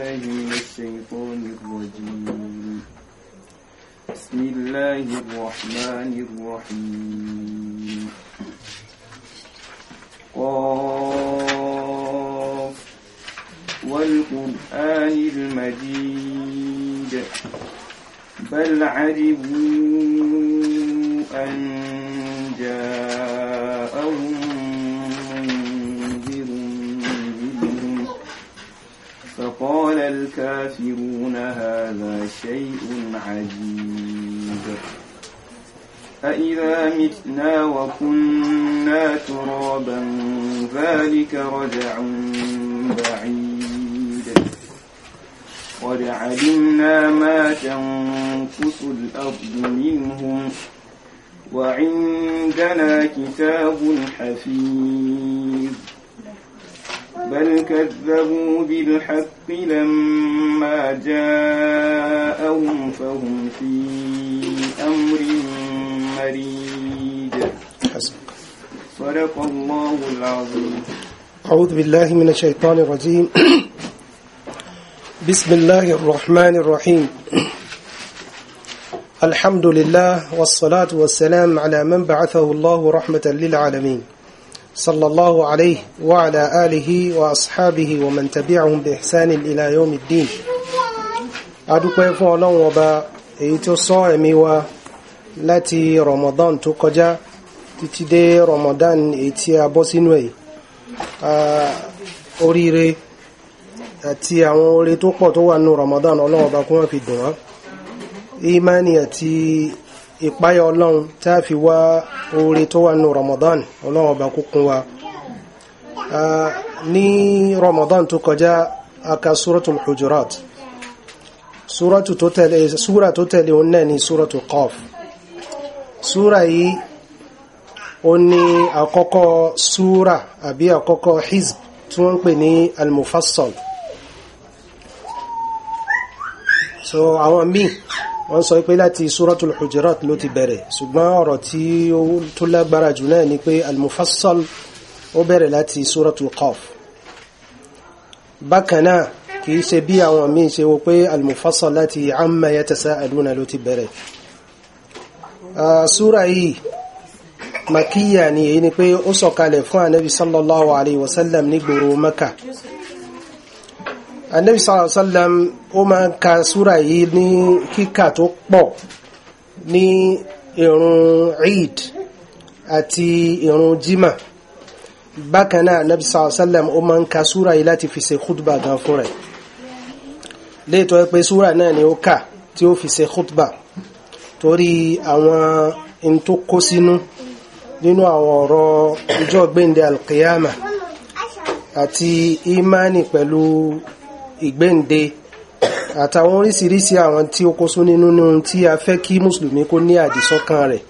بالله من الشيطان الرجيم بسم الله الرحمن الرحيم قاف والقرآن المجيد بل عجبوا أن قال الكافرون هذا شيء عجيب أإذا متنا وكنا ترابا ذلك رجع بعيد قد علمنا ما تنقص الأرض منهم وعندنا كتاب حفيظ بل كذبوا بالحق الحق لما جاءهم فهم في أمر مريج صدق الله العظيم أعوذ بالله من الشيطان الرجيم بسم الله الرحمن الرحيم الحمد لله والصلاة والسلام على من بعثه الله رحمة للعالمين صلى الله عليه وعلى آله وأصحابه ومن تبعهم بإحسان إلى يوم الدين adúpẹ́ fún ọlọ́run ọba èyí tó sọ ẹ̀mí wa láti ramadan tó kọjá títí dé ramadan èyí tí a bọ́ sínú ẹ̀ oríire àti àwọn oore tó pọ̀ tó wà nínú ramadan ọlọ́run ọba kó wọ́n fi dùn wá imani àti ìpáyà ọlọ́run tá a fi wá oore tó wà nù Ramadan ọlọ́run ọba kúkún wa ní Ramadan tó kọjá aka suratul Hujurat suratu tó tẹ̀lé súra tó tẹ̀lé òun náà ni suratu Qaf súra yìí ó ní àkọ́kọ́ súra àbí àkọ́kọ́ hizb tí wọ́n ń pè ní al so àwọn míì wọ́n sọ pé láti suratul hujurat ló ti bẹ̀rẹ̀ ṣùgbọ́n ọ̀rọ̀ tí ó tó lágbára jù náà ni pé al-mufassal ó bẹ̀rẹ̀ láti suratul qaf bákan náà kì í ṣe bí àwọn míì ṣe wo pé al-mufassal láti amma yatasa'aluna ló ti bẹ̀rẹ̀ súra yìí makíyà ni èyí ni pé ó sọ̀kalẹ̀ fún ànábi sallallahu alayhi wa ní gbòòrò maka anabi sallallahu alayhi wa sallam ó máa ń ka súra yìí ní kíkà tó pọ̀ ní ìrun eid àti ìrun jimá bákan náà anabi sallallahu alayhi wa sallam ó máa ń ka súra yìí láti fi ṣe khutba gan fún rẹ̀ léètọ́ pé súra náà ni ó kà tí ó fi ṣe khutba torí àwọn in tó kó sínú nínú àwọn ọ̀rọ̀ ìjọ́ gbéǹde alqiyama àti imani pẹ̀lú ìgbéǹde àtàwọn oríṣiríṣi àwọn tí ó kó sún nínú nínú tí a fẹ́ kí mùsùlùmí kó ní àdìsọ́kàn rẹ̀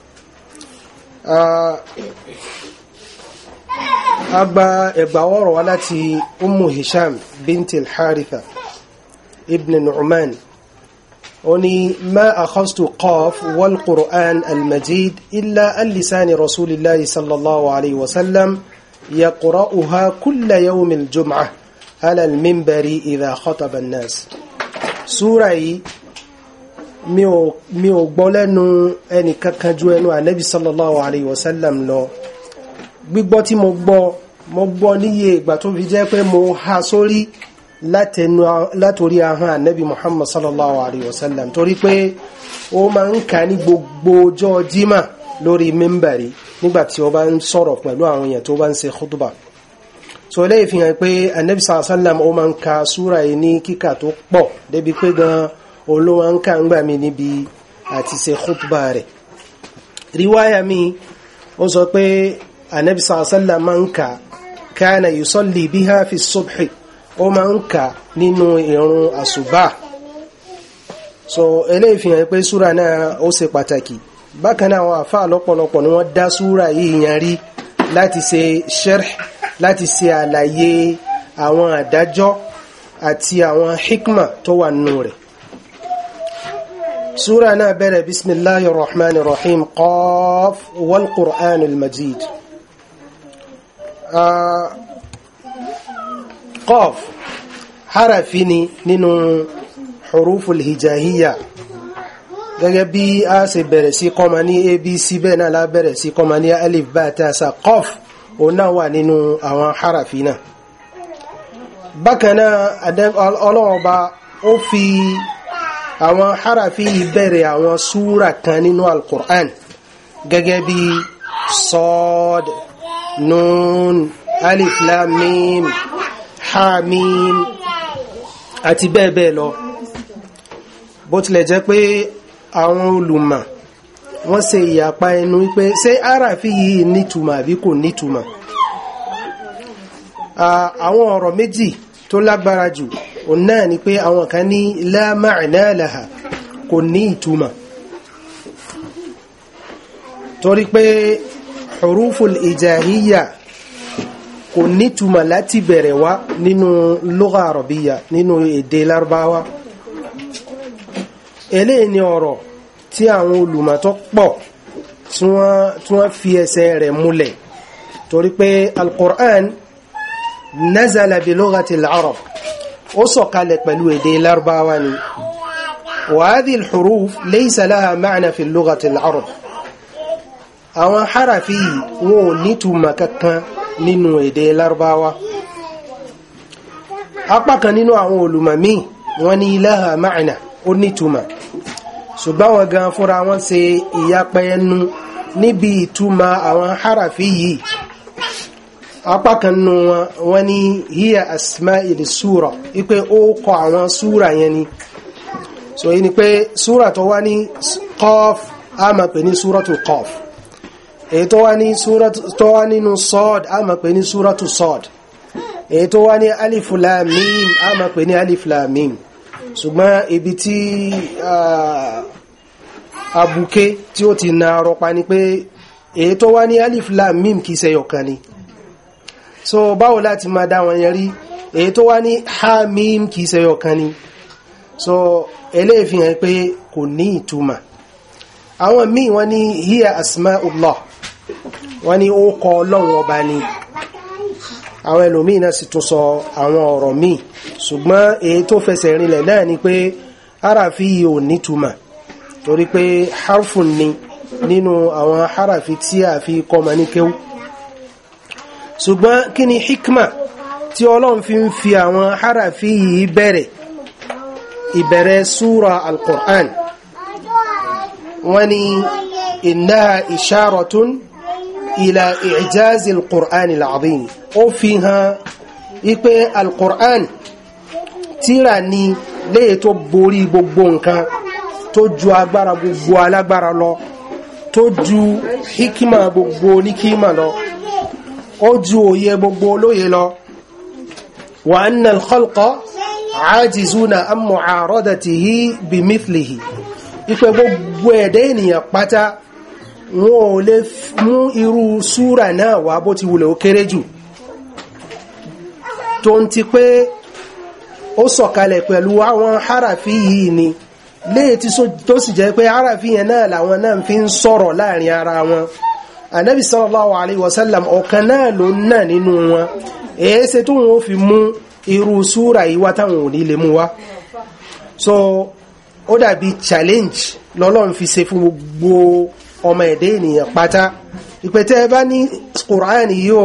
a gba ẹ̀gbà ọ̀rọ̀ wá láti Ummu Hisham bint al-Haritha ibn Nu'man oni ma akhastu qaf wal qur'an al majid illa an lisani rasulillahi sallallahu alayhi wa sallam yaqra'uha kull yawm al jum'ah ala al-minbari idha khataba an-nas súra yìí mi ò gbọ́ lẹ́nu ẹni kankan ju ẹnu ànábì sallallahu alayhi wa sallam lọ gbígbọ́ tí mo gbọ́ mo gbọ́ níye ìgbà tó fi jẹ́ pé mo ha sórí látòrí ahọ́n ànábì muhammad sallallahu alayhi wa sallam torí pé ó máa ń kà ní gbogbo ọjọ́ jímà lórí mímbàrí nígbàtí ó bá ń sọ̀rọ̀ pẹ̀lú àwọn èèyàn tó bá ń ṣe khutbah so eléyìí fi hàn pé anabi sàlá sàlám ó máa ń ka súra yìí ní kíkà tó pọ̀ débi pé gan olówó ń kà ń gbà mí níbi àti ṣe khutba rẹ̀ riwaya mi ó sọ pé anabi sàlá sàlám máa ń kà kana yusalli biha fi subhi ó máa ń kà nínú ìrun àsùbá so eléyìí fi hàn pé súra náà ó ṣe pàtàkì bákan náà àwọn àfáà lọ́pọ̀lọpọ̀ ni wọ́n dá súra yìí yan rí láti ṣe sharh láti ṣe àlàyé àwọn àdájọ́ àti àwọn hikma tó wà nù rẹ̀ súra náà bẹ̀rẹ̀ bismillahi rahman rahim qaf wal qur'an al-majid ah, qaf harafi ni nínú huruful hijahiyya gẹ́gẹ́ bí a ṣe bẹ̀rẹ̀ sí kọ́ma abc bẹ́ẹ̀ náà la sí kọ́ma alif bá sa qaf òun náà wà nínú àwọn harafi náà bákan náà ọlọ́run ọba ó fi àwọn harafi ìbẹ̀rẹ̀ àwọn súra kan nínú alkur'an gẹ́gẹ́ bí sọ́ọ̀d nun alif lam àti bẹ́ẹ̀ bẹ́ẹ̀ lọ bó tilẹ̀ jẹ́ pé àwọn olùmọ̀ wọ́n ṣe ìyapa ẹnu wípé ṣé arafi yìí nítumọ̀ àbí kò nítumọ̀ àwọn ọ̀rọ̀ méjì tó lágbára jù òun náà ni pé àwọn kan ní la kò ní ìtumọ̀ torí pé huruful ijahiyya kò nítumọ̀ láti bẹ̀rẹ̀ wá nínú lugha nínú èdè lárúbáwá eléyìí ni ọ̀rọ̀ tí àwọn olùmọ̀tọ́ pọ̀ tí wọ́n fi ẹsẹ̀ rẹ̀ múlẹ̀ torí pé al-Qur'an nazala bi lughati al-arab ó sọ̀kalẹ̀ pẹ̀lú èdè lárúbáwá ni wa hadhihi al-huruf laysa laha ma'na fi lughati al àwọn harafi wọn nítumọ̀ kankan nínú èdè lárúbáwá apá kan nínú àwọn olùmọ̀ míì wọ́n ní laha ma'na ó nítumọ̀ ṣùgbọ́n wọn gan fúnra wọn ṣe ìyapa ẹnu níbi ìtumọ̀ àwọn harafi yìí apá kan nù wọn wọn ní hiya asma'il sura ipe ó kọ àwọn sura yẹn ni so yìí ni pé sura tó wá ní qaf a máa pè ní suratu qaf èyí tó wá ní suratu tó wá nínú sọ́ọ̀d a máa pè ní suratu sọ́ọ̀d èyí tó wá ní alif a máa pè ní alif ṣùgbọ́n ibi tí ah, Abuke tí ó ti na arọpa ni pé èyí tó wá ní alif lam mim kìí ṣe ni so báwo láti máa dá wọn yẹn rí èyí tó wá ní ha kìí ṣe ni so eléyìí fi hàn pé kò ní ìtumọ̀ àwọn míì wọ́n ní hiya asma'ullah wọ́n ní ó kọ ọlọ́run ọba ni àwọn ẹlòmíì náà sì tún sọ àwọn ọ̀rọ̀ míì ṣùgbọ́n èyí tó fẹsẹ̀ rinlẹ̀ náà ni pé ara fi yìí ò nítumọ̀ torí pé harfun ni nínú àwọn harafi tí a fi kọmọ ní kéwú ṣùgbọ́n kí ni hikma tí ọlọ́run fi ń fi àwọn harafi yìí bẹ̀rẹ̀ ìbẹ̀rẹ̀ súra al-Qur'an wọ́n ni innaha isharatun ila i'jaz al-Qur'an ó fi hàn ipe al tíra ni léè tó borí gbogbo nǹkan tó ju agbára gbogbo alágbára lọ tó ju hikima gbogbo oníkíma lọ ó ju òye gbogbo olóye lọ wa anna al-khalqa ajizuna an mu'aradatihi bimithlihi ipe gbogbo ẹ̀dẹ́ ènìyàn pátá wọn ò lè mú irú súra náà wá bó ti wulẹ̀ ó kéré jù tó ń ti pé ó sọ̀kalẹ̀ pẹ̀lú àwọn harafi yìí ni léè tí tó sì jẹ́ pé harafi yẹn náà làwọn náà fi ń sọ̀rọ̀ láàrin ara wọn anabi sallallahu alayhi wa sallam ọ̀kan náà ló náà nínú wọn èése tó wọn fi mú irú súra yìí wá táwọn ò lè mú wá so ó dàbí challenge lọ́lọ́run fi ṣe fún gbogbo ọmọ ẹ̀dẹ́ ènìyàn pátá ìpẹ̀tẹ́ bá ní Qur'an yìí o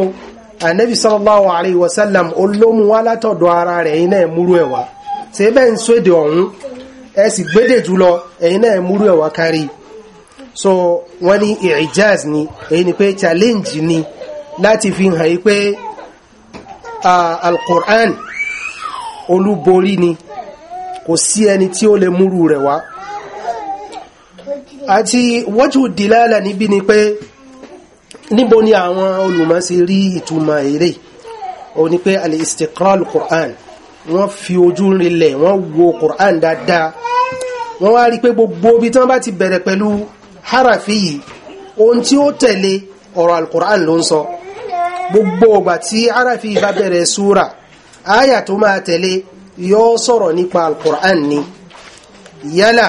anabi sallallahu alayhi wa sallam olómú wá látọ̀dọ̀ ara rẹ̀ iná ẹ̀múrú ẹ̀wà ṣe bẹ́ẹ̀ ń sóde ọ̀hún ẹ sì gbédè jùlọ ẹ̀yin náà múrú ẹ̀ kárí so wọ́n ní ìjaz ni èyí ni pé challenge ni láti fi hàn yí pé al-Qur'an olúborí ni kò sí ẹni tí ó lè múrú rẹ̀ wá àti wọ́jú dìlálà níbi ni pé níbo ni àwọn olùmọ̀ sí rí ìtumọ̀ èrè o ni pé al-istiqra al-Qur'an al istiqra quran wọ́n fi ojú rinlẹ̀ wọ́n wo Qur'an dáadáa wọ́n wá rí pé gbogbo ibi tí wọ́n bá ti bẹ̀rẹ̀ pẹ̀lú harafi yìí ohun tí ó tẹ̀lé ọ̀rọ̀ al-Qur'an ló ń sọ gbogbo ọgbà tí harafi yìí bá bẹ̀rẹ̀ súra àyà tó máa tẹ̀lé yóò sọ̀rọ̀ nípa al ni yálà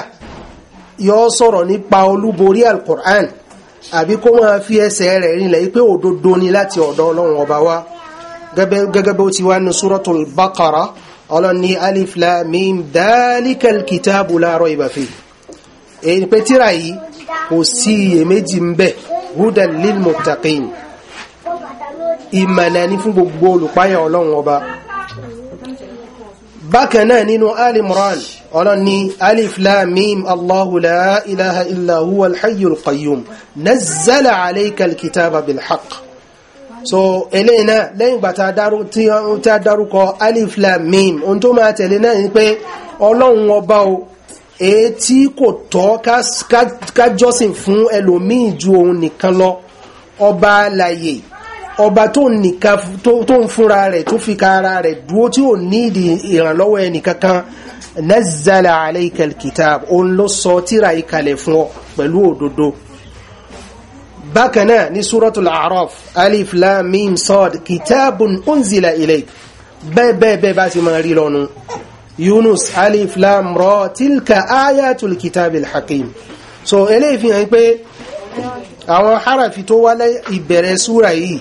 yóò sọ̀rọ̀ nípa olúborí al àbí kó máa fi ẹsẹ̀ rẹ̀ rinlẹ̀ pé òdodo ni láti ọ̀dọ̀ ọlọ́run ọba wa gẹ́gẹ́ bó ti wá ní Suratul Baqara ọlọ́run ní alif lam mim dalikal kitabu la rayba fi èyí pé tíra yìí kò sí iyèméjì ń bẹ hudan lil muttaqin ìmọ̀nà ní fún gbogbo olùpáyà ọlọ́run ọba bákan náà nínú alimran ọlọ́run ní alif lam mim ilaha illa alhayyul qayyum nazzala alayka alkitaba bilhaq so eléyìí náà lẹ́yìn ìgbà tí a dárúkọ alif lam mim ohun tó máa tẹ̀lé náà ni pé ọlọ́run ọba o èyí tí kò tọ́ ká jọ́sìn fún ẹlòmíì ju òun nìkan lọ ọba láyè ọba tó nìkan tó ń fúnra rẹ̀ tó fi ka rẹ̀ dúró tí ò ní ìdí ìrànlọ́wọ́ ẹnìkankan nazzala alayka alkitab òun ló sọ tírà ìkàlẹ̀ fún ọ pẹ̀lú òdodo bákanáà ní suratul a'raf alif lam mim sad kitabun unzila ilayk bẹ́ẹ̀bẹ́ẹ̀ bá ti máa rí lọ́nu yunus alif lam ra tilka ayatul kitabil hakim so eléyìí fi hàn pé àwọn harafi tó wá ìbẹ̀rẹ̀ súra yìí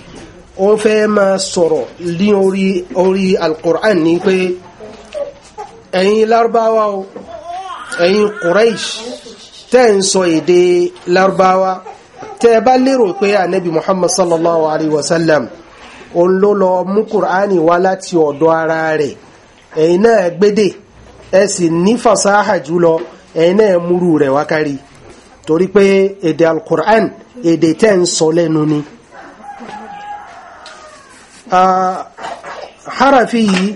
ó fẹ́ máa sọ̀rọ̀ ní orí orí alquran ní pé ẹ̀yin lárúbáwá ẹ̀yin quraish tẹ́ ń sọ èdè lárúbáwá tẹ́ ẹ bá lérò pé ànábì muhammad sallallahu alayhi wa sallam òun ló lọ mú kùránì wá láti ọ̀dọ̀ ara rẹ̀ ẹ̀yin náà gbédè ẹ sì ní fasaha jùlọ ẹ̀yin náà múrù rẹ̀ wákàrí torí pé èdè alukur'an èdè tẹ́ ń sọ lẹ́nu ni. harafi yìí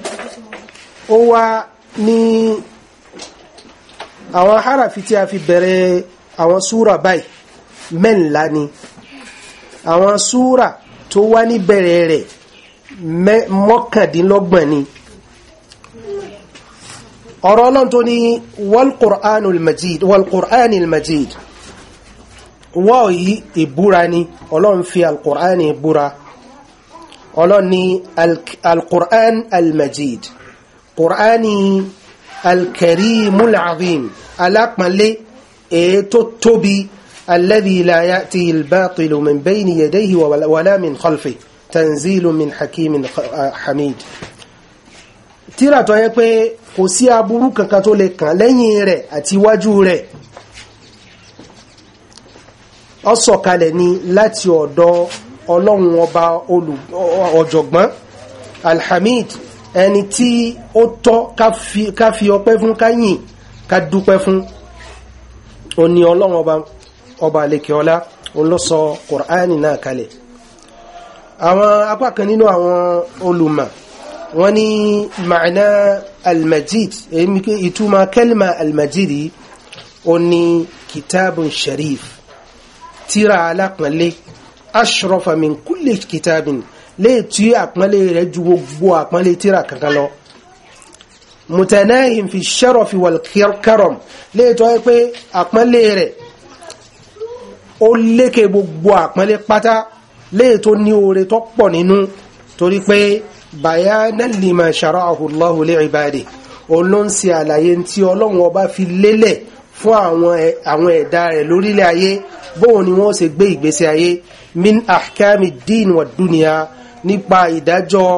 ó wá ní àwọn harafi tí a fi bẹ̀rẹ̀ àwọn súra báyìí mẹ́ńlá ni àwọn súrà tó wá ní bẹ̀rẹ̀ rẹ̀ mọ́kàndínlọ́gbọ̀n ni ọ̀rọ̀ ọlọ́run tó ní wal-Qur'anul Majid wal-Qur'anil Majid wọ́ọ̀ yí ìbúra ni ọlọ́run fi al-Qur'ani ọlọ́run ní al-Qur'an al-Majid Qur'ani al-Karimul èyí tó tóbi الذي لا يأتي الباطل من بين يديه ولا من خلفه تنزيل من حكيم حميد tíra tó yẹ pé kò sí aburú kankan tó lè kàn lẹ́yìn rẹ̀ àti iwájú rẹ̀ ó sọ̀kalẹ̀ ni láti ọ̀dọ̀ ọlọ́run ọba ọ̀jọ̀gbọ́n alhamid ẹni tí ó tọ́ ká fi ọpẹ́ fún ká yìn ká dúpẹ́ fún ó ní ọlọ́run ọba ọba alekiola olóso kùránì náà kalẹ̀ àwọn apá kan nínú àwọn olùmọ̀ wọ́n ní ma'ana almajid ìtumọ̀ kẹlma almajid ó ní kitabun sharif tíra alápọ̀nlé ashrafa min kulli kitabin lè tí àpọ́nlé rẹ̀ ju gbogbo àpọ́nlé tíra kankan lọ mutanahin fi sharafi wal karam lè tọ́ pé àpọ́nlé rẹ̀ ó lékè gbogbo àpọ́nlé pátá léè tó ní oore tó pọ̀ nínú torí pé bayanan lima shara'ahu Allahu li ibadi òun ló ń ṣe àlàyé tí ọlọ́run ọba fi lélẹ̀ fún àwọn ẹ̀dá rẹ̀ lórílẹ̀ ayé bóun ni wọ́n ṣe gbé ìgbésí ayé min ahkami din wa dunya nípa ìdájọ́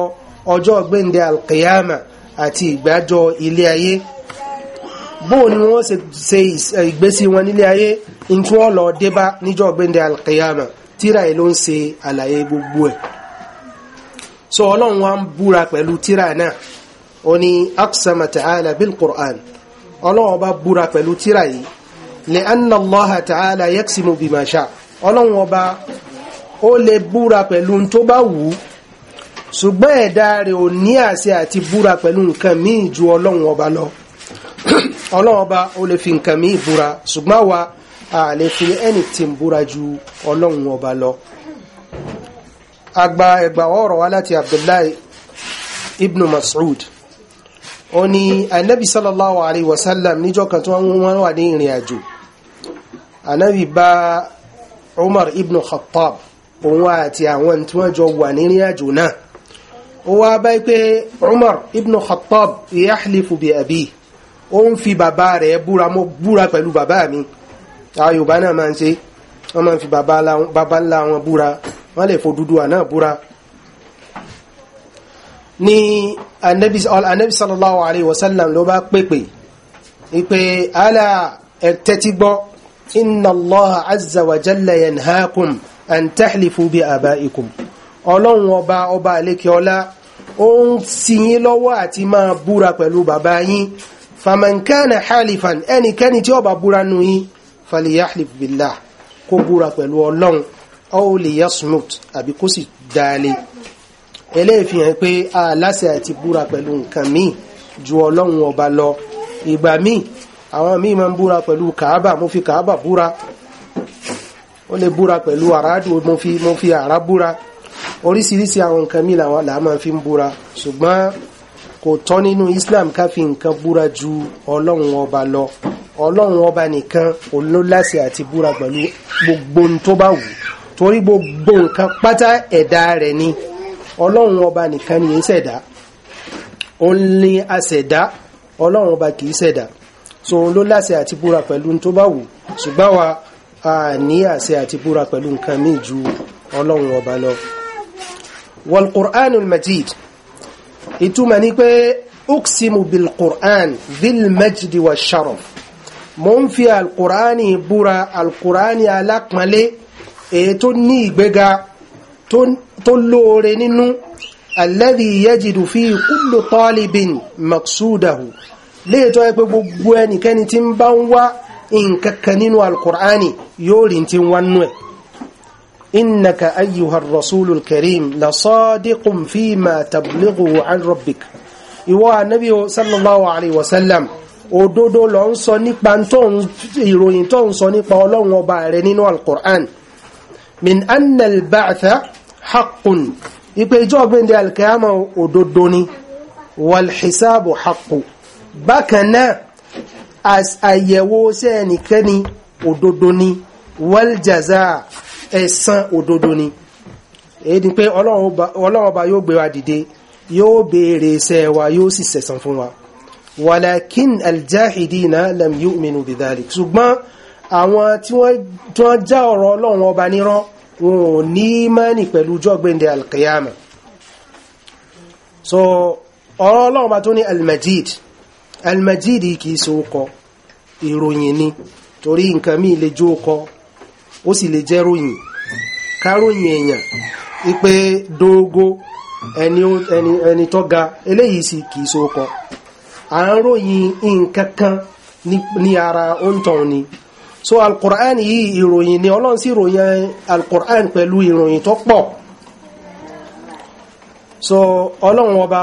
ọjọ́ gbẹ̀ndẹ̀ alqiyama àti ìgbàjọ́ ilé ayé bóò ni wọ́n ṣe ìgbésí wọn nílé ayé in tí wọ́n lọ débá níjọ́ gbẹ́ndẹ̀ alkiyama tíra ẹ̀ ló ń ṣe àlàyé gbogbo ẹ̀ so ọlọ́run wa ń búra pẹ̀lú tíra náà ó ní aqsama ta'ala bil qur'an ọlọ́run ọba búra pẹ̀lú tíra yìí li anna allaha ta'ala yaksimu bima sha ọba ó lè búra pẹ̀lú tó bá wù ú ṣùgbọ́n ẹ̀dá rẹ̀ ò ní àṣẹ àti búra pẹ̀lú nǹkan míì ju ọlọ́run ọba lọ ọlọ́ọba ó lè fi nǹkan mí búra ṣùgbọ́n wa a lè fi ẹni tí ń búra ju ọlọ́run ọba lọ agba ẹgbà ọ̀rọ̀ wa láti abdullahi ibn mas'ud ó ní anabi sallallahu alayhi wa sallam níjọ́ kan tí wọ́n wà ní ìrìn àjò anabi bá umar ibn khattab òun àti àwọn tí wọ́n jọ wà ní ìrìnàjò náà ó wá bá pé umar ibn khattab yahlifu bi abi ó ń fi bàbá rẹ̀ búra mo búra pẹ̀lú bàbá mi àwọn yorùbá náà máa ń ṣe wọ́n máa ń fi bàbá ńlá wọn búra wọ́n lè f'Odùduwà náà búra ní anabi sallallahu alayhi wa sallam ló bá pèpè ipe ala ẹ̀tẹ́tí gbọ́ inna allaha azza wa jalla yanhaakum an tahlifu bi abaikum ọlọ́run ọba ọba àlékè ọlá ó ń ṣì lọ́wọ́ àti máa búra pẹ̀lú bàbá yín fàmàǹkánà halifan ẹnikẹ́ni tí ó bá búra nù yí falyahlif billah kó búra pẹ̀lú ọlọ́run aw liyasmut àbí kó sì dáálé eléyìí fi hàn pé aláṣẹ àti búra pẹ̀lú nǹkan míì ju ọlọ́run ọba lọ ìgbà míì àwọn míì máa ń búra pẹ̀lú kàábà mo fi kàábà búra ó lè búra pẹ̀lú àràádù mo fi mo fi àrá búra oríṣiríṣi àwọn nǹkan míì làwọn làá máa fi ń búra ṣùgbọ́n kò tọ́ nínú Islam ká fi nǹkan búra ju ọlọ́run ọba lọ ọlọ́run ọba nìkan olólàsì àti búra pẹ̀lú gbogbo tó bá wù torí gbogbo nǹkan pátá ẹ̀dá rẹ̀ ni ọlọ́run ọba nìkan ni ìṣẹ̀dá ó ní aṣẹ̀dá ọlọ́run ọba kì í ṣẹ̀dá so olólàsì àti búra pẹ̀lú tó bá wù ṣùgbọ́n wa a ní àṣẹ àti búra pẹ̀lú nǹkan míì ju ọlọ́run ọba lọ wal Qur'anul ìtumọ̀ ni pé uksimu bil qur'an bil majdi wa sharaf mo ń fi alkùránì búra alkùránì alápọ̀nlé èyí tó ní ìgbéga tó lóore nínú alladhi yajidu fi kullu talibin maqsudahu léètọ́ ẹgbẹ́ gbogbo ẹnikẹ́ni tí ń bá ń wá nǹkankan nínú alkùránì yóò rí tí wá nú ẹ̀ إنك أيها الرسول الكريم لصادق فيما تبلغه عن ربك ìwọ Ànábì sallallahu alayhi wa sallam òdodo ló ń sọ nípa ìròyìn tó ń sọ nípa Ọlọ́run ọba rẹ̀ nínú al-Qur'an min anna al-ba'tha haqqun ipe ìjọ́ gbẹ́ndẹ̀ al-qiyama ni wal-hisabu haqqu bákan náà àyẹ̀wò sẹ́ẹ̀nìkẹ́ni òdodo ni wal-jazaa ẹ̀san òdodo ni èyí ni pé ọlọ́run ọba yóò gbé wa dìde yóò béèrè iṣẹ́ wa yóò sì sẹ̀san fún wa walakin aljahidina lam yu'minu bidhalik ṣùgbọ́n àwọn tí wọ́n já ọ̀rọ̀ ọlọ́run ọba nírọ́ wọn ò ní mẹ́ni pẹ̀lú jọ́gbẹ̀ndẹ̀ alqiyama so ọ̀rọ̀ ọlọ́run ọba tó ní almajid almajid kìí ṣe ó kọ ìròyìn ni torí nǹkan míì lè jó kọ ó sì lè jẹ́ ròyìn ká ròyìn èèyàn wípé dóógó ẹni ẹni ẹni tó ga eléyìí sì kì í so kọ à ń ròyìn nǹkan kan ní ara oúntàn ni so alukur'an yìí ìròyìn ni ọlọ́run sì ròyìn alukur'an pẹ̀lú ìròyìn tó pọ̀ so ọlọ́run ọba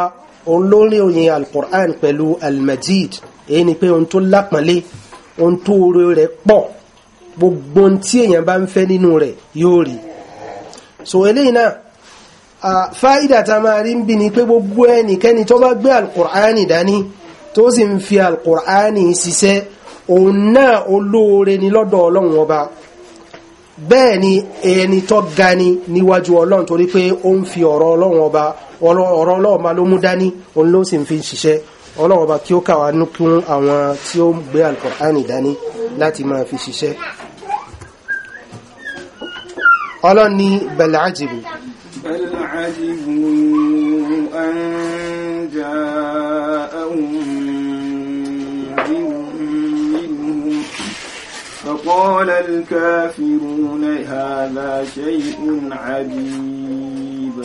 òun ló rí òyìn alukur'an pẹ̀lú almajid èyí ni pé ohun tó lápọ̀nlé ohun tó rẹ̀ pọ̀ gbogbo tí èèyàn bá ń fẹ́ nínú rẹ̀ yóò rí so eléyìí náà fáìdà tá a máa rí ń bí ni pé gbogbo ẹnikẹ́ni tó bá gbé alukur'ani dání tó sì ń fi alukur'ani ṣiṣẹ́ òun náà olóore ni lọ́dọ̀ ọlọ́run ọba bẹ́ẹ̀ ni ẹni tó ga ni níwájú ọlọ́run torí pé ó ń fi ọ̀rọ̀ ọlọ́run ọba ọ̀rọ̀ ọlọ́run ọba ló mú dání òun ló sì ń fi ṣiṣẹ́ ọlọ́run ọba kí ó kà wá nú àwọn tí ó gbé alukur'ani dání láti máa fi ṣiṣẹ́ ọlọ́run ní bẹ̀lẹ̀ àjìbù bẹ̀lẹ̀ àjìbù an فقال الكافرون هذا شيء عجيب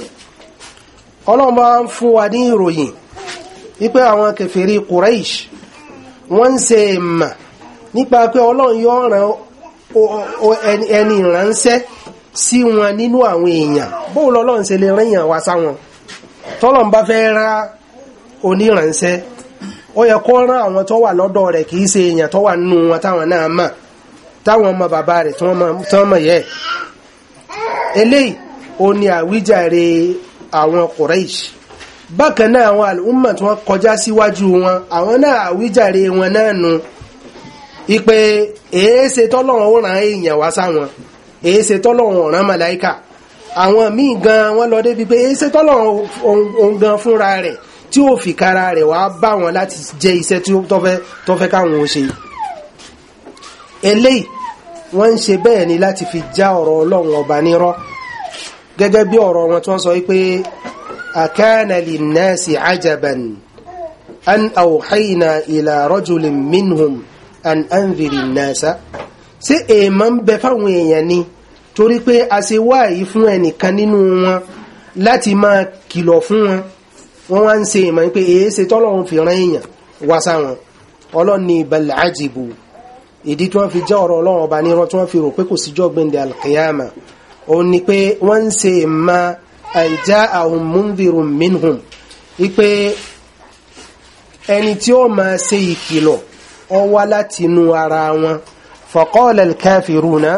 ọlọ́run bá ń fún wa ní ìròyìn wípé àwọn kèfèrí Quraish wọ́n ń ṣe èmà nípa pé ọlọ́run yóò rán ẹni ìránṣẹ́ sí wọn nínú àwọn èèyàn bóun lọ́lọ́run ṣe lè ríyàn wá sáwọn tọ́lọ́run bá fẹ́ ra onírànṣẹ́ ó yẹ kó rán àwọn tó wà lọ́dọ̀ rẹ̀ kì í ṣe èèyàn tó wọn táwọn náà mọ̀ táwọn ọmọ bàbá rẹ̀ tí mọ̀ yẹ eléyìí ó ní àwíjàre àwọn Quraysh bákan náà àwọn al'umma tí wọ́n kọjá síwájú wọn àwọn náà àwíjàre wọn náà nu ipe èése tọ́lọ́run ó ràn èèyàn èyí ṣe tọ́lọ́run ọ̀ràn màláìkà àwọn míì gan wọ́n lọ débi pé èyí ṣe tọ́lọ́run òun gan fúnra rẹ̀ tí ó fi kára rẹ̀ wá bá wọn láti jẹ iṣẹ́ tí tó fẹ́ káwọn ó ṣe eléyìí wọ́n ń ṣe bẹ́ẹ̀ ni láti fi já ọ̀rọ̀ ọlọ́run ọba nírọ́ gẹ́gẹ́ bí ọ̀rọ̀ wọn tí wọ́n sọ wípé akana linnasi ajaban an awhayna ila rajulin minhum an anziri nnasa ṣé èèmọ̀ ń bẹ fáwọn èèyàn ni torí pé a ṣe wá yìí fún ẹnìkan nínú wọn láti máa kìlọ̀ fún wọn wọ́n wá ń ṣe ìmọ̀ pé èyí ṣe tọ́lọ́run fi rán èèyàn wá sáwọn ọlọ́ni bal ajibu ìdí tí wọ́n fi jẹ́ ọ̀rọ̀ ọlọ́run ọba nírọ́ tí wọ́n fi rò pé kò síjọ́ gbẹ̀ndẹ̀ alkiyama òun ni pé wọ́n ń ṣe ìmọ̀ àìjá àwọn mundhirun minhum wípé ẹni tí ó máa ṣe ìkìlọ̀ ó látinú ara wọn faqala alkafiruna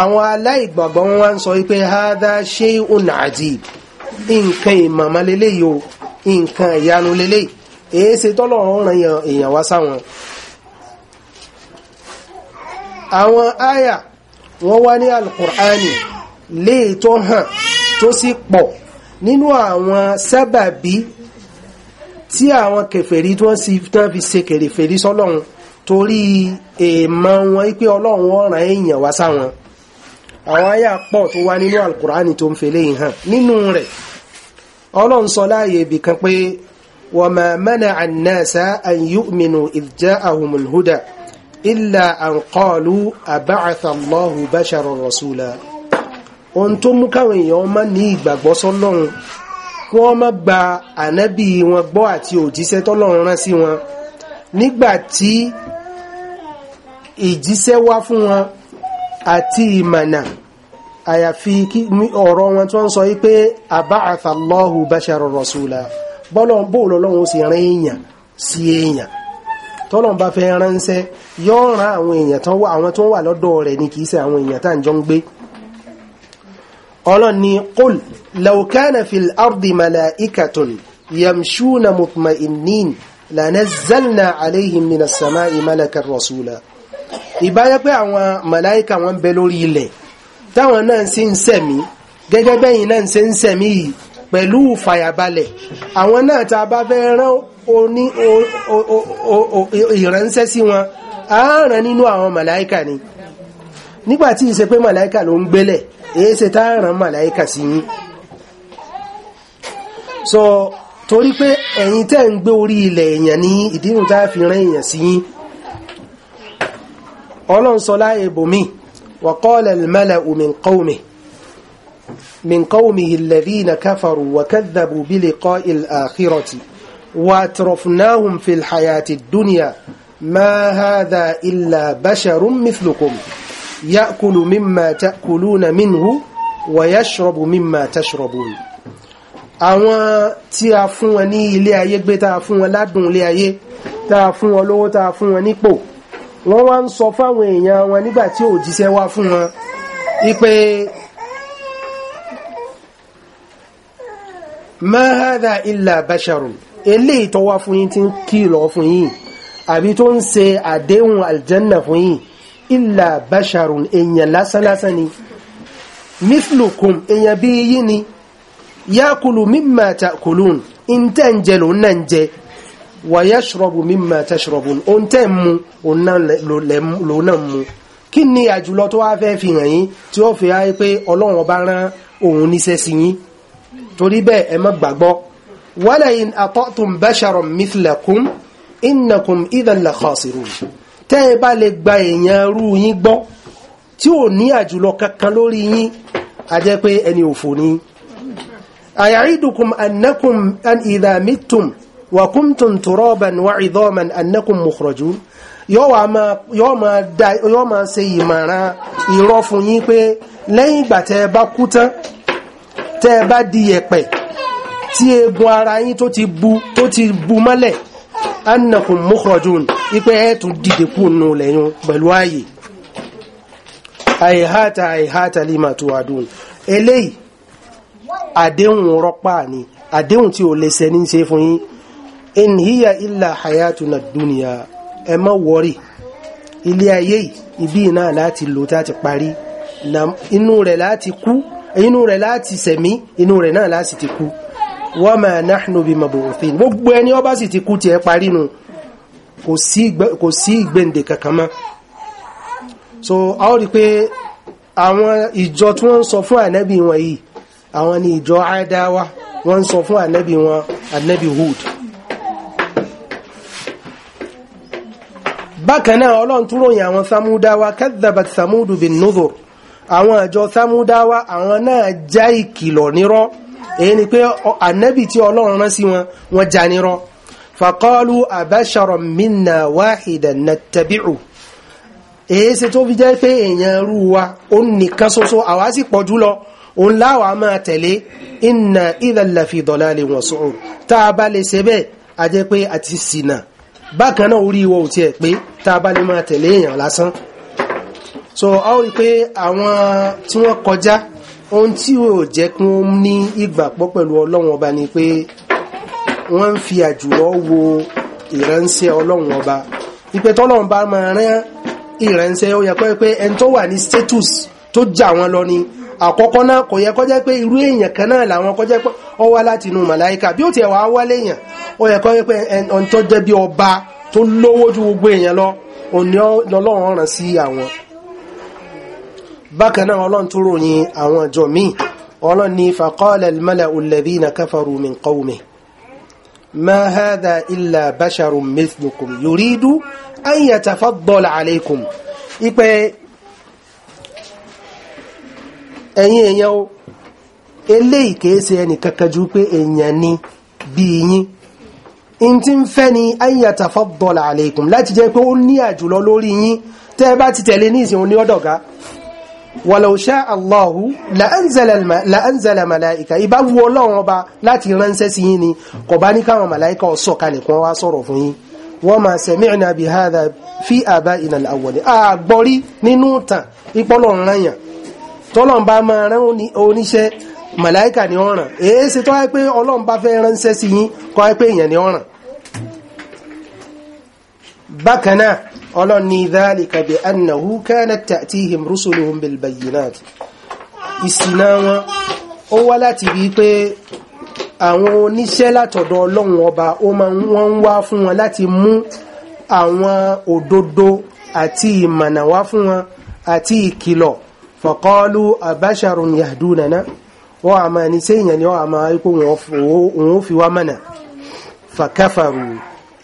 àwọn aláìgbàgbọ́ wọn wá ń sọ wípé hadha shay'un ajib nǹkan ìmọ̀mọ́ lélẹ́yìí o nǹkan ìyanu lélẹ́yìí èé ṣe tọ́lọ́run ràn yàn èèyàn wá sáwọn àwọn àyà wọ́n wá ní alkùránì lè tó hàn tó sì pọ̀ nínú àwọn sábàbí tí àwọn kèfèrí tí wọ́n sì tán fi ṣe kèrèfèrí sọ́lọ́run torí èèmọ̀ wọn pé ọlọ́run ọ̀ràn èèyàn wá sáwọn àwọn àyà pọ̀ tó wá nínú alukur'ani tó ń fele yìí hàn nínú rẹ̀ ọlọ́run sọ láàyè ibì kan pé wa ma mana'a an-nasa an yu'minu idh ja'ahumul huda illa an qalu aba'atha Allahu basharan rasula ohun tó mú káwọn èèyàn má ní ìgbàgbọ́ sọ́lọ́run kí wọ́n má gba ànábì wọn gbọ́ àti òjíṣẹ́ tọ́lọ́run rán sí wọn nígbà tí ìjíṣẹ́ wá fún wọn àti ìmànà àyàfi ọ̀rọ̀ wọn tí wọ́n sọ wípé àbáàtà Allahu bashara rasula bóòlù ọlọ́run sì rán èèyàn sí èèyàn tọ́lọ́run bá fẹ́ ránṣẹ́ yóò rán àwọn èèyàn tán wà àwọn tó wà lọ́dọ̀ rẹ̀ ni kìí ṣe àwọn èèyàn tá à ń jọ ń gbé ọlọ́run ìbáyẹ pé àwọn màláíkà wọn bẹ lórí ilẹ̀ táwọn náà sì ń sẹ̀mí gẹ́gẹ́ bẹ́yìn náà ṣe ń sẹ̀mí yìí pẹ̀lú fàyàbalẹ̀ àwọn náà tá bá fẹ́ rán oní ìránṣẹ́ sí wọn a rán nínú àwọn màláíkà ni nígbàtí ìṣe pé màláíkà ló ń gbélẹ̀ èyí ṣe tá a rán sí yín so torí pé ẹ̀yin tẹ́ ń gbé orí ilẹ̀ èèyàn ní ìdínú tá a fi rán èèyàn sí yín ọlọ́run صلاة بمي وقال الملأ من قومه من قومه الذين كفروا وكذبوا بلقاء الآخرة واترفناهم في الحياة الدنيا ما هذا إلا بشر مثلكم يأكل مما تأكلون منه ويشرب مما تشربون àwọn tí a fún wọn ní ilé ayé gbé tá a fún wọn ládùn ilé ayé tá a fún wọn lówó tá a fún wọn nípò wọ́n wá ń sọ fáwọn èèyàn wọn nígbà tí òjíṣẹ́ wá fún wọn wípé ma hadha illa basharun eléyìí tó wá fún yín tí ń kìlọ̀ fún yín àbí tó ń ṣe àdéhùn aljanna fún yín illa basharun èèyàn lásánlásán ni mithlukum èèyàn bí yín ni yakulu mimma ta'kulun ń ń jẹ lòun náà ń jẹ wàyẹ́ṣọ́rọ̀bù mímọ̀ tẹ́ṣọ́rọ̀bù ohun tẹ́ mú lòun náà mú kí ni àjùlọ tó wá fẹ́ fi hàn yín tí ó fi háyé pé ọlọ́run ọba rán òun níṣẹ́ sí yín torí bẹ́ẹ̀ ẹ má gbàgbọ́ wala in ata'tum basharan mithlakum innakum idhan tẹ́ ẹ bá lè gba èèyàn rú yín gbọ́ tí ò ní àjùlọ kankan lórí yín a pé ẹni òfò ni àyàrídùkùm annakum an wa kuntum turaban wa idhaman annakum mukhrajun yóò wá máa yóò máa da yóò máa ṣe ìmọ̀ràn irọ́ fún yín pé lẹ́yìn ìgbà tẹ́ ẹ bá kú tán tẹ́ ẹ di yẹ̀pẹ̀ tí egun ara yín tó ti bu tó ti bu mọ́lẹ̀ annakum mukhrajun ipe ẹ tún dìde kú nù lẹ́yìn pẹ̀lú ààyè àìháta lima tuwadun eléyìí àdéhùn rọ́pà ni àdéhùn tí ò lè ṣẹ ní ṣe fún yín in hiya illa hayatuna dunya ẹ má wọrí ilé ayé ibi náà láti lò táti parí inú rẹ̀ láti kú inú rẹ̀ láti sẹ̀mí inú rẹ̀ náà láti ti kú wa ma nahnu bi mabu'uthin gbogbo ẹni ó bá sì ti kú tiẹ̀ parí nu kò sí ìgbẹ̀ǹdè kankan mọ́ so a ó rí pé àwọn ìjọ tí wọ́n ń sọ fún ànábì wọn yìí àwọn ni ìjọ àádáwá wọ́n ń sọ fún ànábì wọn ànábì Hud bákan náà ọlọ́run tún ròyìn àwọn samúdáwá kadhabat samúdù bin nuzur àwọn àjọ samúdáwá àwọn náà já ìkìlọ̀ nírọ́ èyí ni pé ànábì tí ọlọ́run rán sí wọn wọ́n já nírọ́ faqalu abasharan minna wahidan nattabi'u èyí ṣe tó fi jẹ́ pé èèyàn rú wa ó nìkan ṣoṣo àwa sì pọ̀ jùlọ òun láwà máa tẹ̀lé inna idhan lafi dalalin wa su'ur tá a bá lè ṣe bẹ́ẹ̀ a jẹ́ pé a ti ṣìnà bákan náà orí ìwọ ò tiẹ̀ pé tá a bá lè máa tẹ̀lé èèyàn lásán so a ó rí i pé àwọn tí wọ́n kọjá ohun tí ò jẹ́ kí wọ́n ní ìgbàgbọ́ pẹ̀lú ọlọ́run ọba ni pé wọ́n ń fi àjùlọ wo ìránṣẹ́ ọlọ́run ọba ìpè tọ́lọ́run bá máa rán ìránṣẹ́ ó yẹ kó pé ẹni tó wà ní status tó jà wọ́n lọ ni àkọ́kọ́ náà kò yẹ kó pé irú èèyàn kan náà làwọn kó pé ó wá láti inú màláìka bí ó tiẹ̀ wá wálé èèyàn ó yẹ kó pé ẹni tó jẹ́ bí ọba tó lówó ju gbogbo èèyàn lọ òní ọlọ́run rán sí àwọn bákan náà ọlọ́run tó ròyìn àwọn ìjọ míì ọlọ́run ní faqala al-mala'u alladhina kafaru min qawmihi ma hadha illa basharun mithlukum yuridu an yatafaddala alaykum ipe ẹ̀yin èèyàn eléyìí kìí ẹnì kankan ju pé èèyàn ni bí yín in ti ń fẹ́ ni ayyata fọ́bọ̀lá alaykum láti jẹ́ pé ó ní àjùlọ lórí yín tẹ́ bá ti tẹ̀lé ní ìsìn oní ọ̀dọ̀gá walau sha Allahu la anzala malaika ìbá wu ọlọ́run ọba láti ránṣẹ́ sí yín ni kò bá ní káwọn malaika ọ̀sọ̀ kalẹ̀ kan wá sọ̀rọ̀ fún yín wa ma sami'na bi hadha fi abaina al-awwalin àgbọ̀rí nínú tàn ìpọ́lọ̀ rányàn tọ́lọ́n bá máa rán oníṣẹ́ malaika ni ọ̀ràn èé ṣe tọ́ pé ọlọ́run bá fẹ́ ránṣẹ́ sí yín kọ́ pé èèyàn ni ọ̀ràn bákanáà ọlọ́run ní dhalika bi annahu kanat ta'tihim rusuluhum bil bayyinat ìsìnà wọn ó wá láti bí pé àwọn oníṣẹ́ látọ̀dọ̀ ọlọ́run ọba ó máa wọ́n ń wá fún wọn láti mú àwọn òdodo àti ìmọ̀nà wá fún wọn àti ìkìlọ̀ faqalu abasharun yahdunana wọ́n a ní sẹ́yìn ni wọ́n a máa rí pé fi wá mọ̀nà fakafaru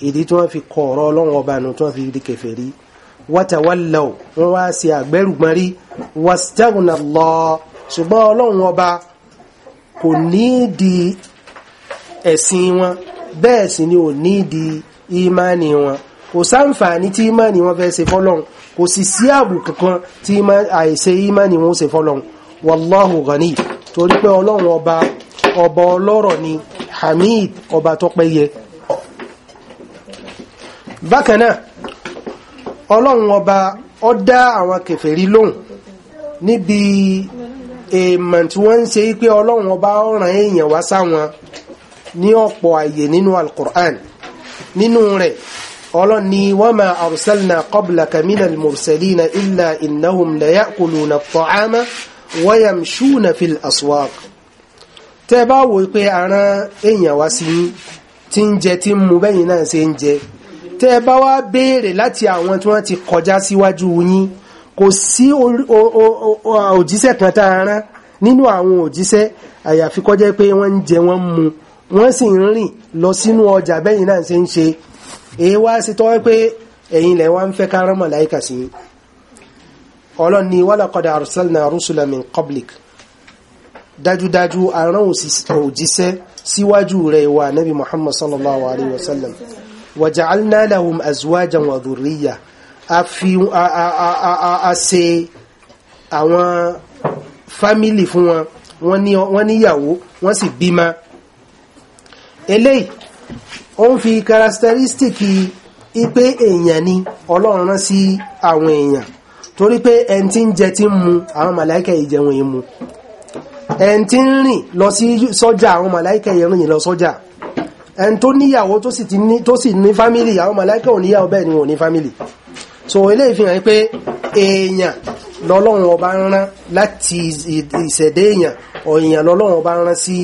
ìdí tí wọ́n fi kọ ọ̀rọ̀ ọlọ́run ọba nù tí wọ́n fi di kèfèrí watawallaw wọ́n wá sí àgbẹ́rùgbọ́nrí wastaghna Allah ṣùgbọ́n ọlọ́run ọba kò ní di ẹ̀sìn wọn bẹ́ẹ̀ sì ni ò ní di ìmánì wọn kò sáǹfààní tí ìmánì wọn fẹ́ ṣe fọ́lọ́run kò sì sí ààbò kankan tí àìṣe ìmánì wọn ṣe fọ́lọ́run wallahu ghani torí pé ọlọ́run ọba ọba ọlọ́rọ̀ ni hamid ọba tọ́pẹ́yẹ bákanáà ọlọ́run ọba ọ dá àwọn kèfèrí lóhùn níbi èèmọ̀ tí wọ́n ń ṣe pé ọlọ́run ọba ọ̀ràn èèyàn wá sáwọn ní ọ̀pọ̀ àyè nínú alukur'an nínú rẹ̀ ọlọ́run ni wa ma arsalna qablaka minal mursalina illa innahum la ya'kuluna at-ta'ama wa yamshuna fil aswaq tẹ́ bá wò pé àrán èèyàn wá sí tí ń jẹ tí ń bẹ́yìn náà ṣe ń jẹ tẹ́ ẹ bá wá béèrè láti àwọn tí wọ́n ti kọjá síwájú yín kò sí òjíṣẹ́ kan tá a rán nínú àwọn òjíṣẹ́ àyàfi kó jẹ́ pé wọ́n ń jẹ wọ́n mu wọ́n sì ń rìn lọ sínú ọjà bẹ́yìn náà ṣe ń ṣe èyí wá sí tọ́wọ́ pé ẹ̀yin lẹ̀ wá ń fẹ́ ká rán màláíkà sí ọlọ́ni walaqad arsalna rusula min qablik dájúdájú àrán òjíṣẹ́ síwájú rẹ̀ wà nábì Muhammad sallallahu alayhi wa sallam wàjàálínà lahum azwajan wa dhurriya a fi a a a a a ṣe àwọn fámìlì fún wọn wọ́n níyàwó wọ́n sì bímọ eléyìí ó ń fi karakitaristiki ipe èèyàn ni ọlọ́run rán sí àwọn èèyàn torí pé ẹni tí ń jẹ tí ń mu àwọn màláìkà ìjẹun ìmu ẹni tí ń rìn lọ sí sọ́jà àwọn màláìkà ìrìn lọ sọ́jà. So ẹni tó níyàwó tó sì ní tó sì ní fámìlì àwọn màláìkà ò níyàwó bẹ́ẹ̀ ni wọn ò ní fámìlì so eléyìí fi hàn pé èèyàn lọ́lọ́run ọba rán láti ìṣẹ̀dá èèyàn ọ̀yàn lọ́lọ́run ọba rán sí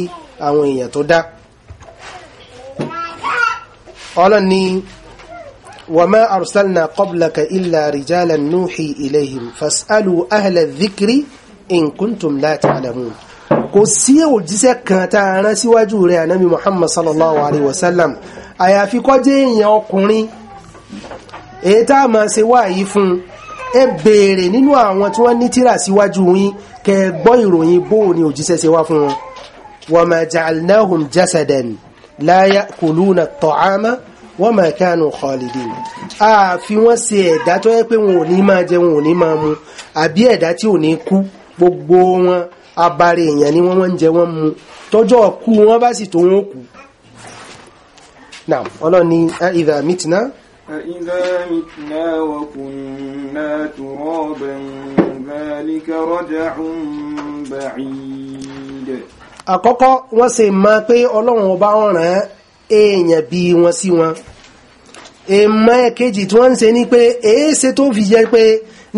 àwọn èèyàn tó dá ọlọ́run ni wa ma arsalna qablaka illa rijalan nuhi ilayhim fas'alu ahla dhikri in kuntum la ta'lamun kò sí òjíṣẹ́ kan tá a rán síwájú rẹ̀ ànábì muhammad sallallahu alayhi wa sallam àyàfi kó jẹ́ èèyàn ọkùnrin èyí tá a máa ṣe wáyé fún un ẹ béèrè nínú àwọn tí wọ́n ní tírà síwájú yín kẹ́ ẹ gbọ́ ìròyìn bó ni òjíṣẹ́ ṣe wá fún wọn wa ma ja'alnahum jasadan la ya'kuluna at-ta'ama wa ma kanu khalidin a ṣe ẹ̀dá tó yẹ pé wọn ò ní máa jẹ wọn ò ní máa mu àbí ẹ̀dá tí ò ní kú gbogbo wọn abáre èèyàn ni wọ́n ń jẹ wọ́n mu tọ́jọ́ ọkú wọ́n bá sì tó wọ́n kú náà ni ìdá mìtìná àkọ́kọ́ wọ́n ṣe mọ̀ pé ọlọ́run ọba ọ̀ràn èèyàn bí wọn sí wọn èèmọ̀ kejì tí wọ́n ń ṣe ni pé èéṣe tó fi jẹ́ pé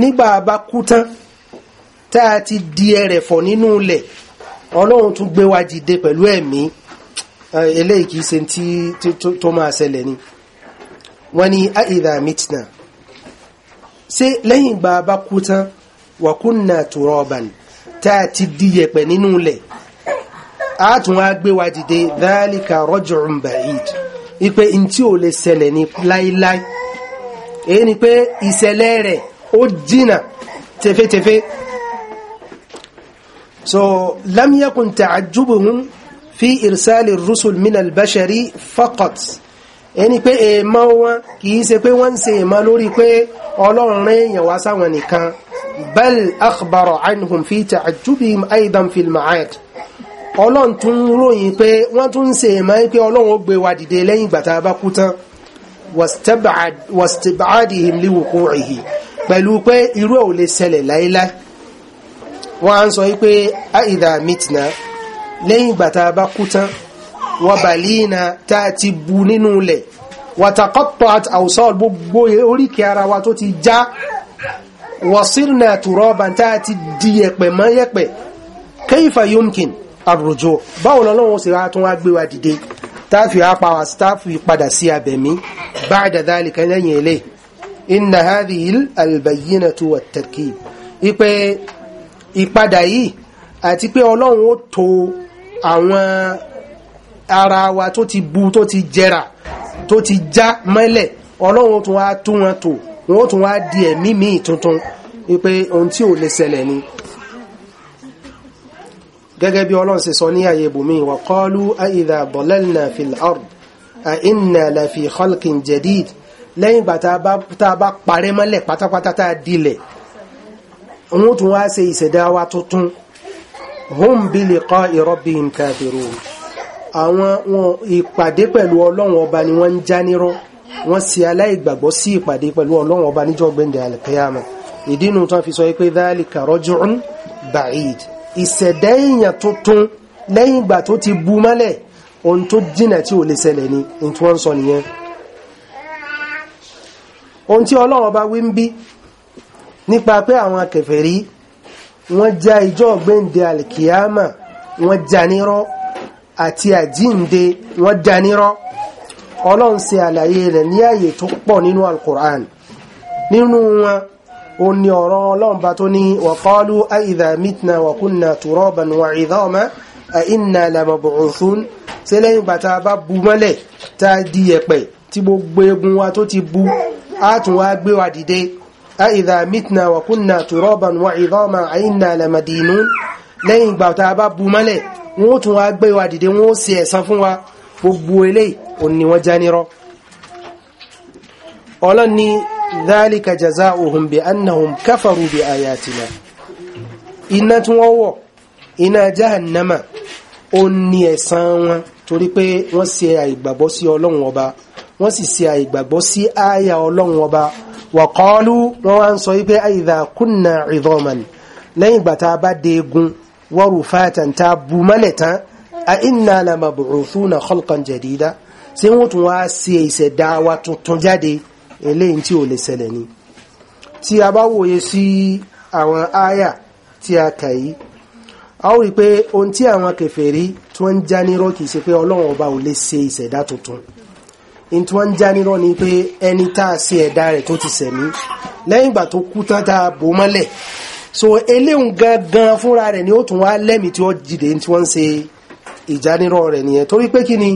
nígbà bá kú tán tá a ti di ẹrẹ̀ fọ̀ nínú ilẹ̀ ọlọ́run tún gbé wa dìde pẹ̀lú ẹ̀mí eléyìí kìí ṣe tí tó máa ṣẹlẹ̀ ni wọ́n ní aida mitna ṣé lẹ́yìn ìgbà bá kú tán wa kunna turaban tá a ti di yẹ̀pẹ̀ nínú ilẹ̀ a tún wá gbé wa dìde dhalika raj'un ba'id ipe ntí ò lè ṣẹlẹ̀ ní láíláí èyí ni pé ìṣẹ̀lẹ̀ rẹ̀ ó jìnnà tẹfẹ́tẹfẹ́ so lam yakun ta'ajjubuhum fi irsali rusul min al-bashari faqat ẹni pé èèmọ̀ wọn kìí ṣe pé wọ́n ń ṣe èèmọ̀ lórí pé ọlọ́run èèyàn wá sáwọn nìkan bal akhbara anhum fi ta'ajjubihim aidan fil ma'ad ọlọ́run tún ròyìn pé wọ́n tún ń ṣe èèmọ̀ pé ọlọ́run ó gbé wa dìde lẹ́yìn ìgbà tá a bá kú tán wastib'adihim liwuqu'ihi pẹ̀lú pé irú ò lè ṣẹlẹ̀ láéláé wọ́n á ń sọ wípé àìdá mitna lẹ́yìn ìgbà tá a bá kú tán wọ́n balina tá a ti bu nínú ilẹ̀ wàtàkọ́tọ̀ àti àwùsọ́ gbogbo oríkèé ara wa tó ti já wọ̀sírnà tùrọ́bà tá a ti di yẹ̀pẹ̀ mọ́ yẹ̀pẹ̀ kayfa yumkin àrùjọ báwo lọ́lọ́wọ́ sì wá tún wá gbé wa dìde táàfì apá wa padà sí abẹ̀mí ba'da dhalika lẹ́yìn eléyìí ipe ìpadà yìí àti pé ọlọ́run ó tò àwọn ara wa tó ti bu tó ti jẹrà tó ti já mọ́lẹ̀ ọlọ́run tún wá tú wọn tò wọ́n tún wá di ẹ̀mí míì tuntun wípé ohun tí ò lè ṣẹlẹ̀ ni gẹ́gẹ́ bí ọlọ́run ṣe sọ ní àyè ibùmí wa qalu a idha dalalna fil ard a lẹ́yìn ìgbà tá a bá parẹ́ mọ́lẹ̀ pátápátá tá a dilẹ̀ wọ́n tún wá ṣe ìṣẹ̀dá wa tuntun hum bi liqa'i rabbihim kafirun àwọn wọn ìpàdé pẹ̀lú ọlọ́run ọba ni wọ́n ń já nírọ́ wọ́n sì aláìgbàgbọ́ sí ìpàdé pẹ̀lú ọlọ́run ọba níjọ́ gbẹ̀ndẹ̀ alkiyama ìdínú tán fi sọ pé dhalika raj'un ba'id ìṣẹ̀dá èèyàn tuntun lẹ́yìn ìgbà tó ti bu mọ́lẹ̀ ohun tó jìnà tí ò lè ṣẹlẹ̀ ni ohun tí wọ́n ń sọ nìyẹn ohun tí ọlọ́run ọba wí ń bí nípa pé àwọn kèfèrí wọ́n já ìjọ gbéǹde alkiyama wọ́n já nírọ́ àti àjínde wọ́n já nírọ́ ọlọ́run ṣe àlàyé rẹ̀ ní àyè tó pọ̀ nínú alkùrán nínú wọn ó ní ọ̀rọ̀ ọlọ́run bá tó ní wàkọ́lù àìdà mitna wàkúnna tùrọ́bàn wà ìdọ́ọ̀mọ́ àìnà làmọ̀bọ̀ọ̀fún ṣe lẹ́yìn ìgbà bá bu mọ́lẹ̀ tá a di ẹ̀pẹ̀ tí gbogbo egun wa tó ti bu á tún wá gbé wa dìde أئذا متنا وكنا ترابا وعظاما أئنا لمدينون lẹ́yìn ìgbà tá a bá bu mọ́lẹ̀ wọn ó tún wá gbé wa dìde wọn ó ṣe ẹ̀san fún wa gbogbo eléyìí òun ni wọ́n já nírọ́ ọlọ́n ni dhalika kafaru bi ayatina iná tí wọ́n wọ̀ iná jahannama òun ni ẹ̀san wọn torí pé wọ́n ṣe àìgbàgbọ́ sí ọlọ́run ọba wọ́n sì ṣe àìgbàgbọ́ sí àyà ọlọ́run ọba wọ̀kọ́ọ́lù wọ́n wá ń sọ wípé àìdà kúnnà ìdọ́mọ̀n lẹ́yìn ìgbà tá a bá dé egun wọ́rù fatan tá a bu mọ́lẹ̀ tán a iná làmà bùrùsù na khalqan jadida tí wọ́n tún wá sí ìṣẹ̀dá wa tuntun jáde eléyìí tí ò lè ṣẹlẹ̀ ni in tí já nírọ́ ni pé ẹni tá a ṣe ẹ̀dá rẹ̀ tó ti sẹ̀mí lẹ́yìn ìgbà tó kú tán tá a bò mọ́lẹ̀ so eléhùn gangan fúnra rẹ̀ ni ó tún wá lẹ́mìí tí ó jìde tí wọ́n ṣe ìjánirọ́ rẹ̀ nìyẹn torí pé kí ni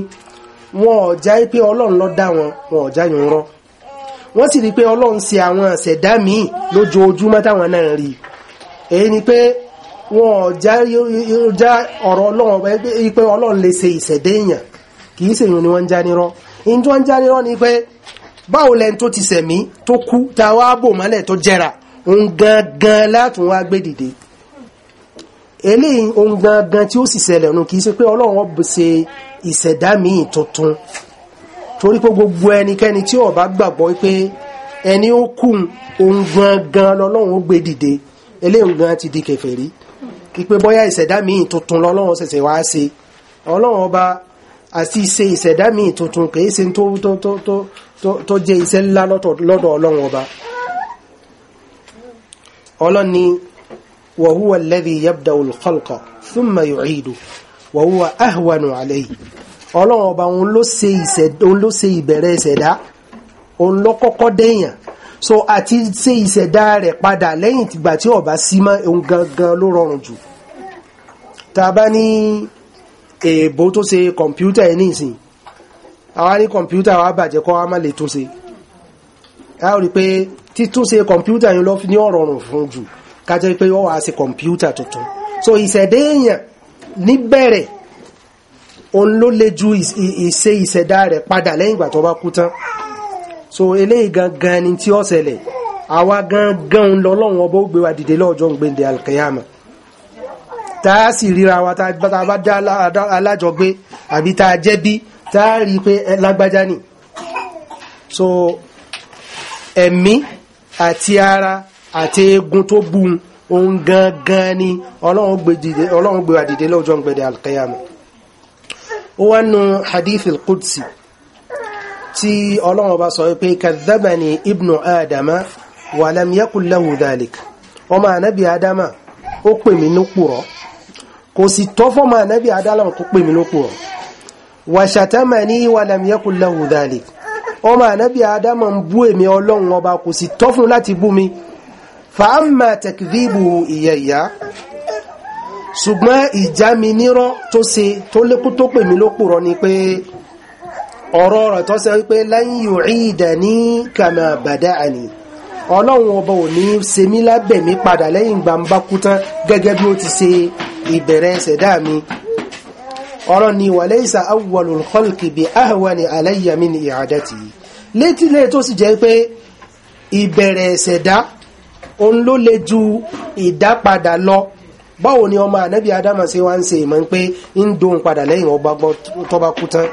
wọn ò já pé ọlọ́run ló dá wọn wọn ò já yun rọ́ wọ́n sì rí pé ọlọ́run ṣe àwọn àṣẹ̀dá míì lójoojúmọ́ táwọn náà rí èyí ni pé wọn ò já ọ̀rọ̀ ọlọ́run pé ọlọ́run lè ṣe ìṣẹ̀dá èèyàn kì í ṣèyàn ni wọ́n ń já nírọ́ in ń jáde rán ni pé báwo lẹni tó ti sẹ̀mí tó kú tá a wá bò mọ́lẹ̀ tó jẹrà òun gangan látún wá gbé dìde eléyìí ohun gangan tí ó sì ṣẹlẹ̀ nù kì í ṣe pé ọlọ́run ṣe ìṣẹ̀dá míì tuntun torí pé gbogbo ẹnikẹ́ni tí ó bá gbàgbọ́ pé ẹni ó kú ohun gangan lọ́lọ́run ó gbé dìde eléyìí gan ti di kèfèrí kí pé bóyá ìṣẹ̀dá míì tuntun lọ́lọ́run ṣẹ̀ṣẹ̀ wá ṣe ọlọ́run ọba àti ṣe ìṣẹ̀dá míì tuntun kìí ṣe tó tó tó tó tó jẹ́ iṣẹ́ ńlá lọ́dọ̀ ọlọ́run ọba ọlọ́ni wa huwa alladhi yabda'u al-khalqa thumma yu'idu wa huwa ahwanu alayhi ọlọ́run ọba òun ló ṣe ìbẹ̀rẹ̀ ìṣẹ̀dá òun ló kọ́kọ́ dẹ̀yàn so àti ṣe ìṣẹ̀dá rẹ̀ padà lẹ́yìn tí ọba símọ́ òun gangan ló rọrùn jù tàbá ní èèbó tó ṣe kọ̀mpútà ẹ̀ nísìn àwa ní kọ̀mpútà wa bàjẹ́ kọ́ wa má lè túnṣe a rí pé títúnṣe kọ̀mpútà yẹn lọ ní ọ̀rọ̀rùn fún jù ká pé wọ́n wá ṣe kọ̀mpútà tuntun so ìṣẹ̀dá èèyàn níbẹ̀rẹ̀ òun ló lè ju ìṣe ìṣẹ̀dá rẹ̀ padà lẹ́yìn ìgbà tó bá kú tán so eléyìí gangan ni tí ó ṣẹlẹ̀ àwa gangan lọ́lọ́run ọba ó gbé wa dìde lọ́jọ́ gbèǹde alkiyama tá a sì ríra wa tá a bá dá alájọgbé àbí tá a jẹ́ bí tá a rí pé lágbájá ni so ẹ̀mí àti ara àti eegun tó bùn òun gangan ni ọlọ́run gbé àdìdé lọ́jọ́ ń gbẹ̀dẹ̀ alqiyama ó wá nu hadith al tí ọlọ́run bá sọ pé kàdábàní ibnu adama wàlámiyakùn lahu dhalik ọmọ ànábì adama ó pè mí ní pùrọ́ kò sì tọ́ fọ́mọ ànábì adáláwọ̀ kó pè mí lóko ọ̀ wàṣàtàmà ní wàlàm yakun lahu dhalik ọmọ ànábì adámọ̀ ń bú èmi ọlọ́run ọba kò sì tọ́ fún láti bú mi fàámà tẹkìdìbò ìyẹ ìyá ṣùgbọ́n ìjà mi nírọ́ tó ṣe tó lékún tó pè mí lóko rọ ni pé ọ̀rọ̀ rẹ̀ tó ṣe wípé lan yu'idani kama bada'ani ọlọ́run ọba ò ní ṣe mí lábẹ̀mí padà lẹ́yìn ìgbà ń bá kú tán gẹ́gẹ́ bí ó ti ṣe ìbẹ̀rẹ̀ ṣẹ̀dá mi ọ̀rọ̀ ni wa laysa awwalul khalqi bi ahwani alayya min i'adati létí lè tó sì jẹ́ pé ìbẹ̀rẹ̀ ṣẹ̀dá òun ló le ju ìdápadà lọ báwo ni ọmọ ànábì adama ṣe wá ń ṣe ìmọ̀ pé ń dohun padà lẹ́yìn ọba gbọ́ tó bá kú tán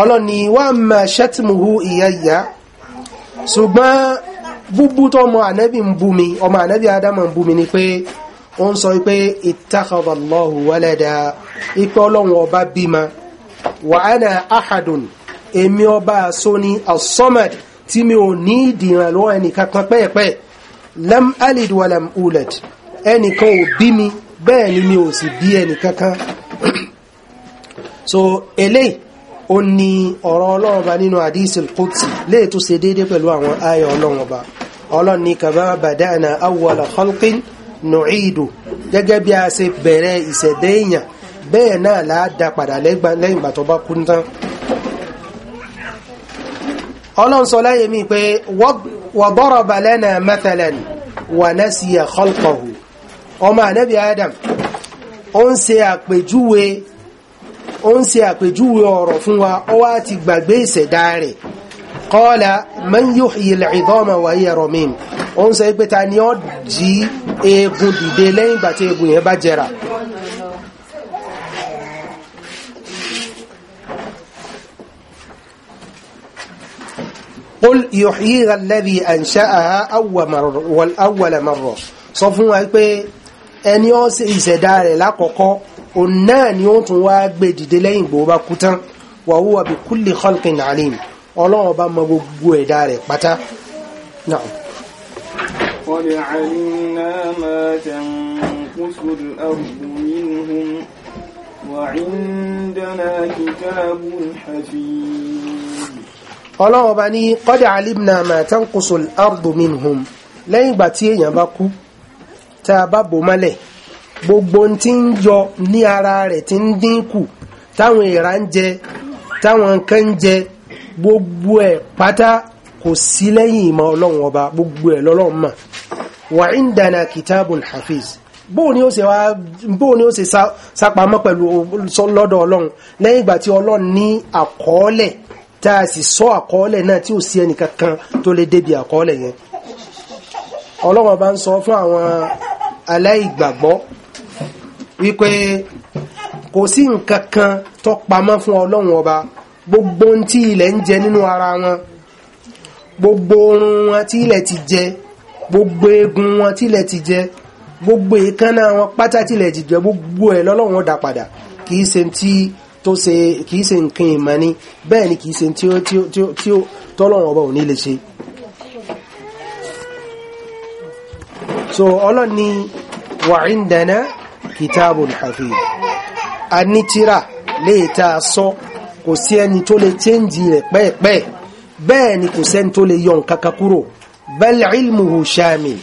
ọlọ́ni wà máa ṣẹ́tìmùhú ìyá ìyá ṣùgbọ́n búbú tó ọmọ ànábì ń bú mi ọmọ ànábì adama ń bú mi ni pé ó ń sọ pé ittakhadallahu walada ipe ọlọ́run ọba bímọ wa ana ahadun èmi ọba àsóní asọ́mad tí mi ò ní ìdìran lọ́wọ́ ẹnìkan kan pẹ́ẹ̀pẹ́ lam alid walam ulad ẹnìkan ò bí mi bẹ́ẹ̀ ni mi ò sì bí ẹnìkan kan so eléyìí ó ní ọ̀rọ̀ ọlọ́run ọba nínú àdísìl léètò ṣe déédé pẹ̀lú àwọn ayọ̀ ọlọ́run ọba ọlọ́run ní kama bada'na awwala khalqin nu'idu gẹ́gẹ́ bí a ṣe bẹ̀rẹ̀ ìṣẹ̀dẹ̀ èèyàn bẹ́ẹ̀ náà láà dá padà lẹ́yìn ìgbà tó bá kú tán ọlọ́run sọ láyé mi pé wa daraba lana mathalan wa nasiya khalqahu ọmọ ànábì adam ó ṣe àpèjúwe ó ṣe àpèjúwe ọ̀rọ̀ fún wa ó wá ti gbàgbé ìṣẹ̀dá rẹ̀ qala man yuhyi al-'idhama wa hiya ramim ó ń sọ pé ta ni ó jí eegun dìde lẹ́yìn ìgbà tí eegun yẹn bá jẹrà qul yuhyiha alladhi ansha'aha awwala marra sọ fún wa pé ẹni ó ṣe ìṣẹ̀dá rẹ̀ lákọ̀ọ́kọ́ òun náà ni ó tún wá gbé dìde lẹ́yìn ìgbà ó bá kú tán wa huwa bi kulli khalqin alim ọlọ́run ọba mọ gbogbo ẹ̀dá rẹ̀ pátá ọlọ́run ọba ní قد علمنا ما تنقص kusur منهم lẹ́yìn ìgbà tí èyàn bá kú tá a bá gbogbo tí ń yọ ní ara rẹ̀ tí ń dínkù táwọn jẹ táwọn nǹkan ń jẹ gbogbo ẹ̀ pátá kò sí lẹ́yìn ìmọ̀ ọlọ́run ọba gbogbo ẹ̀ lọ́lọ́run mà wà indana kitabun hafiz bóò ni ó ṣe wá bóò ni ó ṣe sápamọ́ pẹ̀lú lọ́dọ̀ ọlọ́run lẹ́yìn ìgbà tí ọlọ́run ní àkọọ́lẹ̀ tá a sì sọ àkọọ́lẹ̀ náà tí ò sí ẹnìkankan tó lè débi àkọọ́lẹ̀ yẹn ọlọ́run ọba ń sọ fún àwọn aláìgbàgbọ́ wípé kò sí nǹkan kan tó pamọ́ fún ọlọ́run ọba gbogbo ohun tí ilẹ̀ ń jẹ nínú ara wọn gbogbo orun wọn tí ilẹ̀ ti jẹ gbogbo eegun wọn tí ilẹ̀ ti jẹ gbogbo èékánná wọn pátá tí ilẹ̀ ti jẹ gbogbo ẹ̀ lọ́lọ́wọ́n dá padà kì í ṣe tí tó ṣe kì í ṣe nǹkan ìmọ̀ ni bẹ́ẹ̀ ni kì ṣe tí ó tí ó tí ó tọ́lọ́wọ́n ọba ò ní lè ṣe. so ọlọ́ni wa indana kitabun hafiz anitira lè ta sọ. So, kò sí ẹni tó lè chẹ́ǹjì rẹ̀ pẹ́ẹ̀pẹ́ bẹ́ẹ̀ ni kò sẹ́ni tó lè yọ nǹkan kan kúrò bal ilmuhu shamil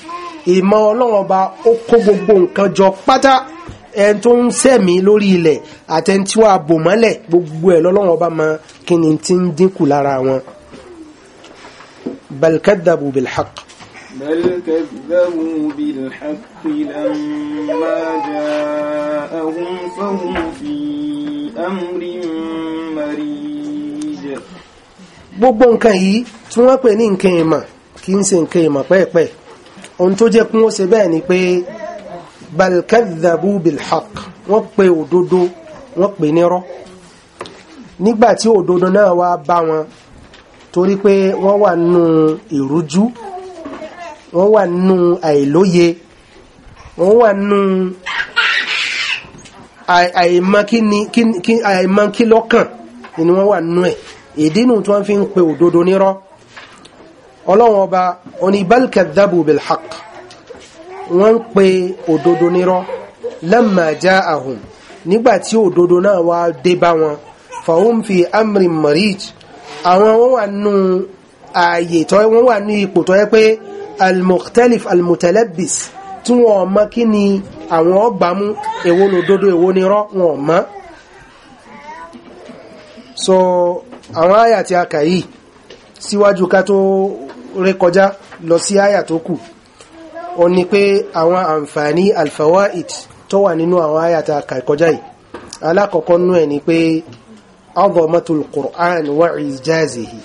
ìmọ̀ ọlọ́run ọba ó kó gbogbo nǹkan jọ pátá ẹni tó ń sẹ̀mí lórí ilẹ̀ àtẹni tí wàá bò mọ́lẹ̀ gbogbo ẹ̀ lọ́lọ́run ọba mọ kí ni ti ń dínkù lára wọn bal kaddabu بل كذبوا بالحق لما جاءهم فهم في أمر مريج gbogbo nǹkan yìí tí wọ́n pè ní nǹkan ìmọ̀ kì í ṣe nǹkan ìmọ̀ pẹ́ẹ̀pẹ́ ohun tó jẹ́ kún ó ṣe bẹ́ẹ̀ ni pé balkadabu bilhaq wọ́n pe òdodo wọ́n pè nírọ́ nígbàtí òdodo náà wá bá wọn torí pé wọ́n wà nù ìrújú wọ́n wà nù àìlóye wọ́n wà nù àìmọ́kí lọ́kàn ni wọ́n wà nù ẹ̀ ìdínú tí wọ́n fi ń pe òdodo nírọ́ ọlọ́wọ́n ọba oní bal kadhabu bil haqq wọ́n ń pe òdodo nírọ́ lamma ja'ahum nígbàtí òdodo náà wá dé bá wọn fahum fi amrin marij àwọn wọ́n wà nù ààyè tó wọ́n wà ní ipò tó yẹ pé المختلف المتلبس al-mutalabbis tí wọ́n mọ̀ kí ni àwọn ọgbàmú ni òdodo èwo ni so àwọn àyà tí a kà yìí síwájú ká tó rékọjá lọ sí àyà tó kù ó ní pé àwọn àǹfààní alfawaid tó wà nínú àwọn àyà tá a kà kọjá yìí alákọ̀ọ́kọ́ nú ẹ̀ ni pé adhamatul Qur'an wa ijazihi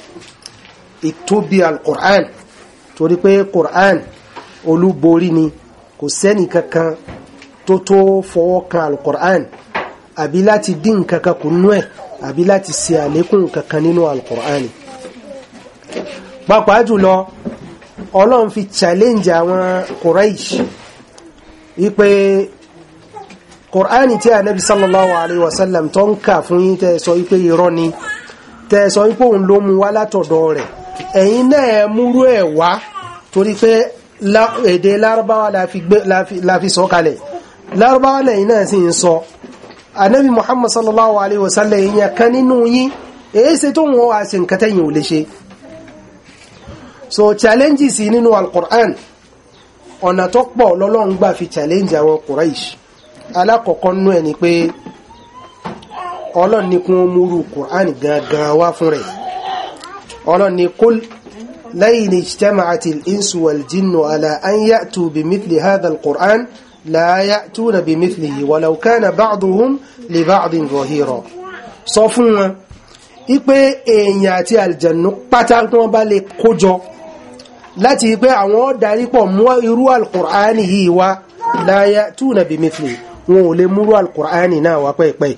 ìtóbi al torí pé Qur'an olúborí ni kò sẹ́ni kankan tó tó fọwọ́ kan al-Qur'an àbí láti dín kankan kù nú ẹ̀ àbí láti ṣe àlékún kankan nínú al-Qur'an pàápàá jùlọ ọlọ́run fi challenge àwọn Quraish wípé Qur'ani tí Ànábì sallallahu alayhi wa sallam tó ń kà fún yín tẹ́ sọ wípé irọ́ ni tẹ́ sọ wípé òun ló mú wá látọ̀dọ̀ rẹ̀ ẹ̀yin náà múrú ẹ̀ wá torí pé èdè lárúbáwá la fi sọ kalẹ̀ lárúbáwá lẹ́yìn náà sì ń sọ anabi muhammad sallallahu alaihi wasallam yẹn kan nínú yín èyí ṣe tó wọn wá sí nǹkan tẹ́yìn ò lè ṣe so challenges nínú alquran ọ̀nà tó pọ̀ lọ́lọ́run gbà fi challenge àwọn quraish alákọ̀ọ́kọ́ nú ẹ̀ ni pé ọlọ́run ní kún múrú qur'an gangan wá fún rẹ̀ ọlọ́run ni kul lẹ́yìn ijtama'ati al-insu wal-jinnu ala an ya'tu bi mithli hadha al-Qur'an la ya'tuna bi mithlihi walau kana ba'duhum li ba'din zahira sọ fún wọn ipe èèyàn àti àlìjànú pátá tí wọ́n bá lè kójọ láti pé àwọn darí pọ̀ mú irú al yìí wá la ya'tuna bi mithlihi wọn ò lè múrú al náà wá pẹ́ẹ̀pẹ́ẹ̀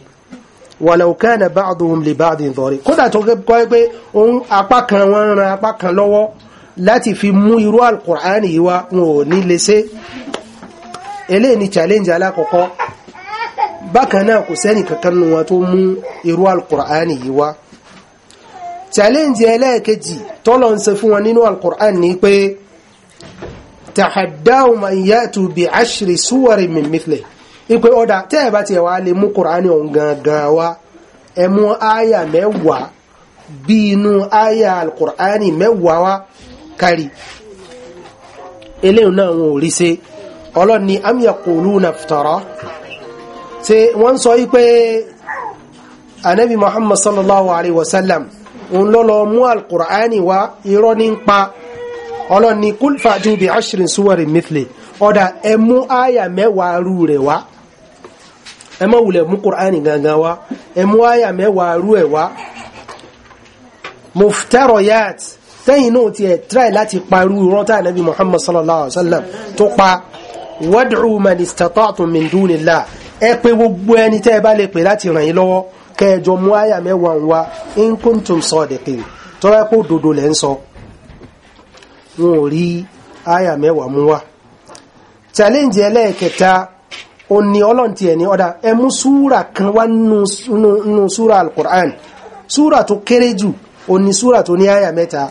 wàlẹ̀ òkèèlè bá àdúhùn lè bá àdín dọ̀rí kódà tó kọ́ pé ohun apá kan wọn ran apá kan lọ́wọ́ láti fi mú irú alkùránì yìí wá wọn ò ní lè ṣe eléyìí ni challenge alákọ̀ọ́kọ́ bákan náà kò sẹ́ni kankan nu wọn tó mú irú alkùránì yìí wá challenge ẹlẹ́ẹ̀kejì tọ́lọ̀ ń ṣe fún wọn nínú alkùránì ni pé tàhàdáhùn an ya'tu bi ashri suwarin min ipe ọ̀dà tẹ́ ẹ̀ bá tiẹ̀ wá lè mú kùránì ọ̀hún gangan wá ẹ mú àyà mẹ́wàá bí inú àyà alkùránì mẹ́wàá wá kárì eléyìí náà wọn ò rí ṣe ọlọ́ni am yaquluna iftara ṣe wọ́n sọ wípé anabi muhammad sallallahu alayhi wa sallam ń lọ́lọ́ mú alkùránì wá irọ́ ní pa ọlọ́ni kúlfàdù bí ashrin suwari mithli ọ̀dà ẹ àyà mẹ́wàá rú rẹ̀ wá ẹ má wulẹ̀ mú kùránì gangan wá ẹ mú àyà mẹ́wàá rú ẹ̀ wá muftariyat tẹ́yìn náà ti ẹ̀ tíráì láti parú rọ́tà nàbí muhammad sallallahu alaihi wasallam tó pa wad'u man istata'tum min dunillah ẹ pé gbogbo ẹni tẹ́ ẹ bá lè pè láti ràn yín lọ́wọ́ kẹjọ mú àyà mẹ́wàá wá in kuntum sadiqin tó kó dodo lẹ́ ń sọ wọn ò rí àyà mẹ́wàá mú wá challenge ẹlẹ́ẹ̀kẹta ó ní ọlọ́run tiẹ̀ ní ọ̀dà ẹ mú súrà kan wá nínú súrà alukur'an súrà tó kéré jù ó ní súrà tó ní àyà mẹ́ta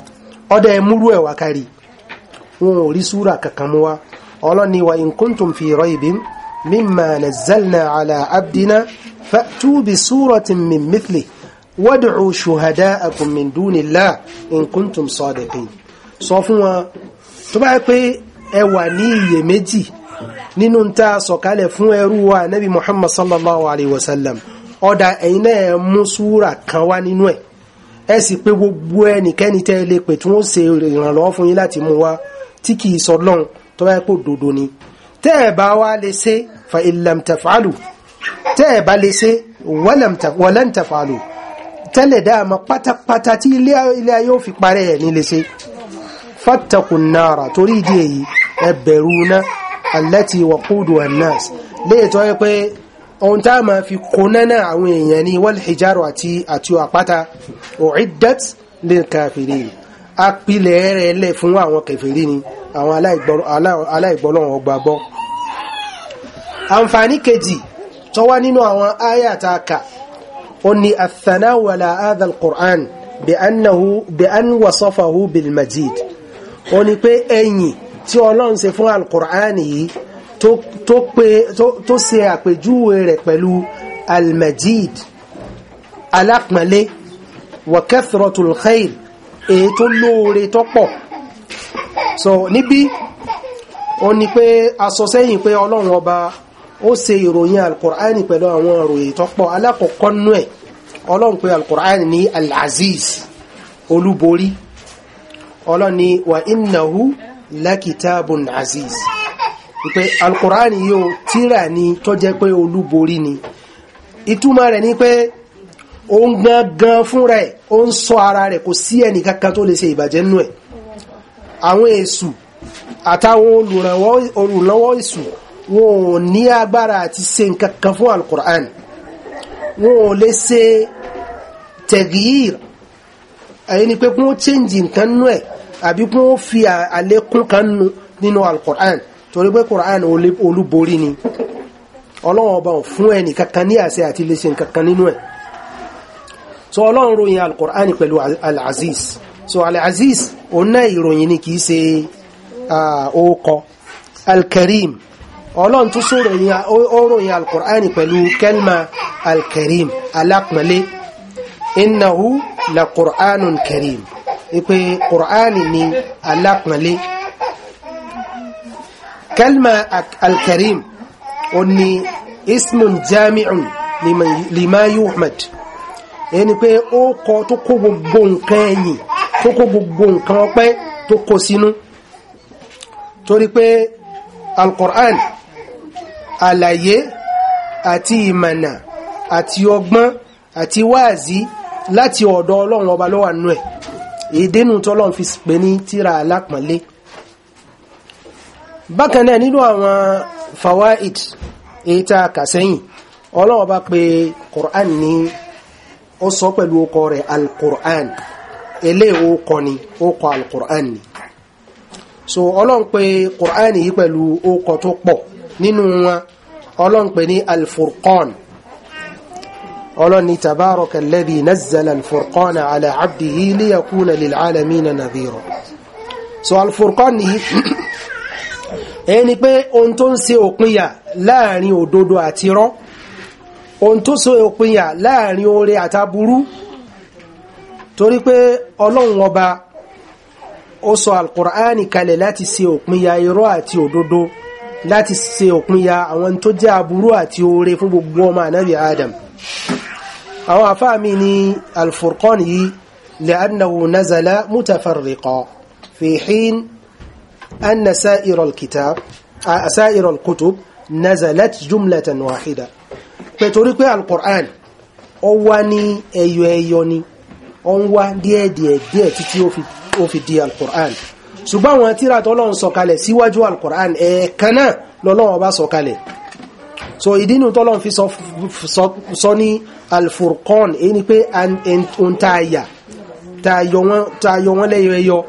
ọ̀dà ẹ múrú ẹ̀ wá kárí wọn ò rí súrà kankan mú wá ọlọ́run ní wa in kuntum fi raybin mimma nazzalna ala abdina fa'tu bi suratin min mithlihi wad'u shuhada'akum min dunillah in kuntum sọ fún wọn tó bá pé ẹ ní iyèméjì nínú ta sọ̀kalẹ̀ fún ẹrú wa nabi muhammad sallallahu alayhi wa sallam ọ̀dà ẹ̀yin náà ẹ mú súra kan wá nínú ẹ̀ ẹ sì pé gbogbo ẹnikẹ́ni tẹ́ ẹ lè pè tí wọ́n ṣe ìrànlọ́wọ́ fún yín láti mú wá tí kì í sọ lọ́hùn tó bá yẹ dodo ni tẹ́ ẹ bá wá lè ṣe fa illam tafalu tẹ́ ẹ bá lè ṣe walam tafalu tẹ́lẹ̀ dáàmà pátápátá tí ilé ayé ò fi parẹ́ ẹ̀ ní lè ṣe fatakun nara torí ìdí èyí ẹ bẹ̀rù náà alẹ́tì wọ̀kúdù annas léètọ́ yẹ pé ohun tá a máa fi kónánà àwọn èèyàn ní wal hijaru àti àti àpáta u'iddat lil kafirin apilẹ̀ rẹ̀ lẹ̀ fún àwọn kèfèrí ni àwọn aláìgbọ́lọ́wọ́ gbàgbọ́ àǹfààní kejì tó wá nínú àwọn áyàtà kà ó ní àtànáwàlà adal Qur'an bí an wasafahu bil majid ó ní pé ẹ̀yìn tí ọlọ́run ṣe fún alukur'ani yìí tó pé tó ṣe àpèjúwe rẹ̀ pẹ̀lú almajid alápọ̀nlé wa kathratul èyí tó lóore tó so níbí ó ní pé aṣọ sẹ́yìn pé ọlọ́run ọba ó ṣe ìròyìn alukur'ani pẹ̀lú àwọn ìròyìn tó pọ̀ alákọ̀ọ́kọ́ nú ẹ̀ ọlọ́run pé alukur'ani ní alaziz olúborí ọlọ́ni wa innahu lakitabun aziz wípé alkùránì yóò tíra ni tó jẹ́ pé olúborí ni ìtumọ̀ rẹ̀ ni pé ó ń gangan fún rẹ̀ ó ń sọ ara rẹ̀ kò sí ẹnì kankan tó lè ṣe ìbàjẹ́ nú ẹ̀ àwọn èṣù àtàwọn olùrànlọ́wọ́ èṣù wọn ò ní agbára àti ṣe nǹkan kan fún alkùránì wọn ò lè ṣe tẹ̀gìyìr àyè pé kún ó chẹ́ǹjì nǹkan nú ẹ̀ àbí kún fi àlékún kan nínú alukur'an torí pé kur'an olúborí ni ọlọ́run ọba fún ẹnì kankan ní àṣẹ àti lè kankan nínú ẹ̀ so ọlọ́run ròyìn alukur'an pẹ̀lú al so al-aziz òun náà ìròyìn ni kìí ṣe ókọ al-karim ọlọ́run tún sọ̀rọ̀ ní ọrọ̀yìn al-Qur'an pẹ̀lú kẹlma al alápẹ̀lẹ́ innahu la-Qur'anun karim pé Kùránì ni alápọ̀nlé kalma alkarim ó ní ismun jami'un lima yuhmad ẹni pé ó kọ tó kó gbogbo nǹkan ẹ̀yìn tó kó gbogbo nǹkan ọpẹ́ tó kó sínú torí pé alkùránì àlàyé àti ìmànà àti ọgbọ́n àti wáàzí láti ọ̀dọ̀ ọlọ́run ọba ló wà nú ẹ̀ ìdínú tọ́lọ́n fi pè ní tíra alápọ̀nlé bákan náà nínú àwọn fawaid èyíta kàsẹ́yìn ọlọ́wọ́ bá pe Qur'an ní ó sọ pẹ̀lú ọkọ rẹ̀ al-Qur'an ilé ọkọ ni ọkọ al-Qur'an ni so ọlọ́n pe Qur'an yìí pẹ̀lú ọkọ tó pọ̀ nínú wọn ọlọ́n pe ní al-Furqan al ọlọ́ni tabaraka alladhi nazzala alfurqana ala abdihi liyakuna lil'alamina nadhira so alfurqan yìí ẹni pé ohun tó ń ṣe òpinya láàrin òdodo àti rọ́ ohun tó ṣe òpinya láàrin oore àtàbúrú torí pé ọlọ́run ọba ó sọ alkùránì kalẹ̀ láti ṣe òpinya irọ́ àti òdodo láti ṣe òpinya àwọn tó jẹ́ aburú àti oore fún gbogbo ọmọ ànábì adam àwọn àfáàmì ni alfurqan yìí لأنه نزل متفرقا في حين أن سائر الكتاب سائر الكتب نزلت جملة واحدة pẹ̀tọ́rí pé alkùrán ó wá ní ẹyọ ẹyọ ni ó ń wá díẹ̀díẹ̀ díẹ̀ títí ó fi di alkùrán ṣùgbọ́n àwọn tíra tí Ọlọ́run sọ̀kalẹ̀ síwájú alkùrán ẹ̀ẹ̀kan náà lọ́lọ́run bá sọ̀kalẹ̀ so ìdí ìdínú tọ́lọ́n fi sọ ní alfurqan èyí ni pé ohun tá a yà tá a yọ wọ́n lẹ́yọ ẹyọ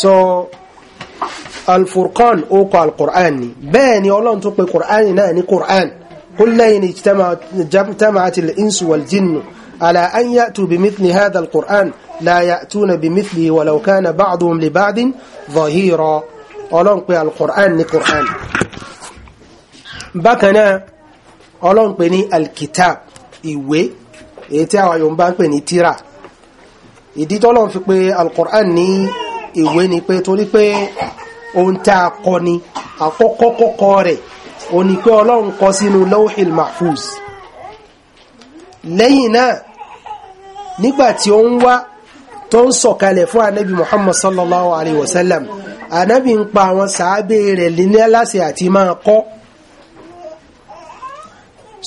so alfurqan ó kọ alqur'an ni bẹ́ẹ̀ ni ọlọ́run tó pe qur'an náà ní qur'an قل لئن اجتمعت الإنس والجن على أن يأتوا بمثل هذا القرآن لا يأتون بمثله ولو كان بعضهم لبعض ظهيرا ọlọ́run pé al-Qur'an ní Qur'an bákan náà ọlọ́run pè ní al-kitab ìwé èyí tí àwọn Yorùbá ń pè ní tírà ìdí tọ́lọ́run fi pé al-Qur'an ní ìwé ni pé torí pé ohun tá a kọ ni àkọ́kọ́ kọ́kọ́ rẹ̀ ó ní pé ọlọ́run kọ sínú lawhil mahfuz lẹ́yìn náà nígbà ó ń wá tó ń sọ̀kalẹ̀ fún anabi Muhammad sallallahu alaihi wasallam ànábì ń pa àwọn sàábé rẹ̀ lílé aláṣẹ àti máa kọ́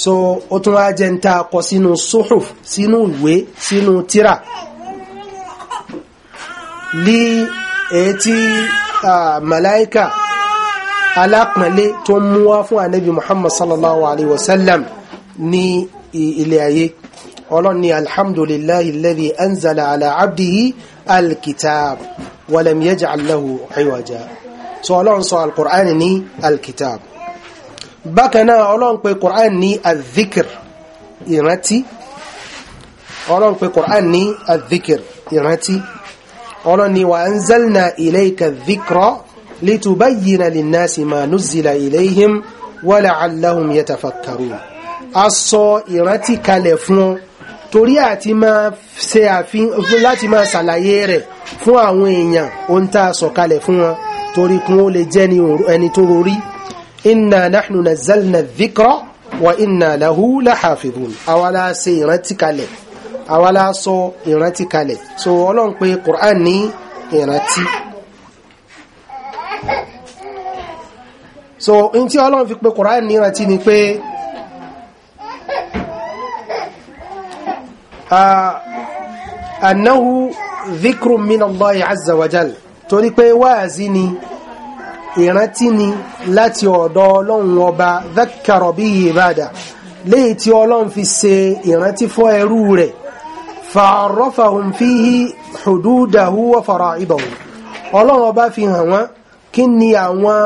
so ó tún wá jẹ́ ń ta kọ sínú suhuf sínú ìwé sínú tírà lí èyí tí màláíkà alápọ̀nlé tó ń mú wá fún ànábì muhammad sallallahu alaihi wasallam ní ilé ayé ọlọ́ni alhamdulillahi alladhi anzala ala abdihi alkitab. ولم يجعل له عوجا سؤالون سؤال القرآن ني الكتاب بكنا أولون في القرآن ني الذكر يرتي أولون في القرآن ني الذكر يرتي أولون ني وأنزلنا إليك الذكر لتبين للناس ما نزل إليهم ولعلهم يتفكرون أصو يرتي كالفون torí àti máa ṣe àfihàn láti máa ṣàlàyé rẹ̀ fún àwọn èèyàn ohun tá a sọ̀kalẹ̀ fún wọn torí kún ó lè jẹ́ ẹni tó rorí inna nahnu nazzalna dhikra wa inna lahu lahafidhun àwa la ṣe ìrántí kalẹ̀ àwa la sọ ìrántí kalẹ̀ so ọlọ́run pé Qur'an ní ìrántí so n tí ọlọ́run fi pé Qur'an ní ìrántí ni pé. annahu dhikru min Allahi azza wa jal torí pé wáàzí ni ìrántí ni láti ọ̀dọ̀ ọlọ́run ọba dhakkara bihi ibada léyìí tí ọlọ́run fi ṣe ìrántí fún ẹrú rẹ̀ fa'arrafahum fihi hududahu wa fara'idahu ọlọ́run ọba fi hàn wọ́n kí ni àwọn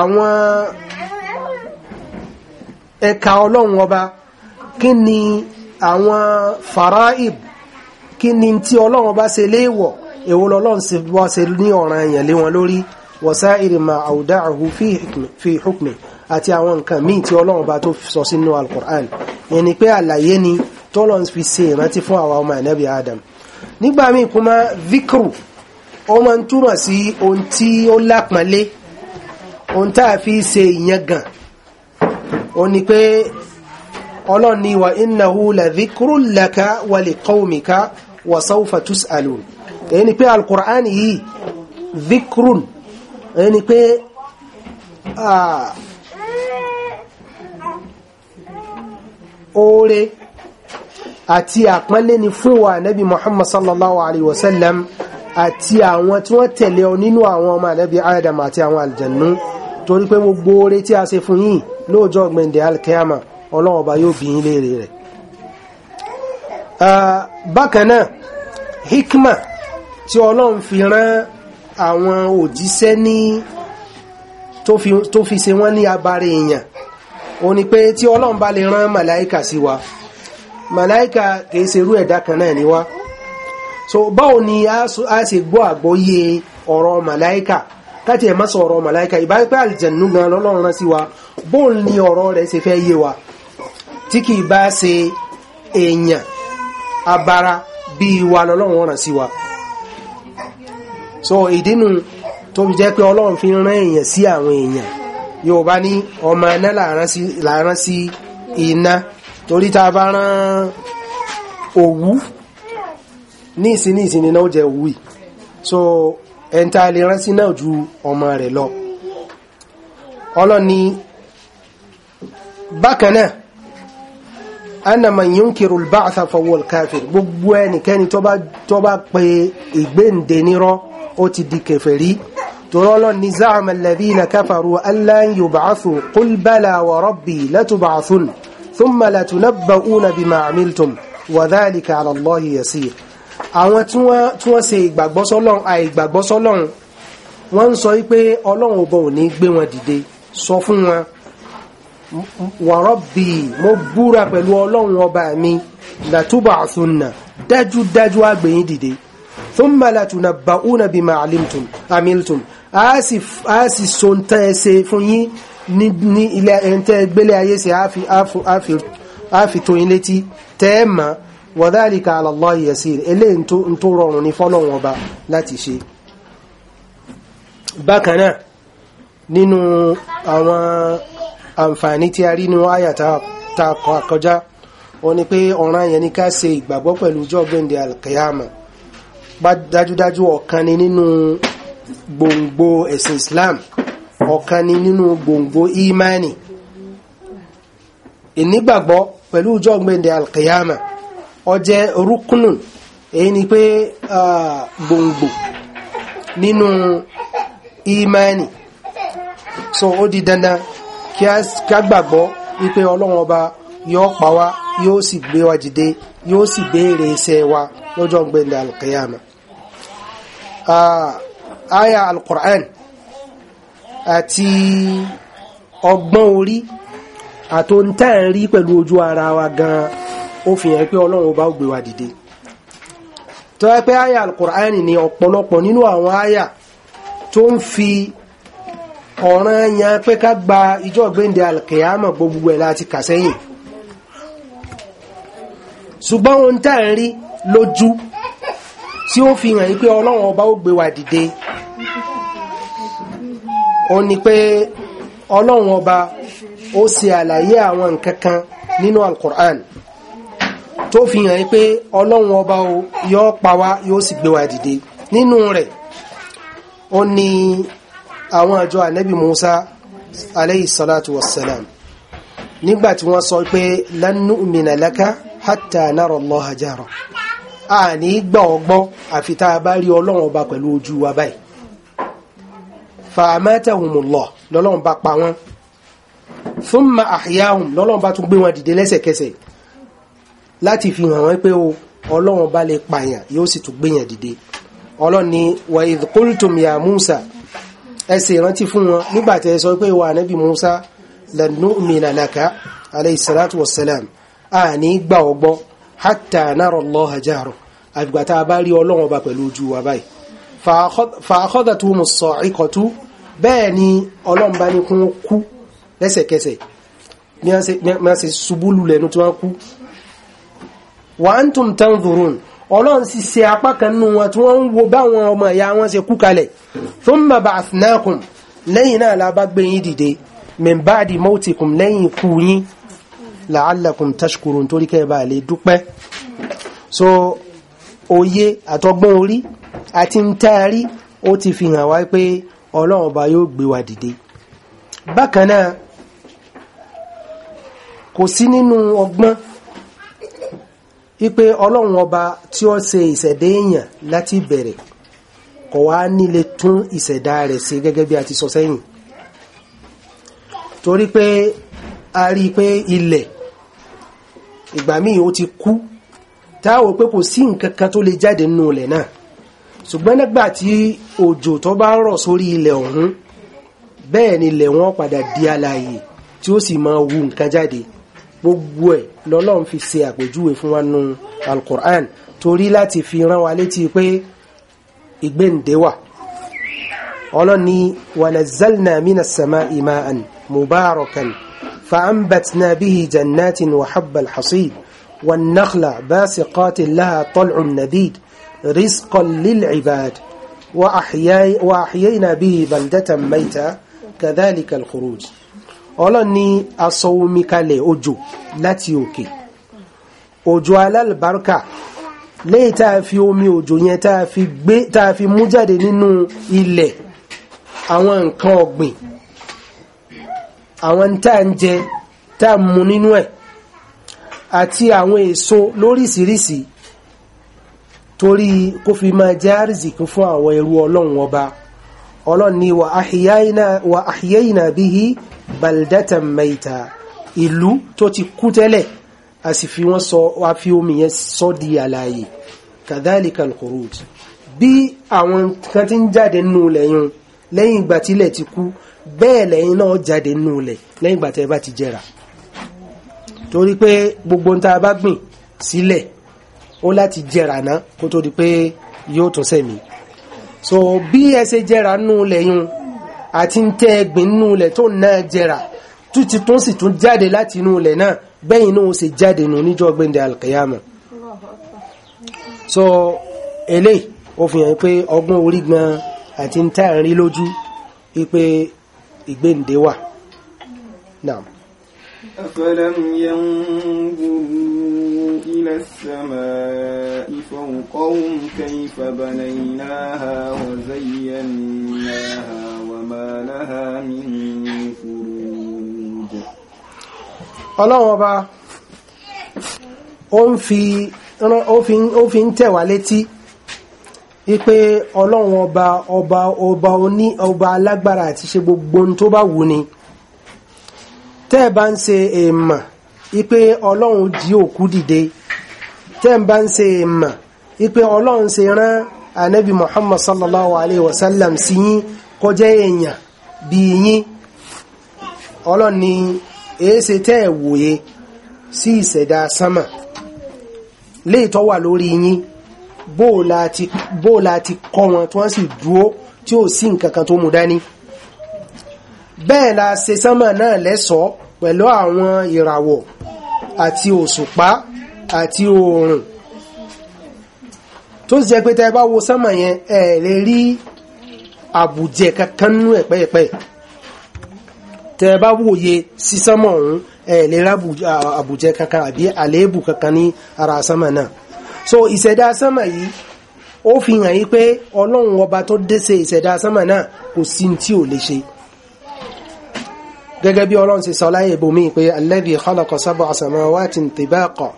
àwọn ẹ̀ka ọlọ́run ọba kí àwọn faraib kí ni tí ọlọ́run bá ṣe léèwọ̀ èwo lọ́lọ́run sì bọ́ ṣe ní ọ̀ràn èèyàn lé wọn lórí wasairi ma awda'ahu fi hukmi àti àwọn nǹkan míì tí ọlọ́run bá tó sọ sínú alkur'an yẹn ni pé àlàyé ni tọ́lọ́run fi ṣe ìrántí fún àwa ọmọ ànábì adam nígbà míì kuma vikru ó máa ń túmọ̀ sí ohun tí ó lápọ̀nlé ohun tá a fi ṣe ìyẹn gan ó ní pé ọlọ́run ni wa innahu la dhikrun laka wa liqawmika wa sawfa tus'alun èyí ni pé al-Qur'an yìí dhikrun èyí ni pé oore àti àpọ́nlé ni fún wa nabi Muhammad sallallahu alaihi wasallam àti àwọn tí wọ́n tẹ̀lé ọ nínú àwọn ọmọ nabi Adam àti àwọn aljannu torí pé gbogbo oore tí a ṣe fún yín lọ́jọ́ gbẹ̀ndẹ̀ al ọlọ́run ọba yóò bí yín léèrè rẹ̀ bákan náà hikma tí ọlọ́run fi rán àwọn òjíṣẹ́ ní tó fi ṣe wọ́n ní abáre èèyàn ó ní pé tí ọlọ́run bá lè rán màláíkà sí wa màláíkà kìí ṣe ẹ̀dá kan náà ni wá so báwo ni a ṣe gbọ́ àgbọ́yé ọ̀rọ̀ màláíkà káti ẹ̀ má sọ ọ̀rọ̀ màláíkà ìbá pẹ́ àlìjẹ̀nú gan lọ́lọ́run rán sí wa bóun ni ọ̀rọ̀ rẹ̀ ṣe fẹ́ yé wa tí kìí bá ṣe èèyàn abara bíi wa lọ́lọ́run ràn sí wa so ìdínú tó fi jẹ́ pé ọlọ́run fi rán èèyàn sí àwọn èèyàn yóò bá ní ọmọ iná làárán sí iná torí tá a bá rán òwú ní ìsinmi ìsinmi náà ó jẹ òwú so ẹ̀ntà lè rán sí náà ju ọmọ rẹ̀ lọ ọlọ́ni bákan náà anna man yunkiru al-ba'tha fa huwa al-kafir gbogbo ẹnikẹ́ni tó bá tó bá pe ìgbéǹde nírọ́ ó ti di kèfèrí tòrọ́lọ́ ni za'ama alladhina kafaru an lan yub'athu qul bala wa rabbi latub'athun thumma latunabba'una bima 'amiltum wa dhalika 'ala Allahi yasir àwọn tí wọ́n tí wọ́n ṣe ìgbàgbọ́ sọ́lọ́run àìgbàgbọ́ sọ́lọ́run wọ́n ń sọ wípé ọlọ́run ọba ò ní gbé wọn dìde sọ fún wọn wa rabbi mo búra pẹ̀lú ọlọ́run ọba mi latub'athunna dájúdájú àgbẹ̀yìn dìde thumma latunabba'una bima 'alimtum 'amiltum a sì so ń tẹ́ ẹ ṣe fún yín ní ilẹ̀ ẹ̀ntẹ́ gbélé ayé ṣe á fi tó létí tẹ́ ẹ mọ̀ àǹfààní tí a rí nínú àyà tá a kọ àkọjá wọn ni pé ọ̀ràn yẹn ni ká ṣe ìgbàgbọ́ pẹ̀lú ọjọ́ gbẹ̀ndẹ̀ alkiyama bá dájúdájú ọ̀kan ni nínú gbòǹgbò ẹ̀sìn Islam ọ̀kan ni nínú gbòǹgbò imani ìnígbàgbọ́ pẹ̀lú ọjọ́ gbẹ̀ndẹ̀ alkiyama ó jẹ́ rúkúnù èyí ni pé gbòǹgbò nínú imani so ó di dandan kí a gbàgbọ́ wípé ọlọ́run ọba yóò pa wá yóò sì gbé wa dìde yóò sì béèrè iṣẹ́ wa lọ́jọ́ gbẹ̀ndẹ̀ alkiyama aya alkur'an àti ọgbọ́n orí àtòntẹ́ẹ̀rí pẹ̀lú ojú ara wa gan ó fi hàn pé ọlọ́run ọba ó gbé wa dìde tó pé aya alkur'an ni ọ̀pọ̀lọpọ̀ nínú àwọn aya tó ń fi ọ̀ràn yẹn pé ká gba ìjọ gbéǹde alkiyama gbogbo ẹ̀ láti kà sẹ́yìn ṣùgbọ́n ohun tá à ń rí lójú tí ó fi hàn yí pé ọlọ́run ọba ó gbé wa dìde ó ní pé ọlọ́run ọba ó ṣe àlàyé àwọn nǹkan kan nínú alkur'an tó fi hàn yí pé ọlọ́run ọba yóò pa wá yóò sì gbé wa dìde nínú rẹ̀ ó ní àwọn àjọ ànábì Musa alayhi salatu wassalam nígbà tí wọ́n sọ pé lan nu'mina laka hatta nara Allaha jara a ní gbà ọ́ gbọ́ àfi tá a bá rí ọlọ́run ọba pẹ̀lú ojú wa báyìí fa amatahumullah lọ́lọ́run bá láti fi hàn wọ́n pé o ọlọ́run bá lè pààyàn yóò sì tún gbéyàn dìde ọlọ́run wa idh qultum ya Musa ẹ ṣe ìrántí fún wọn nígbà tẹ́ sọ pé wà nábì Musa lan nu'mina laka alayhi salatu wassalam a ní gbà ọ gbọ́ hatta nara Allaha jahra àgbà tá a bá rí Ọlọ́run ọba pẹ̀lú ojú wa báyìí fa wa antum tanzurun ọlọ́run sì ṣe apá kan nínú wọn tí wọ́n ń wo báwọn ọmọ ìyá wọn ṣe kú kalẹ̀ thumma ba'athnakum lẹ́yìn náà la bá gbé yín dìde min ba'di lẹ́yìn ikú yín la'allakum tashkurun torí kẹ́ lè dúpẹ́ so òye àtọgbọ́n orí àti ń taari ó ti fi hàn wá pé ọlọ́run ọba yóò gbé wa dìde bákan náà kò sí nínú ọgbọ́n ipe ọlọ́run ọba tí ó ṣe ìṣẹ̀dá èèyàn láti bẹ̀rẹ̀ kò wá nílé tún ìṣẹ̀dá rẹ̀ ṣe gẹ́gẹ́ bí a ti sọ sẹ́yìn torí pé a rí pé ilẹ̀ ìgbà míì ó ti kú táwọn pé kò sí nǹkan kan tó lè jáde nínú ilẹ̀ náà ṣùgbọ́n nígbà tí òjò tó bá rọ̀ sórí ilẹ̀ ọ̀hún bẹ́ẹ̀ ni ilẹ̀ wọn padà di alààyè tí ó sì máa wu nǹkan jáde gbogbo ẹ̀ lọ́lọ́run fi ṣe àpèjúwe fún wa nínú alukur'an torí láti fi rán wa létí pé ìgbéǹde wà ọlọ́ni wànàzálnà mínà sàmà ìmáàn mubarakan fa'ambatna bihi jannatin wa habbal hasid والنخل باسقات لها طلع نبيد رزقا للعباد وأحيي وأحيينا به بلدة ميتة كذلك الخروج ọlọ́run ní aṣọ omi kalẹ̀ òjò láti òkè òjò alálùbáríkà léyìí tá a fi omi òjò yẹn tá a fi gbé tá a fi mú jáde nínú ilẹ̀ àwọn nǹkan ọ̀gbìn àwọn tá à ń jẹ tá à ń mu nínú ẹ̀ àti àwọn èso lóríṣìíríṣìí torí kó fi máa jẹ́ àrísìkí fún àwọn ẹrú ọlọ́run ọba ọlọ́run ni wà bíi baldatan maita ilu tó ti kú tẹ́lẹ̀ a sì fi wọ́n sọ wá fi omi yẹn sọ di àlàyé kadhalika alkhuruj bí àwọn kan ti ń jáde nù lẹ́yìn lẹ́yìn ìgbà tílẹ̀ ti kú bẹ́ẹ̀ lẹ́yìn náà jáde nù lẹ̀ lẹ́yìn ìgbà tẹ́ bá ti jẹrà torí pé gbogbo ń ta bá gbìn sílẹ̀ ó láti jẹrà náà kó tó di pé yóò tún sẹ̀mí so bi ẹ ṣe jẹrà nù lẹ́yìn àti ń tẹ́ ẹgbìn nínú ilẹ̀ tó náà jẹrà tó ti tó sì tún jáde láti inú ilẹ̀ náà bẹ́yìn náà ó sì jáde nù níjọ́ gbẹ̀ndẹ̀ alkiyama so eléyìí ó fi hàn pé ọgbọ́n orí gan àti ń àárín lójú wípé ìgbéǹde wà أفلم ينظروا إلى السماء فوقهم كيف بنيناها وزيناها وما لها من فروج ọlọ́run ọba ó ń fi ó fi ń tẹ̀ wá létí wípé ọlọ́run ọba ọba ọba oní ọba alágbára àti ṣe gbogbo ohun tó bá wù ni tẹ́ ẹ̀ bá ń ṣe èèmọ̀ wípé ọlọ́run jí òkú dìde tẹ́ bá ń ṣe èèmọ̀ wípé ọlọ́run ṣe rán anabi muhammad sallallahu alayhi wa sallam sí yín kọjá èèyàn bí yín ọlọ́ni èése tẹ́ ẹ̀ wòye sí ìṣẹ̀dá sánmà léètọ́ wà lórí yín bóòlà ti kọ́ wọn tí wọ́n sì dúó tí ò sí nǹkankan tó mú dání bẹ́ẹ̀ la ṣe sánmà náà lẹ́ṣọ̀ọ́ pẹ̀lú àwọn ìràwọ̀ àti òṣùpá àti oòrùn tó sì jẹ́ pé tẹ́ bá wo sánmà yẹn ẹ̀ lè rí àbùjẹ kankan nú ẹ̀ pẹ́ẹ́pẹ́ tẹ ẹ bá wòye sísánmọ̀ ọ̀hún ẹ lè ra àbùjẹ kankan àbí àléébù kankan ní ara sánmọ̀ náà so ìṣẹ̀dá sánmọ̀ yìí ó fi hàn yí pé ọlọ́run ọba tó dẹ́sẹ̀ ìṣẹ̀dá sánmọ̀ náà kò sí tí ò lè ṣe gẹ́gẹ́ bí ọlọ́run ṣe sọ láyé ibòmí pé alladhi khalaqa sab'a samawati tibaqa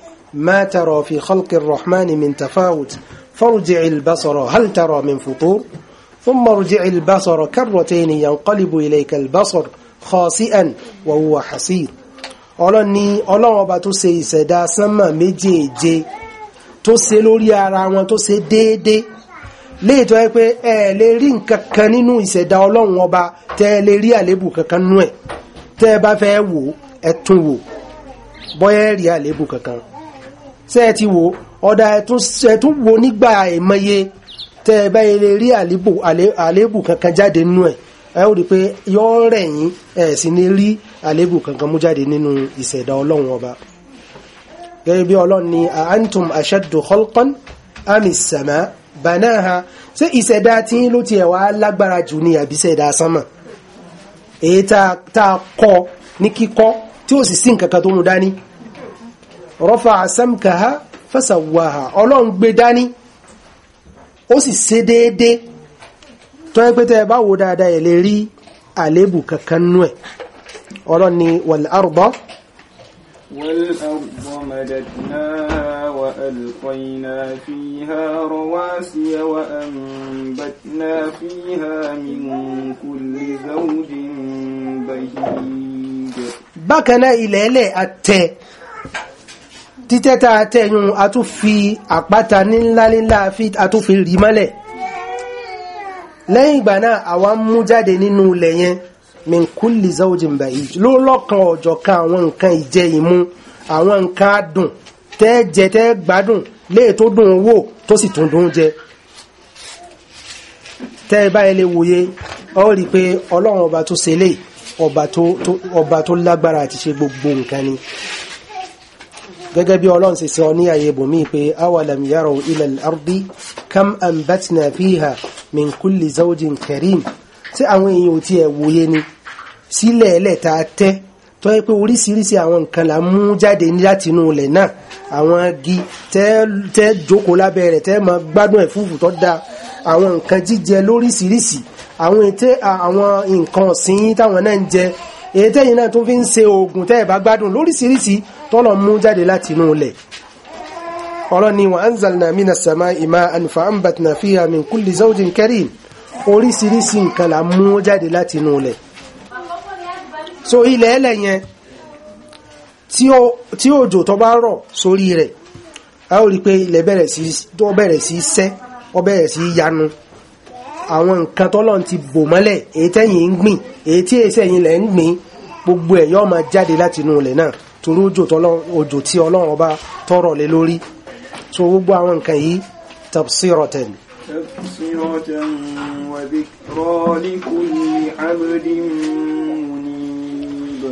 ma tara fi khalqi rrahmani min tafawut farji'il basara hal tara min futur ثم ارجع البصر كرتين ينقلب إليك البصر خاسئا وهو حصير ọlọ́run ni ọlọ́run ọba tó ṣe ìṣẹ̀dá sánmà méjèèje tó ṣe lórí ara wọn tó ṣe déédé léètọ́ ẹ pé ẹ lè rí nǹkan kan nínú ìṣẹ̀dá ọlọ́run ọba tẹ́ ẹ lè rí àléébù kankan nú ẹ̀ tẹ́ ẹ bá fẹ́ wò ẹ tún wò bóyá ẹ rí àléébù kankan ṣé ti wò ọ̀dà ẹ tún wò nígbà ẹ̀mọye tẹ́ ẹ báyìí lè rí àléébù kankan jáde nínú ẹ̀ ẹ ó rí i pé yọ́ọ́ rẹ̀ yín ẹ̀ sì ní rí àléébù kankan mú jáde nínú ìṣẹ̀dá ọlọ́run ọba gẹ́gẹ́ bí ọlọ́run ni antum ashaddu khalqan amis sama banaha ṣé ìṣẹ̀dá tí ló ti ẹ̀ wá lágbára jù ní àbí ìṣẹ̀dá sánmà èyí tá a kọ́ ní kíkọ́ tí ó sì sí nǹkan kan tó mú dání rafa'a samkaha fasawaha ọlọ́run gbé dání ó sì ṣe déédéé tó yẹ pé tẹ́ ẹ bá wo dáadáa ẹ lè rí àléébù kankan nú ẹ̀ ọlọ́run ni wal arda والأرض مددنا وألقينا فيها títẹ́ta tẹ́yún a tún fi àpáta níláńlá a tún fi rí mọ́lẹ̀ lẹ́yìn ìgbà náà àwa ń mú jáde nínú ilẹ̀ yẹn min kulli zawjin ba'ij ló lọ́kàn ọ̀jọ̀ kan àwọn nǹkan ìjẹ ìmu àwọn nǹkan adùn tẹ́ jẹ tẹ́ gbádùn léè tó dùn wò tó sì tún dùn jẹ tẹ́ báyìí lè wòye ọ rí i pé ọlọ́run ọba tó ṣe lè ọba tó lágbára àti ṣe gbogbo nǹkan ni gẹ́gẹ́ bí ọlọ́run ṣe sọ ní àyè bòmí pé awalam yaraw ila al-ardi kam anbatna fiha min kulli zawjin karim tí àwọn èèyàn ò tiẹ̀ wòye ni sílẹ̀ ẹlẹ́ta tẹ́ tó yẹ pé oríṣiríṣi àwọn nǹkan là mú jáde láti inú ilẹ̀ náà àwọn igi tẹ́ jókòó lábẹ́ rẹ̀ tẹ́ máa gbádùn ẹ̀fúùfù tó dáa àwọn nǹkan jíjẹ lóríṣiríṣi àwọn nǹkan ọ̀sìn táwọn náà ń jẹ èyí tẹ́yìn náà tún fi ń ṣe oògùn tẹ́ ẹ̀ bá gbádùn lóríṣiríṣi tọ́lọ̀ mú jáde láti inú ilẹ̀ ọlọ́ni wa anzalna mina samai ma'an fa ambatna fiha min kulli zawjin karim oríṣiríṣi nǹkan la mú jáde láti inú ilẹ̀ so ilẹ̀ ẹlẹ̀ yẹn tí òjò tó bá rọ̀ sórí rẹ̀ a ó rí pé ilẹ̀ bẹ̀rẹ̀ sí sẹ́ ó bẹ̀rẹ̀ sí yanu àwọn nǹkan tọ́lọ́run ti bò mọ́lẹ̀ èyí tẹ́yìn ń gbìn èyí tí èsì ẹ̀yìn lẹ̀ ń gbìn gbogbo ẹ̀ yóò máa jáde láti inú ilẹ̀ náà torí òjò òjò tí ọlọ́run ọba tọrọ lé lórí so gbogbo àwọn nǹkan yìí tafsiratan. tafsiratan wa dhikra li kulli abdin munib.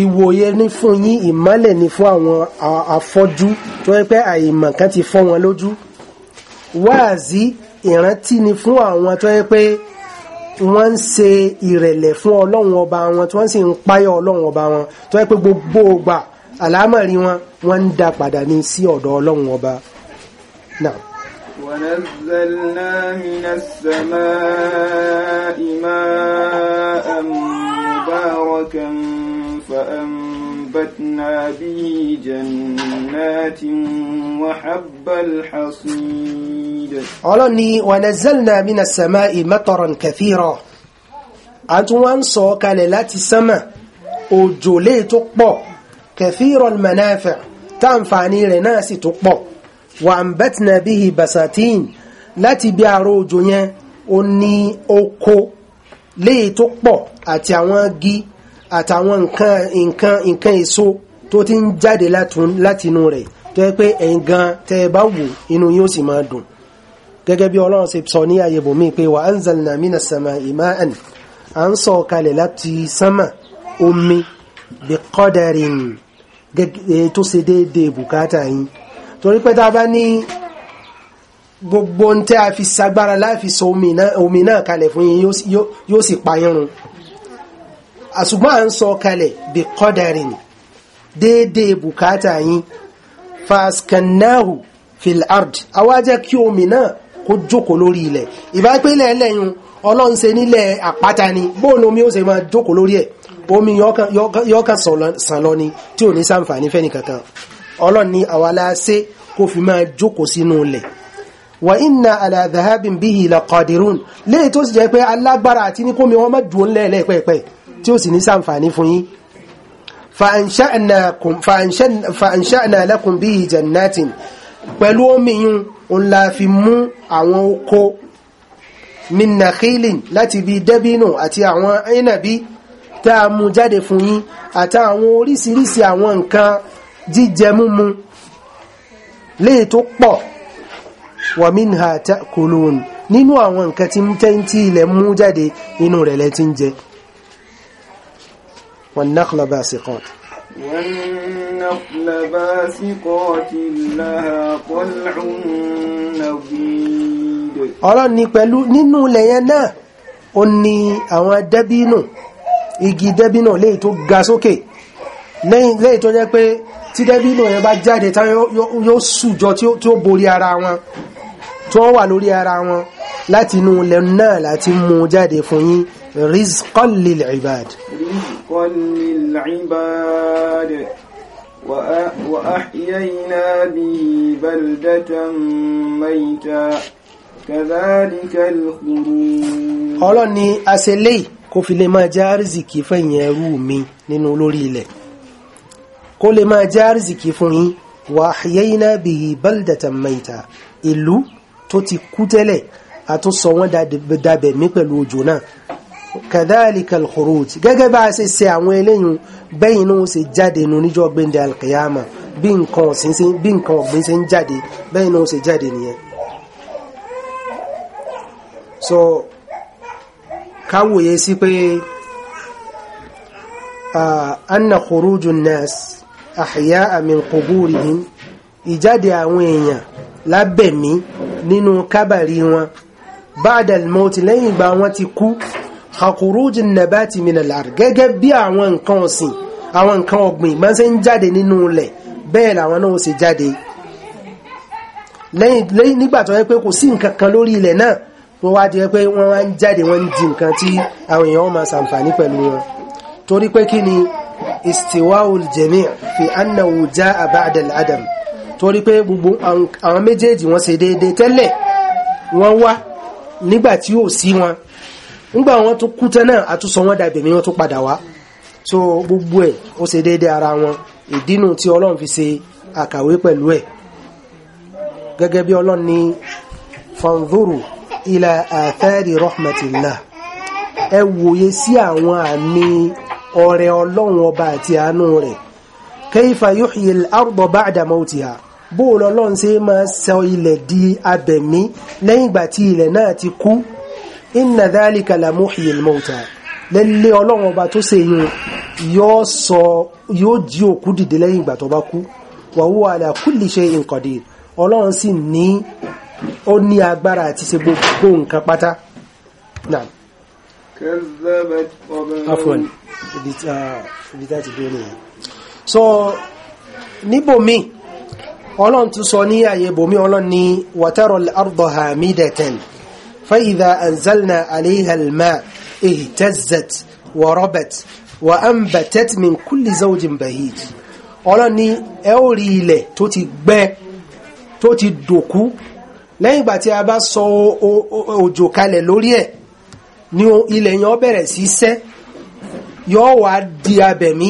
ìwòye ni fún yín ìmọ́lẹ̀ ni fún àwọn afọ́jú tó yẹ pé àìmọ̀ kan ti fọ́ wọn lójú wáàzí ìrántí ni fún àwọn tó yẹ pé wọ́n ń ṣe ìrẹ̀lẹ̀ fún ọlọ́run ọba wọn tí wọ́n sì ń páyà ọlọ́run ọba wọn tó yẹ pé gbogbo ògbà àlámọ̀rí wọn wọ́n ń da padà ní sí ọ̀dọ̀ ọlọ́run ọba náà. ونزلنا من السماء ماء مباركا فأم وأنبتنا به جنات وحب الحصيد ọlọ́run ni ونزلنا من السماء مطرا كثيرا a tún wá ń sọ kalẹ̀ láti sánmà òjò lè tó pọ̀ كثير المنافع táǹfààní rẹ̀ náà sì tó pọ̀ وأنبتنا به بساتين láti bí àrò òjò yẹn ó ní oko lè tó pọ̀ àti àwọn igi àtàwọn nǹkan nǹkan nǹkan èso tó ti ń jáde látinú rẹ̀ tó yẹ pé ẹ̀yin gan tẹ́ ẹ bá wò inú yóò sì máa dùn gẹ́gẹ́ bí ọlọ́run ṣe sọ ní àyèbò mi pé wa anzalna minas sama'i ma'an à ń sọ kalẹ̀ láti sánmà omi bi qadarin tó ṣe déédéé bùkátà yín torí pé tá a bá ní gbogbo ń tẹ́ a fi sagbára láì fi sọ omi náà kalẹ̀ fún yín yóò sì pa yín àṣùgbọ́n à ń sọ kalẹ̀ bí kọ́dàrin déédéé bùkátà yín faskannahu fil ard awájẹ́ kí omi náà kó jókòó lórí ilẹ̀ ìbápẹ́lẹ̀ ẹlẹ́yìn ọlọ́run ṣe nílẹ̀ àpáta ni bóòlù omi ó ṣe máa jókòó lórí ẹ̀ omi yọ́ọ̀kan sàn lọ ni tí ò ní sàǹfààní fẹ́ni kankan ọlọ́run ní àwa la ṣe kó fi máa jókòó sínú ilẹ̀ wa inna ala dhahabin bihi laqadirun léyìí tó sì jẹ́ pé alágbára àti ní kómi wọn má dùn lẹ́ẹ̀lẹ́pẹ̀pẹ̀ tí ó sì ní sàǹfààní fún yín fàǹṣẹ́nà lẹ́kùn bí ìjẹ̀nàtìn pẹ̀lú omi yún òun la fi mú àwọn oko min nakhilin láti bí dẹ́bínù àti àwọn ẹ̀nàbí tá a mú jáde fún yín àtàwọn oríṣiríṣi àwọn nǹkan jíjẹ múmu léè tó pọ̀ wa minha ta'kulun nínú àwọn nǹkan tí ń tẹ́ ilẹ̀ mú jáde inú rẹ̀ lẹ́ ń jẹ والنخل باسقات والنخل باسقات لها قلع نضيد ọlọ́run ni pẹ̀lú nínú ilẹ̀ yẹn náà ó ní àwọn dẹ́bínù igi dẹ́bínù léyìí tó ga sókè léyìí tó jẹ́ pé tí dẹ́bínù yẹn bá jáde tán yóò sùjọ tí ó borí ara wọn tí wọ́n wà ara wọn láti inú ilẹ̀ náà láti mú jáde fún yín رزقا للعباد رزقا للعباد وأحيينا به بلدة ميتا كذلك الخروج ọlọ́run ni a ṣe léyìí kó fi lè máa já rìzìkì fẹ̀yìn ẹrú mi nínú lórí ilẹ̀ kó lè máa já rìzìkì fún yín وأحيينا به بلدة ميتا ìlú tó ti kú tẹ́lẹ̀ a tún sọ wọ́n dabẹ̀mí pẹ̀lú òjò náà kadhalika al-khuruj gẹ́gẹ́ bá a ṣe ṣe àwọn eléyìn bẹ́yìn náà ṣe jáde nù níjọ́ gbẹ̀ndẹ̀ al-qiyama bí nǹkan ọ̀gbìn ṣe ń jáde bẹ́yìn náà ṣe jáde nìyẹn so káwòye sí pé anna khurujun nas ahya'a min quburihim ìjáde àwọn èèyàn lábẹ̀mí nínú kábàrí wọn ba'da al-mawt lẹ́yìn ìgbà wọn ti kú khakuruj nabati minal ard gẹ́gẹ́ bí àwọn nǹkan ọ̀sìn àwọn nǹkan ọ̀gbìn máa ń ṣe ń jáde nínú ilẹ̀ bẹ́ẹ̀ làwọn náà ṣe jáde lẹ́yìn nígbà tó yẹ pé kò sí nǹkan kan lórí ilẹ̀ náà wọ́n wá di pé wọ́n wá ń jáde wọ́n ń di nǹkan tí àwọn èèyàn máa ṣàǹfààní pẹ̀lú wọn torí pé kí ni istiwaul jami' fi annahu jaa ba'da al-adam torí pé gbogbo àwọn méjèèjì wọ́n ṣe déédéé tẹ́lẹ̀ wọ́n wá nígbà tí ò sí wọn nígbà wọn tún kú tẹ́ náà àtúnsọ wọn dàbẹ̀ mi wọn tún padà wá so gbogbo ẹ̀ ó ṣe déédé ara wọn ìdínú tí ọlọ́run fi ṣe àkàwé pẹ̀lú ẹ̀ gẹ́gẹ́ bí ọlọ́run ní fanzuru ila athari rahmatillah ẹ wòye sí àwọn àmì ọrẹ ọlọ́run ọba àti àánú rẹ̀ kayfa yuhyi al-arda ba'da mawtiha bóòlọ́lọ́run ṣe máa sọ ilẹ̀ di abẹ̀mí lẹ́yìn ìgbà tí ilẹ̀ náà ti kú inna dhalika la muhyil mauta lẹ́lẹ́ ọlọ́run ọba tó ṣe yun yóò sọ yóò jí òkú dìde lẹ́yìn ìgbà tó bá kú wa huwa ala kulli shay'in qadir ọlọ́run sì ní ó ní agbára àti ṣe gbogbo nǹkan pátá náà afwan ibi tá ti dúró nìyẹn so níbòmí ọlọ́run tún sọ ní àyè bòmí ọlọ́run ní wa tara al-arda hamidatan فإذا أنزلنا عليها الماء اهتزت وربت وأنبتت من كل زوج بهيج ọlọ́run ni ẹ ó rí ilẹ̀ tó ti gbẹ tó ti dòkú lẹ́yìn ìgbà tí a bá sọ òjò kalẹ̀ lórí ẹ̀ ni ilẹ̀ yẹn bẹ̀rẹ̀ sí sẹ́ yóò wá di abẹ̀mí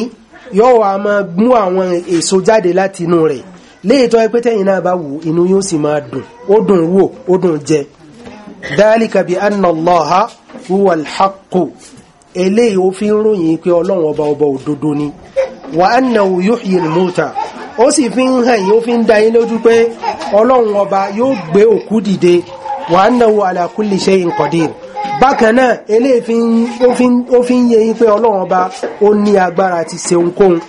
yóò wá máa mú àwọn èso jáde láti inú rẹ̀ léyìí tó ẹ pé tẹ́yìn náà bá wù inú yóò sì máa dùn ó dùn wò ó dùn jẹ ذلك بأن الله هو الحق eléyìí ó fi ń ròyìn pé ọlọ́run ọba ọba òdodo ni wa annahu yuhyi al-mauta ó sì fi ń hàn yìí ó fi ń dá yín lójú pé ọlọ́run ọba yóò gbé òkú dìde wa annahu ala kulli shay'in qadir bákan náà eléyìí fi ń yé pé ọlọ́run ọba ó ní agbára àti ṣe ohunkóhun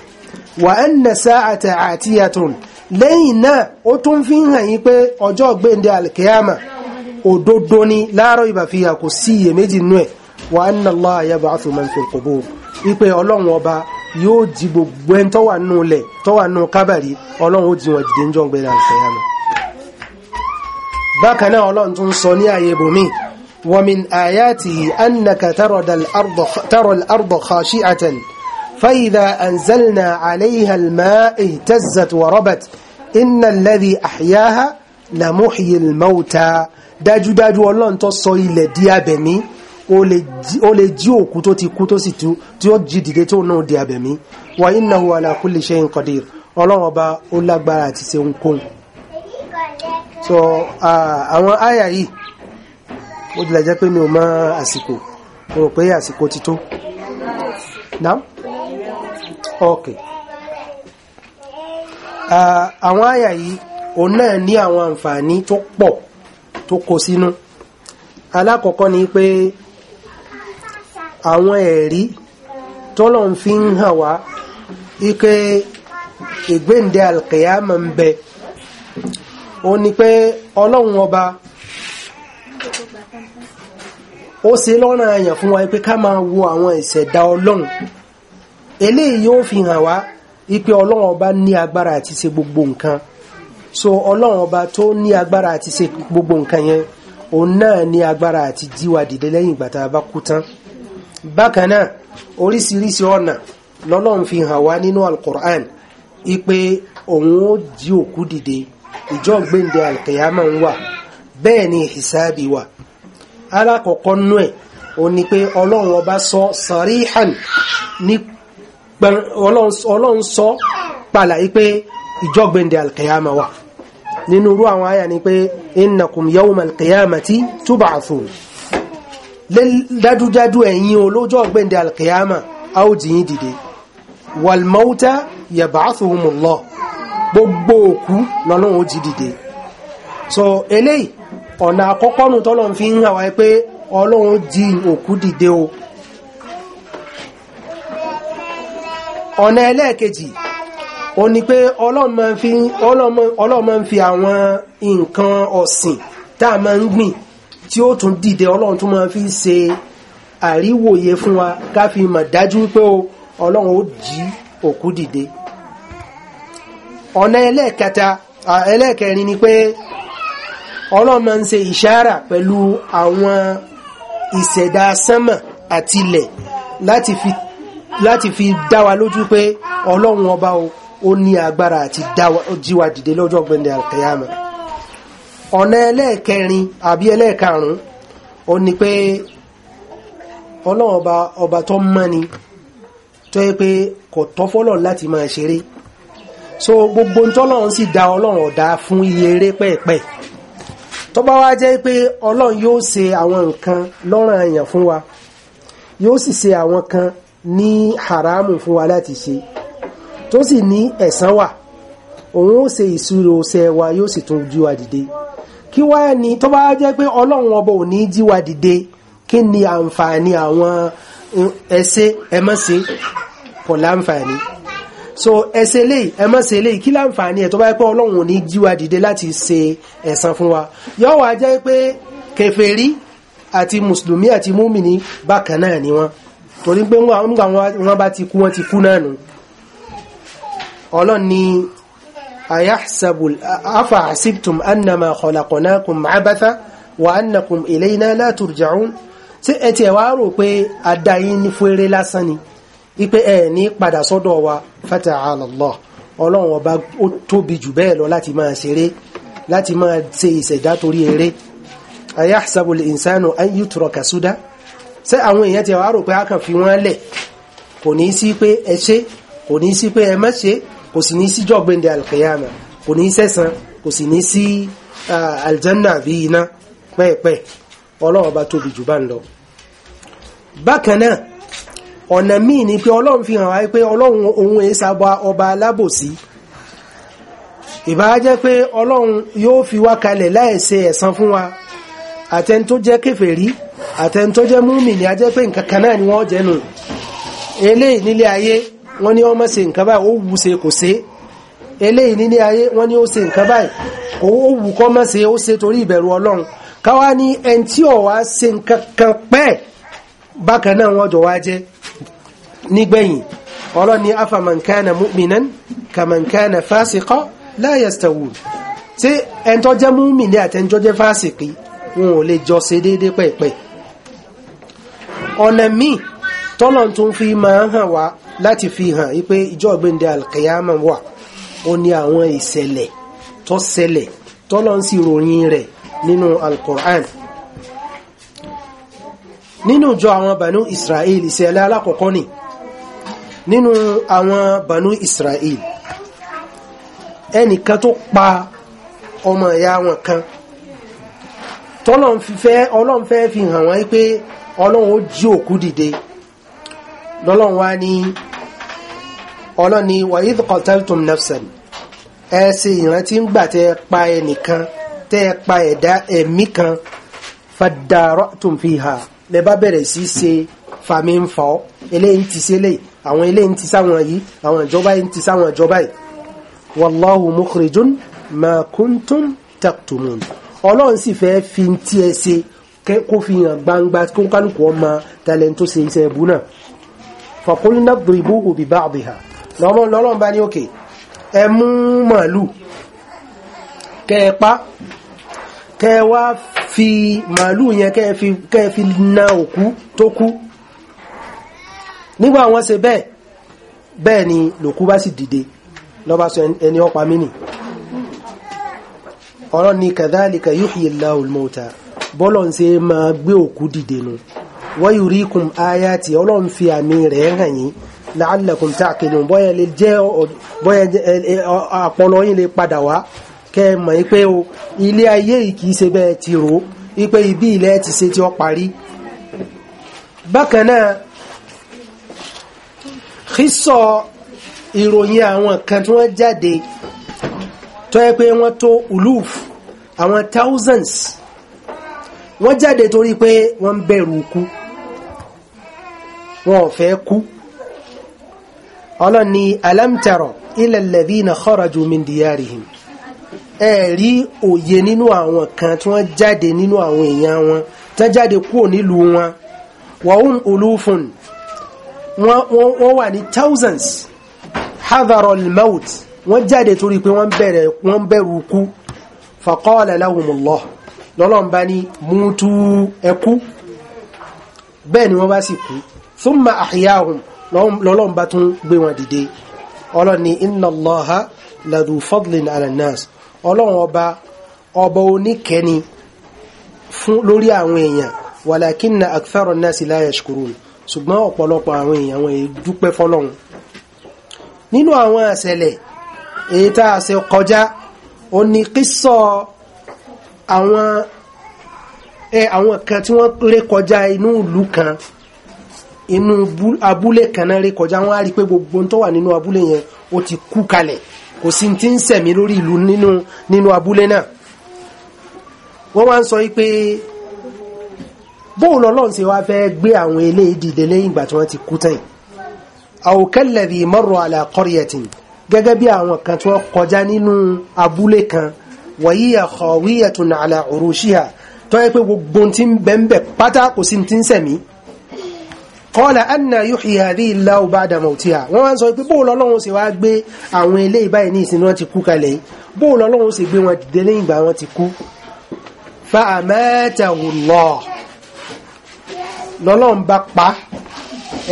wa anna sa'ata atiyatun lẹ́yìn náà ó tún fi ń hàn yín pé ọjọ́ gbéǹde al-qiyamah òdodo ni láàárọ̀ ìbàfihà kò sí iyèméjì nú ẹ̀ wa anna Allah yab'athu man fil qubur ipe ọlọ́run ọba yóò jí gbogbo ẹni tó wà nù lẹ̀ tó wà nù kábàrí ọlọ́run ó jí wọn dìde níjọ́ gbẹ̀rẹ̀ àlùkẹ́yàmù. bákan náà ọlọ́run tún sọ ní ààyè ibòmí wa min ayatihi annaka tara al-arda khashi'atan fa'idha anzalna 'alayha al-ma'a ihtazzat wa rabat inna alladhi ahyaha dájúdájú ọlọ́run tó sọ ilẹ̀ di abẹ̀mí ó lè jí òkú tó ti kú tó sì tú tí ó jí dìde tó náà di abẹ̀mí wa innahu ala kulli shay'in qadir ọlọ́run ọba ó lágbára àti ṣe ohunkóhun so àwọn àyà yìí ó jùlọ jẹ́ pé mi ò mọ àsìkò mo rò pé àsìkò ti tó now okay àwọn àyà yìí òun náà ní àwọn àǹfààní tó pọ̀ tó kó sínú alákọ̀ọ́kọ́ ni pé àwọn ẹ̀rí tọ́lọ̀ ń fi ń hàn wá ike ìgbéǹde alkiyama ń bẹ ó ní pé ọlọ́run ọba ó se lọ́nà àyàn fún wa pé ká máa wo àwọn ìṣẹ̀dá ọlọ́run eléyìí yóò fi hàn wá ipe ọlọ́run ọba ní agbára àti se gbogbo nǹkan so ọlọ́run ọba tó ní agbára àti ṣe gbogbo nǹkan yẹn òun náà ní agbára àti jíwa dìde lẹ́yìn ìgbà tá a bá kú tán bákan náà oríṣiríṣi ọ̀nà lọ́lọ́run fi hàn wá nínú alukur'an ipe òun ó jí òkú dìde ìjọ gbéǹde alkiyama ń wà bẹ́ẹ̀ ni hisabi wà alákọ̀ọ́kọ́ nú ẹ̀ o ni pé ọlọ́run ọba sọ sarihan ní ọlọ́run sọ pàlà ipe ìjọ gbéǹde alkiyama wà nínú irú àwọn àyà ni pé innakum yawmal qiyamati tub'athun dájúdájú ẹ̀yin olójọ́ ọ̀gbẹ́ndẹ̀ alkiyama a ó jì yín dìde walmauta yab'athuhumullah gbogbo òkú lọ́nà jì dìde so eléyìí ọ̀nà àkọ́kọ́ nù tọ́lọ̀ fi ń hàn wáyé pé ọlọ́run jí òkú dìde ọ̀nà ẹlẹ́ẹ̀kejì ó ní pé Ọlọ́run máa ń fi Ọlọ́run máa ń fi àwọn nǹkan ọ̀sìn tá a máa ń gbìn tí ó tún dìde Ọlọ́run tún máa fi ṣe àríwòye fún wa ká fi mọ̀ dájú wípé Ọlọ́run ó jí òkú dìde ọ̀nà ẹlẹ́ẹ̀kẹta ẹlẹ́ẹ̀kẹrin ni pé Ọlọ́run máa ń ṣe ìṣára pẹ̀lú àwọn ìṣẹ̀dá sánmà àti ilẹ̀ láti fi dá wa lójú pé Ọlọ́run ọba o ó ní agbára àti jíwa dìde lọ́jọ́ gbẹ̀ndẹ̀ alkiyama ọ̀nà ẹlẹ́ẹ̀kẹrin àbí ẹlẹ́ẹ̀karùn-ún ó ní pé ọlọ́run ọba ọba tó mọ́ni tó yẹ pé kò tọ́ fọ́lọ̀ láti máa ṣeré so gbogbo tọ́lọ́run sì dá ọlọ́run ọ̀dá fún iye eré pẹ́ẹ̀pẹ́ tó bá wá jẹ́ pé ọlọ́run yóò ṣe àwọn nǹkan lọ́ràn àyàn fún wa yóò sì ṣe àwọn kan ní haramu fún wa láti ṣe tó sì ní ẹ̀san wà òun ó ṣe ìṣirò ṣe wa yóò sì tún jíwa dìde kí wá ní tó bá jẹ́ pé ọlọ́run ọba ò ní jíwa dìde kí ni àǹfààní àwọn ẹsẹ ẹmọ́sẹ kò láǹfààní so ẹsẹ léyìí ẹmọ́sẹ léyìí kí láǹfààní ẹ̀ tó bá jẹ́ pé ọlọ́run ò ní jíwa dìde láti ṣe ẹ̀san fún wa yóò wá jẹ́ pé kèfèrí àti mùsùlùmí àti múmìnì bákan náà ni wọ́n torí pé wọ́n bá ti kú wọ́n ti kú náà nù. No ọlọ́run ni ayahsabu afa asibtum annama khalaqnakum abatha wa annakum ilayna la turja'un tí ẹ ti ẹ̀ wá rò pé adáyín ní fúere lásán ni ipe ẹ̀ ní padà sọ́dọ̀ wa fata'ala Allah ọlọ́run ọba ó tóbi jù bẹ́ẹ̀ lọ láti máa ṣeré láti máa ṣe ìṣẹ̀dá torí eré ayahsabu al-insanu an yutraka suda ṣé àwọn èèyàn ti wá rò pé a kàn fi wọ́n lẹ̀ kò ní sí pé ẹ ṣe kò ní sí pé ẹ má ṣe kò sì ní síjọ́ gbẹ̀ndẹ̀ alkiyama kò ní sẹ́sàn kò sì ní sí aljanna àbí iná pẹ́ẹ̀pẹ́ ọlọ́run bá tóbi jù bá ń lọ bákan náà ọ̀nà míì ni pé ọlọ́run fi hàn wáyé pé ọlọ́run òun èé sábà ọba alábòsí ìbá jẹ́ pé ọlọ́run yóò fi wá kalẹ̀ láìṣe ẹ̀san fún wa àtẹn tó jẹ́ kèfèrí àtẹn tó jẹ́ múmi ni a jẹ́ pé nǹkan kan náà ni wọ́n jẹ́ nù eléyìí nílé ayé wọ́n ní ọmọ ṣe nǹkan báyìí ó wù ṣe kò ṣe eléyìí nílé ayé wọ́n ní ó ṣe nǹkan báyìí ó wù kọ́ mọ́ ṣe ó ṣe torí ìbẹ̀rù ọlọ́run káwá ní ẹni tí ò wá ṣe nǹkan kan pẹ́ bákan náà wọ́n jọ wá jẹ́ nígbẹ̀yìn ọlọ́run ní afaman kana mu'minan kaman kana fasiqa la tó jẹ́ múmìnì àtẹnjọ́ jẹ́ fásìkì wọn ò lè jọ ṣe déédéé pẹ̀pẹ̀ ọ̀nà míì tọ́lọ̀ tún fi máa hàn wá láti fi hàn wípé ìjọ ìgbéǹde alkiyama wà ó ní àwọn ìṣẹ̀lẹ̀ tó ṣẹlẹ̀ tọ́lọ́ ń sì ròyìn rẹ̀ nínú alkur'an nínú ìjọ àwọn bànú israel ìṣẹ̀lẹ̀ alákọ̀ọ́kọ́ ni nínú àwọn banu israel ẹnìkan tó pa ọmọ ìyá wọn kan tọ́lọ́n fẹ́ ọlọ́n fẹ́ fi hàn wọ́n pé ọlọ́run ó jí òkú dìde lọ́lọ́run wá ní ọlọ́ni wa idh qataltum nafsan ẹ ṣe ìrántí ń gbà tẹ́ pa ẹnìkan tẹ́ pa ẹ̀dá ẹ̀mí kan fadara'tum fiha lẹ bá bẹ̀rẹ̀ sí ṣe fàmí ń fọ́ eléyìí ti ṣe léyìí àwọn eléyìí ti sáwọn yìí àwọn ìjọba yìí ti sáwọn ìjọba yìí wallahu mukhrijun ma taktumun ọlọ́run sì fẹ́ fi ti ṣe kó fi hàn gbangba kó kálukú ọmọ tẹlẹ tó ṣe iṣẹ́ ẹ̀bù náà fọ̀kúnlẹ̀ náà dìbò òbí bá ọ̀bí ha lọ́lọ́run bá ní òkè ẹ mú màálù kẹ́ẹ̀pá kẹ́ẹ̀wá fi màálù yẹn kẹ́ẹ̀fi na òkú tó kú nígbà wọ́n ṣe bẹ́ẹ̀ bẹ́ẹ̀ ni lòkú bá sì dìde lọ́ba sọ ẹni ọpa mínì ọ̀rọ̀ ni kadhalika yuhyi Allahul mauta bọ́lọ̀ ń ṣe máa gbé òkú dìde nù no wa yurikum ayati ọlọ́run fi àmì rẹ̀ hàn yín la'allakum ta'qilun bọ́yẹ lè jẹ́ bọ́yẹ àpọlọ yín lè padà wá kẹ́ mọ̀ pé o ilé ayé yìí kìí ṣe bẹ́ẹ̀ ti rò wípé ibi ilẹ̀ ti ṣe tí ó parí bákan náà sísọ ìròyìn àwọn kan tí wọ́n jáde tó yẹ pé wọ́n tó uluf àwọn thousands wọ́n jáde torí pé wọ́n bẹ̀rù ikú wọn ò fẹ́ kú ọlọ́ni alamtaro ila alladhina kharaju min diyarihim ẹ rí òye nínú àwọn kan tí wọ́n jáde nínú àwọn èèyàn wọn tán jáde kúrò nílùú wọn wọ́n olúfún wọ́n wà ní thousands hadhar al-maut wọ́n jáde torí pé wọ́n bẹ̀rẹ̀ wọ́n bẹ̀rù kú faqala lahumullah lọ́lọ́mbá ní mútu ẹkú bẹ́ẹ̀ ni wọ́n bá sì kú thumma ahyahum lọ́lọ́n bá tún gbé wọn dìde ọlọ́ni inna Allaha ladu fadlin ala nas ọlọ́run ọba ọba oníkẹni fún lórí àwọn èèyàn walakinna akthara an-nas la yashkurun ṣùgbọ́n ọ̀pọ̀lọpọ̀ àwọn èèyàn wọn èyí dúpẹ́ fọ́lọ́run nínú àwọn àṣẹlẹ̀ èyí tá a ṣe kọjá ó ní kíṣọ àwọn ẹ àwọn kan tí wọ́n ré kọjá inú ìlú kan inú abúlé kan náà rí kọjá wọn á rí pé gbogbo tó wà nínú abúlé yẹn ó ti kú kalẹ̀ kò sí ti ń sẹ̀mí lórí ìlú nínú nínú abúlé náà wọ́n wá ń sọ pé bóòlù ọlọ́run ṣe wá fẹ́ gbé àwọn eléyìí dìde lẹ́yìn ìgbà tí wọ́n ti kú tán àwòkẹ́lẹ̀dì mọ́rọ̀ àlàkọ́rìẹ̀tìn gẹ́gẹ́ bí àwọn kan tí wọ́n kọjá nínú abúlé kan wọ̀nyí ẹ̀kọ́ wíyẹ̀tùn òrùṣíà tó qala anna yuhyi hadhihi Allahu ba'da mawtiha wọ́n wá ń sọ pé bóòlù ọlọ́run sì wá gbé àwọn eléyìí báyìí ní ìsinmi wọn ti kú kalẹ̀ bóòlù ọlọ́run sì gbé wọn dìde lẹ́yìn ìgbà wọn ti kú fa amatahu Allah lọ́lọ́run bá pa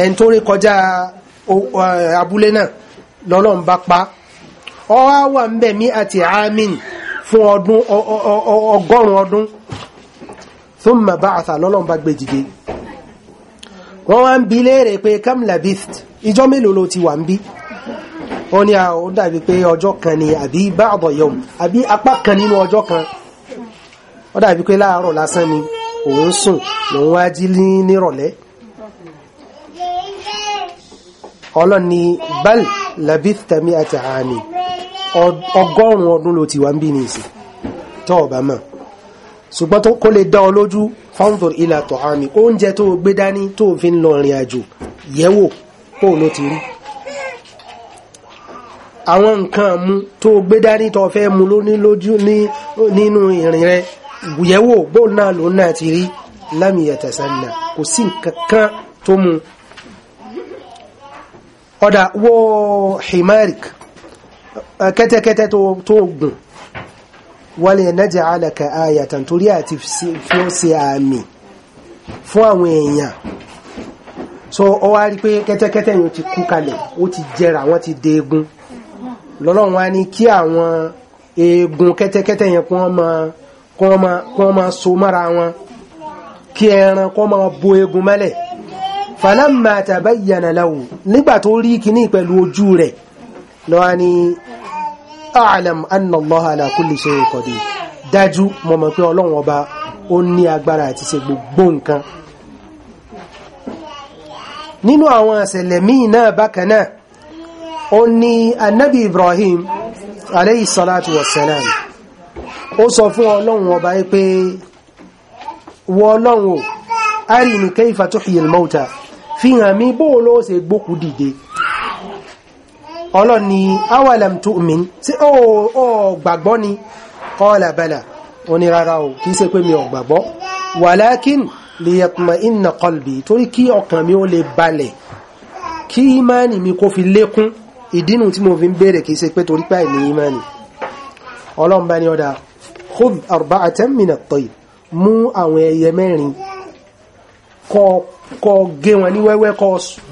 ẹni tó rí kọjá abúlé náà lọ́lọ́run bá pa ọ wá wà ń bẹ̀ mí àti amin fún ọdún ọgọ́rùn-ún ọdún thumma ba'atha lọ́lọ́run bá gbé dìde wọ́n wá ń bi léèrè pé kam labist ìjọ́ mélòó ló ti wà ń bí wọ́n ní àwọn dàbí pé ọjọ́ kan ni àbí ba'da yawm àbí apá kan nínú ọjọ́ kan ó dàbí pé láàárọ̀ lásán ni òun sùn lòun wá jí ní nírọ̀lẹ́ ọlọ́run ni bal labista mi'ata àmì ọgọ́rùn-ún ọdún ló ti wà ń bí ní ìsìn tọ́ ọ̀bá mọ̀ ṣùgbọ́n kó lè dá ọ lójú fanzor ilà tó àmì oúnjẹ tó gbé dání tó fi ń lọ rìn àjò yẹ̀wò kóò ló ti rí àwọn nǹkan mu tó gbé dání tó fẹ́ mu ló ní lójú nínú ìrìn rẹ yẹ̀wò bóun náà lòun náà ti rí lámìyàtẹ̀ sẹ́nà kò sí nǹkan kan tó mu ọ̀dà wọ́ himarik kẹ́tẹ́kẹ́tẹ́ tó gùn wálé nájà alẹ́kà ayàtàn torí àti fi ó ṣe àmì fún àwọn èèyàn so ó wá rí pé kẹ́tẹ́kẹ́tẹ́ yìí ó ti kú kalẹ̀ ó ti jẹrà wọ́n ti deegun lọ́lọ́run wá ní kí àwọn eegun kẹ́tẹ́kẹ́tẹ́ yẹn kún ọmọ kún ọmọ kún ọmọ so mọ́ra wọn kí ẹran kún ọmọ bo eegun mẹ́lẹ̀ falamma tabayyana lahu nígbà tó rí kíní pẹ̀lú ojú rẹ̀ lọ́wọ́ ni a'lam anna Allah ala kulli shay'in qadir dájú mo mọ̀ pé ọlọ́run ọba ó ní agbára àti ṣe gbogbo nǹkan nínú àwọn àṣẹlẹ̀ míì náà bákan náà ó ní anábì Ibrahim alayhi salatu wassalam ó sọ fún ọlọ́run ọba pé wọ ọlọ́run o arini kayfa tuhyil mauta fi hàn mí bóò ló ṣe gbókù ọlọ́run ni awalam tu'min sí ó gbàgbọ́ ni qala bala ó ní rárá o kìí ṣe pé mi ò gbàgbọ́ walakin liyatma inna qalbi torí kí ọkàn mi ó lè balẹ̀ kí ìmáàni mi kó fi lékún ìdínú tí mo fi ń béèrè kìí ṣe pé torí pé àìní ìmáàni ọlọ́run bá ní ọ̀dà khud arba'atan min at mú àwọn ẹyẹ mẹ́rin kó gé wọn ní wẹ́wẹ́ kó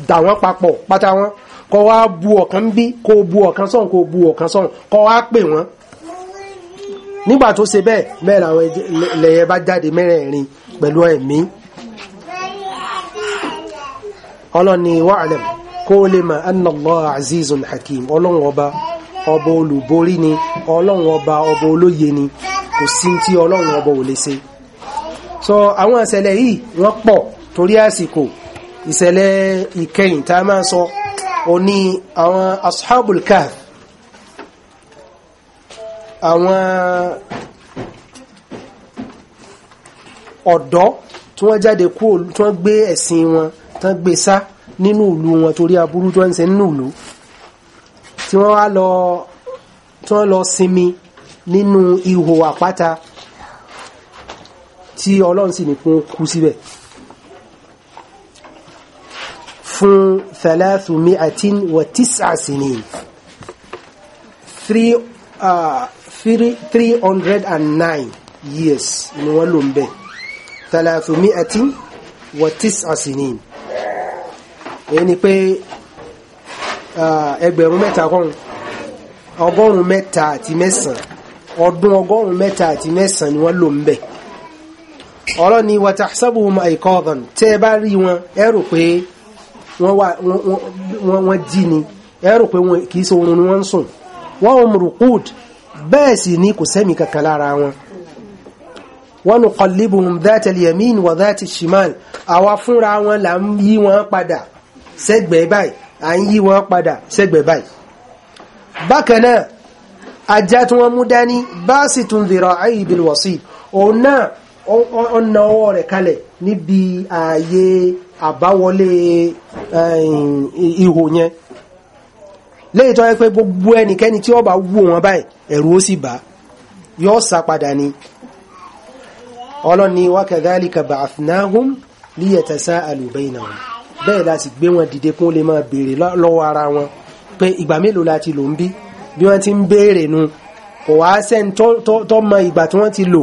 dà wọ́n papọ̀ pátá wọn kọ́ bu ọ̀kan bí kó bu ọ̀kan sọ̀n kó bu ọ̀kan sọ̀n kọ́ wá pè wọ́n nígbà tó ṣe bẹ́ẹ̀ ẹlẹ́yẹ bá jáde mẹ́rẹ̀ẹ̀rin pẹ̀lú ẹ̀mí ọlọ́ni kó lè hakim ọlọ́run ọba ọba olùborí ni ọlọ́run ọba ọba olóye ni kò sí ọlọ́run ọba ò òní àwọn ashabul kahf àwọn ọ̀dọ́ tí wọ́n jáde kúrò tí wọ́n gbé ẹ̀sìn wọn tí wọ́n gbé sá nínú ìlú wọn torí aburú tí wọ́n ń ṣe nínú ìlú tí wọ́n wá lọ tí wọ́n lọ sinmi nínú ihò àpáta tí ọlọ́run sì nìkún kú síbẹ̀ fún thalathu mi'atin wa tis'a sinin three uh, three hundred and nine years ni wọ́n lò ń bẹ̀ thalathu mi'atin wa tis'a sinin èyí ni pé uh, ẹgbẹ̀rún mẹ́ta kọ́run ọgọ́rùn mẹ́ta àti mẹ́sàn ọdún ọgọ́rùn mẹ́ta àti mẹ́sàn ni wọ́n lò ń bẹ̀ ọlọ́ni wa tahsabuhum tẹ́ bá rí wọn ẹ pé wọ́n wà wọ́n wọ́n jí ni ẹ pé wọn kì í oorun ni wọ́n ń sùn wọ́n wọn mùrùkúd bẹ́ẹ̀ sì ni kò sẹ́mi kankan lára wọn. wọ́n nu kọ̀líbùhùn dáàtẹ̀ lèmin wọ̀ shimal àwa fúnra wọn là ń yí wọn padà sẹ́gbẹ̀ẹ́ báyìí à ń yí wọn padà sẹ́gbẹ̀ẹ́ báyìí. bákan náà ajá tí wọ́n mú dání bá sì tún dèrò àyè ìbílwọ̀sí òun náà ọ̀nà ọwọ́ rẹ̀ kalẹ̀ níbi ààyè àbáwọlé eh, ihò yẹn léyìí tó yẹ pé gbogbo ẹnikẹ́ni tí ó bá wò wọn báyìí ẹ̀rù ó sì bà yóò sá padà ni ọlọ́ni wa kadhalika ba'athnahum liyatasa'alu bainahum bẹ́ẹ̀ láti gbé wọn dìde kún lè máa béèrè lọ́wọ́ ara wọn pé ìgbà mélòó láti lò ń bí bí wọ́n ti ń béèrè nu kò wá sẹ́ni tó mọ ìgbà tí wọ́n ti lò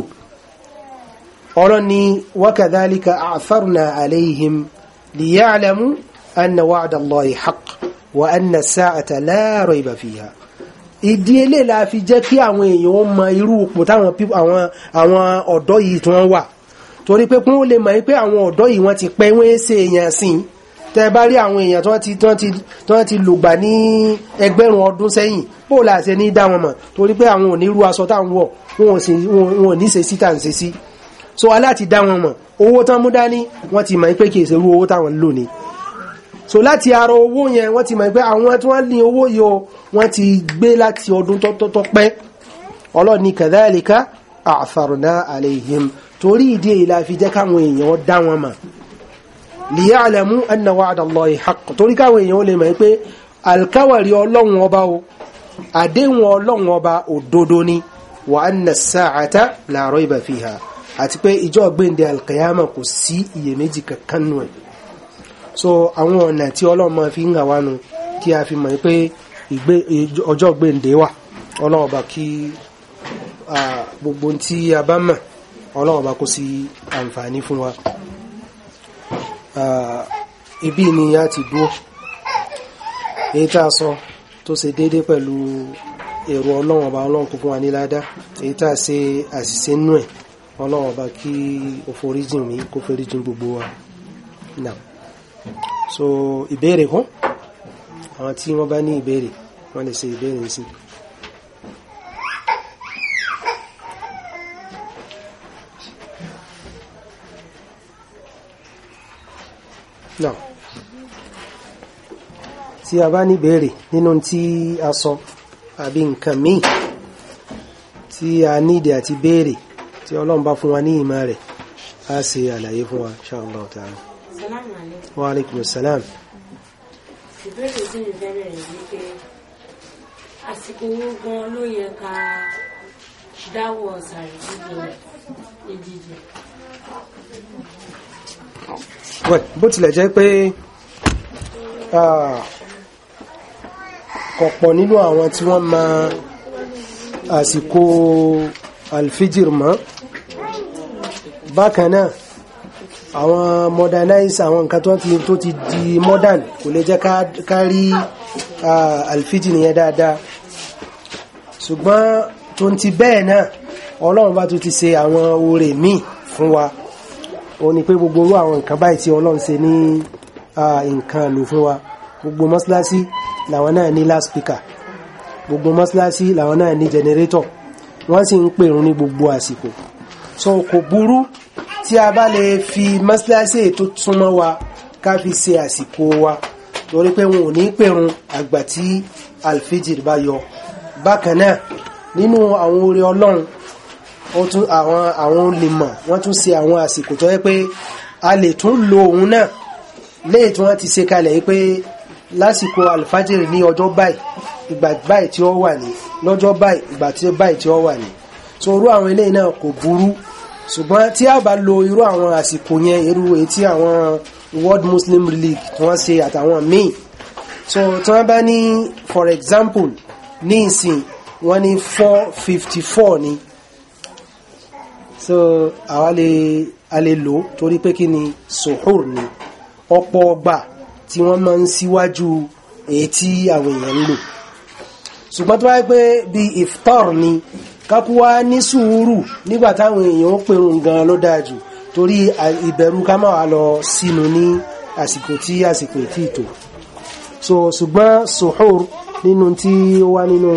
ọ̀rọ̀ ni wakadhalika a'tharna alayhim liya'lamu anna wa'da Allahi haqq wa anna sa'ata la rayba ìdí elé la fi jẹ́ kí àwọn èèyàn ó mọ irú ipò táwọn àwọn ọ̀dọ́ yìí tí wọ́n wà torí pé kún ó lè mọ̀ pé àwọn ọ̀dọ́ yìí wọ́n ti pẹ́ wọ́n ṣe èèyàn sí tẹ́ bá rí àwọn èèyàn tí wọ́n ti lògbà ní ẹgbẹ̀rún ọdún sẹ́yìn bó la ní dá wọn mọ̀ torí pé àwọn ò ní irú aṣọ táwọn wọ̀ wọn ò ní ṣe sí ń ṣe sí so aláti dá wọn mọ̀ owó tán mú dání wọ́n ti mọ̀ pé kìí ṣe irú owó táwọn lò ní so láti ara owó yẹn wọ́n ti mọ̀ pé àwọn tí wọ́n ní owó yọ wọ́n ti gbé láti ọdún tọ́tọ́tọ́ pẹ́ ọlọ́ni kadhalika a'tharna alayhim torí ìdí èyí la fi jẹ́ káwọn èèyàn dá wọn mọ̀ liya'lamu anna wa'da Allahi haqq torí káwọn èèyàn lè mọ̀ pé alkawari ọlọ́run ọba o àdéhùn ọlọ́run ọba òdodo ni wa anna as-sa'ata la rayba fiha àti pé ìjọ gbẹ̀ndẹ̀ alkayama kò sí iyèméjì kankan nù ẹ̀ so àwọn ọ̀nà tí ọlọ́mọ fi ń hàn wá nu kí a fi mọ̀ pé ọjọ́ gbẹ̀ndẹ̀ wà ọlọ́ọ̀bà kí gbogbo tí a bá mọ̀ ọlọ́ọ̀bà kó sí àǹfààní fún wa ibi ni a ti dúró èyí tá a sọ tó ṣe déédé pẹ̀lú èrò ọlọ́wọ̀n ọba ọlọ́run kò fún wa ní ládá èyí tá a ṣe àṣìṣe nú ẹ̀ ọlọ́run ọba kí o foríjìn mi kó foríjìn gbogbo wa náà so ìbéèrè kan àwọn tí wọ́n bá ní ìbéèrè wọ́n lè ṣe ìbéèrè sí i. náà tí a bá ní béèrè nínú tí a sọ àbí nǹkan míì tí a nídìí àti béèrè tí ọlọ́run bá fún wa ní ìmọ̀ rẹ̀ á ṣe àlàyé fún wa insha Allah ta'ala. wa alaikum salam. ìbéèrè tí mi fẹ́ bẹ̀rẹ̀ àsìkò owó ló yẹ ká dáwọ́ sàrí bó tilẹ̀ jẹ́ pé kọ̀pọ̀ nínú àwọn tí wọ́n máa àsìkò alfijir mọ́ bákan náà àwọn modernize àwọn nǹkan tó ti tó ti di modern kò lè jẹ́ ká rí alfiji nìyẹn dáadáa ṣùgbọ́n tó ń ti bẹ́ẹ̀ náà ọlọ́run bá tún ti ṣe àwọn oore míì fún wa ó ní pé gbogbo orú àwọn nǹkan báyìí tí ọlọ́run ṣe ní nǹkan lò fún wa gbogbo mọ́sálásí làwọn náà ní láspíkà gbogbo mọ́sálásí làwọn náà ní jẹnẹrétọ̀ wọ́n sì ń pèrún ní gbogbo àsìkò so kò burú tí a bá lè fi mọ́sálásí tó túnmọ́ wa ká fi ṣe àsìkò wa torí pé wọn ò ní pèrun àgbà tí alfijir bá yọ bákan náà nínú àwọn orí ọlọ́run àwọn àwọn olèmọ̀ wọ́n tún ṣe àwọn àsìkò tó yẹ pé a lè tún lo òun náà léè tí wọ́n ti ṣe kalẹ̀ yìí pé lásìkò alfajir ní ọjọ́ báyìí ìgbà báyìí tí ó wà ní lọ́jọ́ báyìí ìgbà báyìí tí ó wà ní so orú àwọn eléyìí náà kò burú ṣùgbọ́n tí a bá lo irú àwọn àsìkò yẹn irú etí àwọn World Muslim League tí wọ́n ṣe àtàwọn míì so tí wọ́n bá ní for example ní ìsìn wọ́n ní four fifty four ni so àwa lè a lè lò torí pé kí ni suhur ni ọ̀pọ̀ ọgbà tí wọ́n máa ń síwájú èyí àwọn èèyàn ń lò ṣùgbọ́n tó bá pé bíi iftar ni kákúwá ní sùúrù nígbà táwọn èèyàn ó pèrún gan ló dáa jù torí ìbẹ̀rù ká máa lọ sínú ní àsìkò tí àsìkò ètí ìtò so ṣùgbọ́n suhur nínú tí ó wá nínú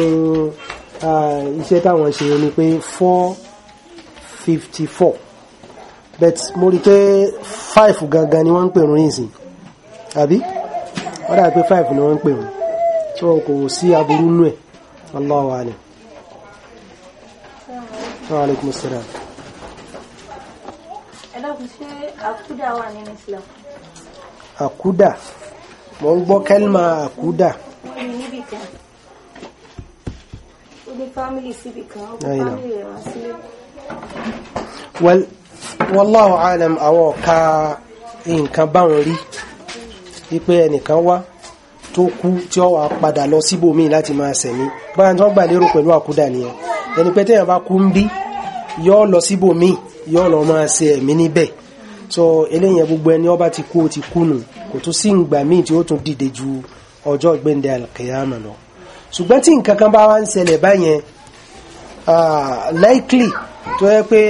iṣẹ́ táwọn ṣe ni pé 454 bet mo rí pé 5 gangan ni wọ́n ń pèrún nísìn àbí wọ́n dà pé 5 ni wọ́n ń pèrún so kò sí aburú nú ẹ̀ Allahu alim wa alaikum أكودا ẹ̀dọ́kùn ṣe àkúdà wà nínú Islam àkúdà mọ̀ ń gbọ́ kẹ́lìmà àkúdà wallahu alam àwọn ọ̀ka nǹkan báwọn rí wípé ẹnìkan wá tó kú tí ó wà padà lọ síbòmí láti máa sẹ̀mí báyìí tó gbà lérò pẹ̀lú àkúdà nìyẹn ẹni pé téèyàn bá kú ń bí yóò lọ síbòmíì yóò lọ máa ṣe ẹ̀mí níbẹ̀ so eléyìí gbogbo ẹni ó bá ti kú ó ti kú nù kò tún sí ìgbà míì tí ó tún dìde ju ọjọ́ ìgbéǹde alkiyama lọ ṣùgbọ́n tí nǹkan kan bá wá ń ṣẹlẹ̀ báyẹn likely tó yẹ pé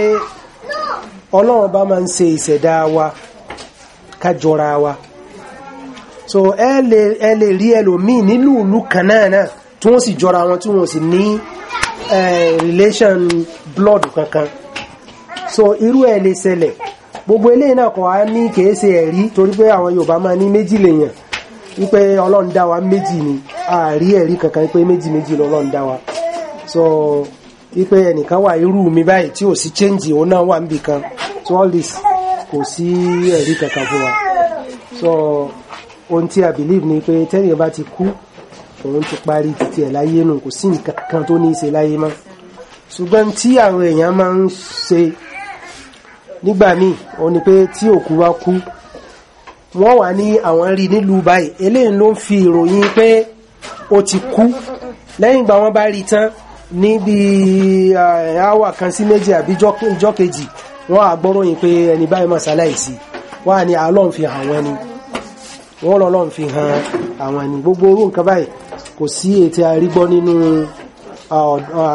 ọlọ́run bá máa ń ṣe ìṣẹ̀dá wa kájọra wa so ẹ lè rí ẹlòmíì nílùú ìlú kan náà náà tí wọ́n sì jọra wọn tí wọ́n sì ní Eh, relation blood kankan so irú ẹ̀ lè ṣẹlẹ̀ gbogbo eléyìí náà kọ̀ á ní kìí ṣe ẹ̀rí torí pé àwọn Yorùbá máa ní méjì lèèyàn wípé Ọlọ́run dá wa méjì ni àárí ẹ̀rí kankan wípé méjì méjì lọ́lọ́run wa so wípé ẹnìkan wà irú mi báyìí tí ò sí change òun náà wà níbì kan so all this kò sí ẹ̀rí kankan fún wa so ohun tí a believe ni pé tẹ́nìyàn bá ti kú òun ti parí títí ẹ̀ láyé nù kò sí nǹkan kan tó ní í ṣe láyé mọ́ ṣùgbọ́n tí àwọn èèyàn máa ń ṣe nígbà míì òun ni pé tí òkú bá kú wọ́n wà ní àwọn rí nílùú báyìí eléyìí ló ń fi ìròyìn pé ó ti kú lẹ́yìn ìgbà wọ́n bá rí tán níbi àwà kan sí méjì àbí ìjọ́ kejì wọ́n á gbọ́ròyìn pé ẹni báyìí máa ṣaláìsí wọ́n á ní Ọlọ́run fi hàn wọ́n ni wọ́n lọ́lọ́run fi hàn àwọn ẹni gbogbo orú nǹkan báyìí kò sí ètè àrígbọ́ nínú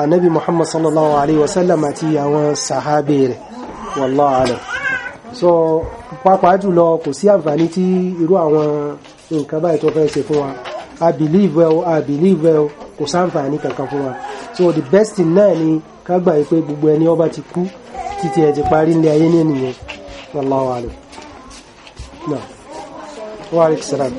ànábì muhammad sallallahu alayhi wa àti àwọn sàhábé rẹ̀ wallahu so pàápàá jùlọ kò sí àǹfààní tí irú àwọn nǹkan báyìí tó fẹ́ fún wa i believe well i believe well kò sáǹfààní kankan fún wa so the best thing náà ni ká pé gbogbo ẹni ọba ti kú títí ẹ̀ ti parí ilé ayé ní ènìyàn wallahu alam wa alaykum salaam.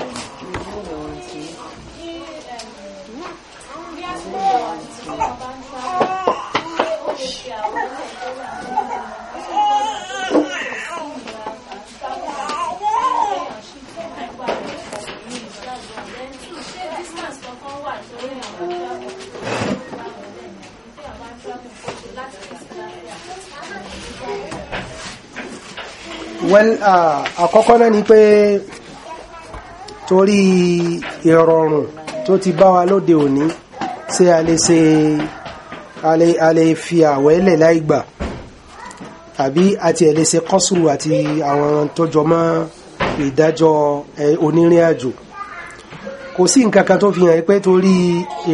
wọ́n àkọ́kọ́ náà ni pé torí ìrọ̀rùn tó ti bá wa lóde òní ṣé a lè ṣe a lè fi àwẹ́lẹ̀ láìgbà àbí àti ẹ̀ lè ṣe kọ́sùrù àti àwọn tó jọmọ́ ìdájọ́ onírìn àjò kò sí nǹkan kan tó fi hàn pé torí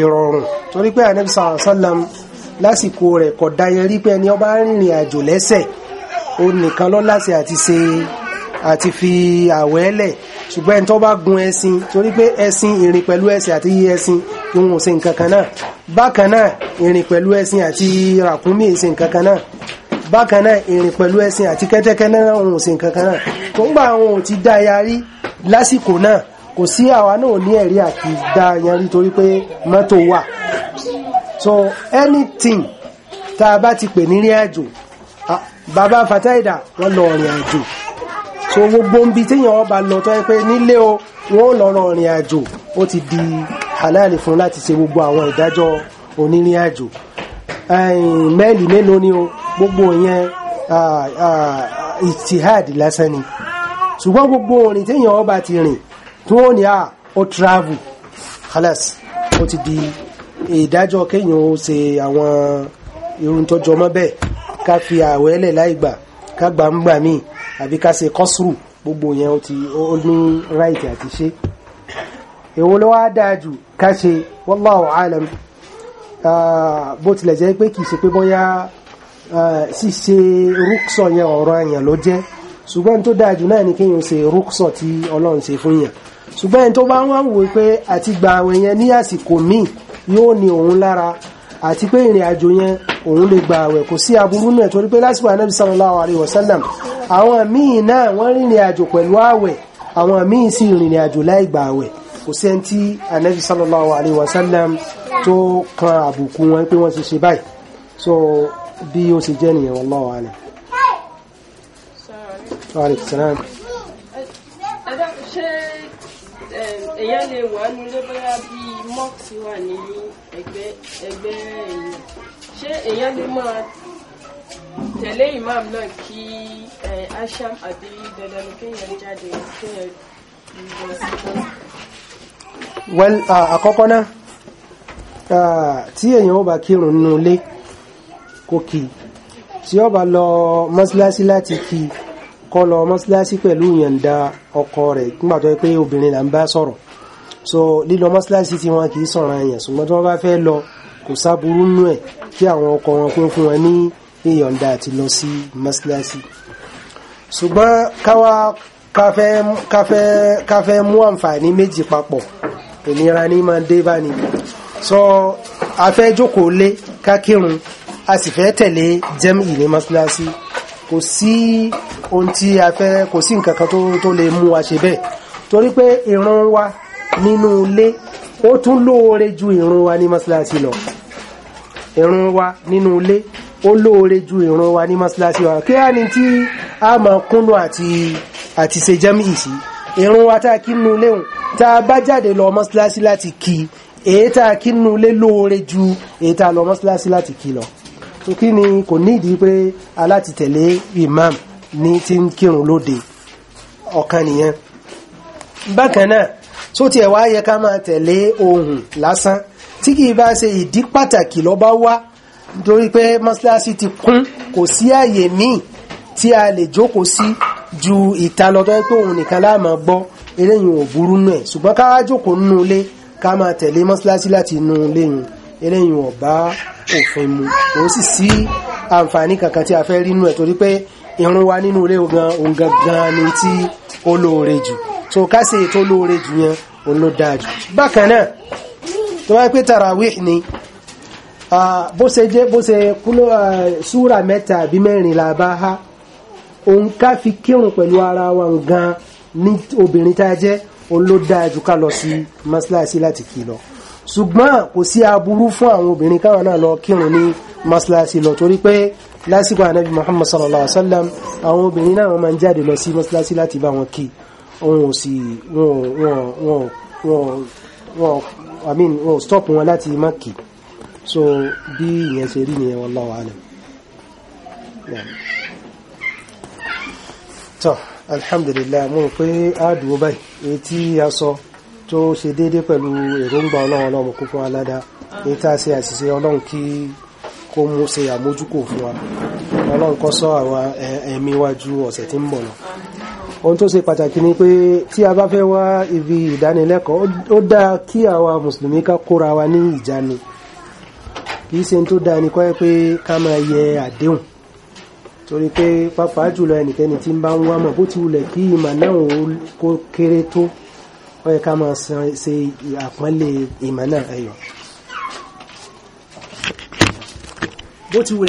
ìrọ̀rùn torí pé ànábì sallam lásìkò rẹ̀ kò dáyẹrí pé ẹni ó rìnrìn àjò lẹ́sẹ̀ òun nìkan ló láṣẹ àti ṣe àti fi àwẹ̀ lẹ̀ ṣùgbọ́n ẹni tó bá gun ẹṣin torí pé ẹṣin ìrìn pẹ̀lú ẹṣin àti yí ẹṣin ìwọ̀n ṣe nǹkan kan náà bákan náà ìrìn pẹ̀lú ẹṣin àti ràkúnmí ṣe nǹkan kan náà bákan náà ìrìn pẹ̀lú ẹṣin àti kẹ́tẹ́kẹ́ náà òun ṣe nǹkan kan náà tó ń gbà àwọn òun ti dá yarí lásìkò náà kò sí àwa náà ní ẹ̀rí àti dá yarí torí pé mọ́tò wà so anything tá a bá ti pè ní rí àjò Ah, bàbá fataida wọ́n lọ rìn àjò so gbogbo nbi téèyàn ọba lọ tó yẹ pé nílé o wọ́n lọ rìn àjò ó ti di halal fún láti ṣe gbogbo àwọn ìdájọ́ onírìn àjò mẹ́ẹ̀lì mélòó ni o gbogbo yẹn ah, ah, ìtìhad lásán ni ṣùgbọ́n gbogbo orin téèyàn ọba ti rìn tó ó ní à ó travel halas ó ti di ìdájọ́ kéèyàn ó ṣe àwọn irun tó jọmọ́ bẹ́ẹ̀ ká fi àwẹ̀ lẹ̀ láì gbà ká gbà ń gbà míì àbí ká ṣe kọ́sùrù gbogbo yẹn ó ti ó ní ráìtì àti ṣe èwo ló wá dáa jù ká ṣe wallahu alam bó tilẹ̀ jẹ́ pé kìí ṣe pé bóyá ṣíṣe rúksọ yẹn ọ̀rọ̀ àyàn ló jẹ́ ṣùgbọ́n tó dáa jù náà ni kéèyàn ṣe rúksọ tí ọlọ́run ṣe fún yàn ṣùgbọ́n tó bá wá wò pé àti gbà àwẹ̀ yẹn ní àsìkò míì yóò ní òun lára àti pé ìrìn àjò yẹn òun lè gba àwẹ̀ kò sí aburú náà torí pé lásìkò anábì sallallahu alaihi wasallam àwọn míì náà wọ́n rìnrìn àjò pẹ̀lú àwẹ̀ àwọn míì sì rìnrìn àjò láì gba àwẹ̀ kò sí ẹni anábì sallallahu alaihi wasallam tó kan àbùkù wọn pé wọ́n ti ṣe báyìí so bí ó ṣe jẹ́ nìyẹn wallahu alam. ṣé èèyàn eh, lè wà nílé bóyá bíi mọ́ọ̀kì wà nílé ẹgbẹ́ èèyàn ṣé èèyàn lè máa tẹ̀lé imam náà kí asham àbí dandan ni kéèyàn jáde kéèyàn lọ sí mọ́sálásí. well àkọ́kọ́ náà tí èèyàn ó bá kírun nínú ilé kó kì í tí ó bá lọ mọ́sálásí láti kì í kọ́ lọ mọ́sálásí pẹ̀lú ìyànda ọkọ rẹ̀ nígbà tó yẹ pé obìnrin là ń bá sọ̀rọ̀ so lílọ mọ́sálásí tí wọn kì í sọ̀rọ̀ ẹ̀yàn ṣùgbọ́n tí wọ́n bá fẹ́ lọ kò sáburú nú ẹ̀ kí àwọn ọkọ wọn pín fún wọn ní ìyọ̀ǹda àti lọ sí mọ́síláṣí ṣùgbọ́n káwa káfẹ́ mú àǹfààní méjì papọ̀ òmìnira ní máa dé bá ni sọ afẹ́ jókòó lé kákírun a sì fẹ́ tẹ̀lé jẹ́mì ní mọ́síláṣí kò sí ohun tí a fẹ́ kò sí nǹkan kan tó lè mú wa ṣe bẹ́ẹ̀ torí pé ìran wa nínú ilé ó tún lóore ju ìrun wa ní mọ́sálásí lọ ìrun wa nínú ilé ó lóore ju ìrun wa ní mọ́sálásí wa kí á ní tí a máa kúnnú àti àti ṣe jẹ́mìí sí ìrun wa tá a kí nínú ilé hùn tá a bá jáde lọ mọ́sálásí láti kí èyí tá a kí nínú ilé lóore ju èyí tá a lọ mọ́sálásí láti kí lọ kí ni kò nídìí pé aláti tẹ̀lé imam ní tí ń kírun lóde ọ̀kan nìyẹn bákan náà so tiẹ̀ wá yẹ ká máa tẹ̀lé ohun lásán tí kìí bá ṣe ìdí pàtàkì ló bá wá nítorí pé mọ́ṣáláṣí ti kún kò sí àyè míì tí a lè jókòó sí ju ìta lọ tó yẹ pé òun nìkan láàmà gbọ́ eléyìí ò burú nù ẹ̀ ṣùgbọ́n ká wá jókòó nínú ilé ká máa tẹ̀lé mọ́ṣáláṣí láti inú ilé yìí eléyìí ò bá òfin mu òun sì sí àǹfààní kankan tí a fẹ́ rí nù ẹ̀ torí pé ìrun wa nínú ilé òun gangan ni tí ó jù so ká ṣe ètò lóore jù yẹn òun ló dáa jù tó wáyé pé tarawih ni bó ṣe jẹ́ bó ṣe kúló súra mẹ́ta àbí mẹ́rin la bá há òun ká fi kírun pẹ̀lú ara wa gan ní obìnrin tá a jẹ́ òun ló dáa jù ká lọ sí mọ́ṣáláṣí láti kí lọ ṣùgbọ́n kò sí aburú fún àwọn obìnrin káwọn náà lọ kírun ní mọ́sálásí lọ torí pé lásìkò ànábì Muhammad sallallahu alaihi wasallam àwọn obìnrin náà wọ́n máa ń jáde lọ sí mọ́sálásí láti bá wọn kí wọn ò sì wọn ò wọn ò wọn ò i mean wọn ò stop wọn láti má kì so bí ìyẹn ṣe rí nìyẹn wallahu alam tọ́ alhamdulillah mo rò pé àdúgbò báyìí èyí tí a sọ tó ṣe déédé pẹ̀lú èròǹgbà ọlọ́run ọlọ́run kúkú aládá èyí tá a ṣe àṣìṣe ọlọ́run kí kó mú ṣe àmójúkò fún wa ọlọ́run kó ṣọ́ àwọn ẹ̀mí wájú ọ̀sẹ̀ tí ń bọ̀ lọ ohun tó ṣe pàtàkì ni pé tí a bá fẹ́ wá ibi ìdánilẹ́kọ̀ọ́ ó dáa kí àwa mùsùlùmí ká kóra wa ní ìjánu kì í ṣe tó dáa ni kọ́ pé ká máa yẹ àdéhùn torí pé pàápàá jùlọ ẹnikẹ́ni tí ń bá ń wá mọ̀ bó ti wulẹ̀ kí ìmọ̀ náà kó kéré tó ó yẹ ká máa ṣe àpọ́nlé ìmọ̀ náà ẹ̀yọ̀ bó ti wulẹ̀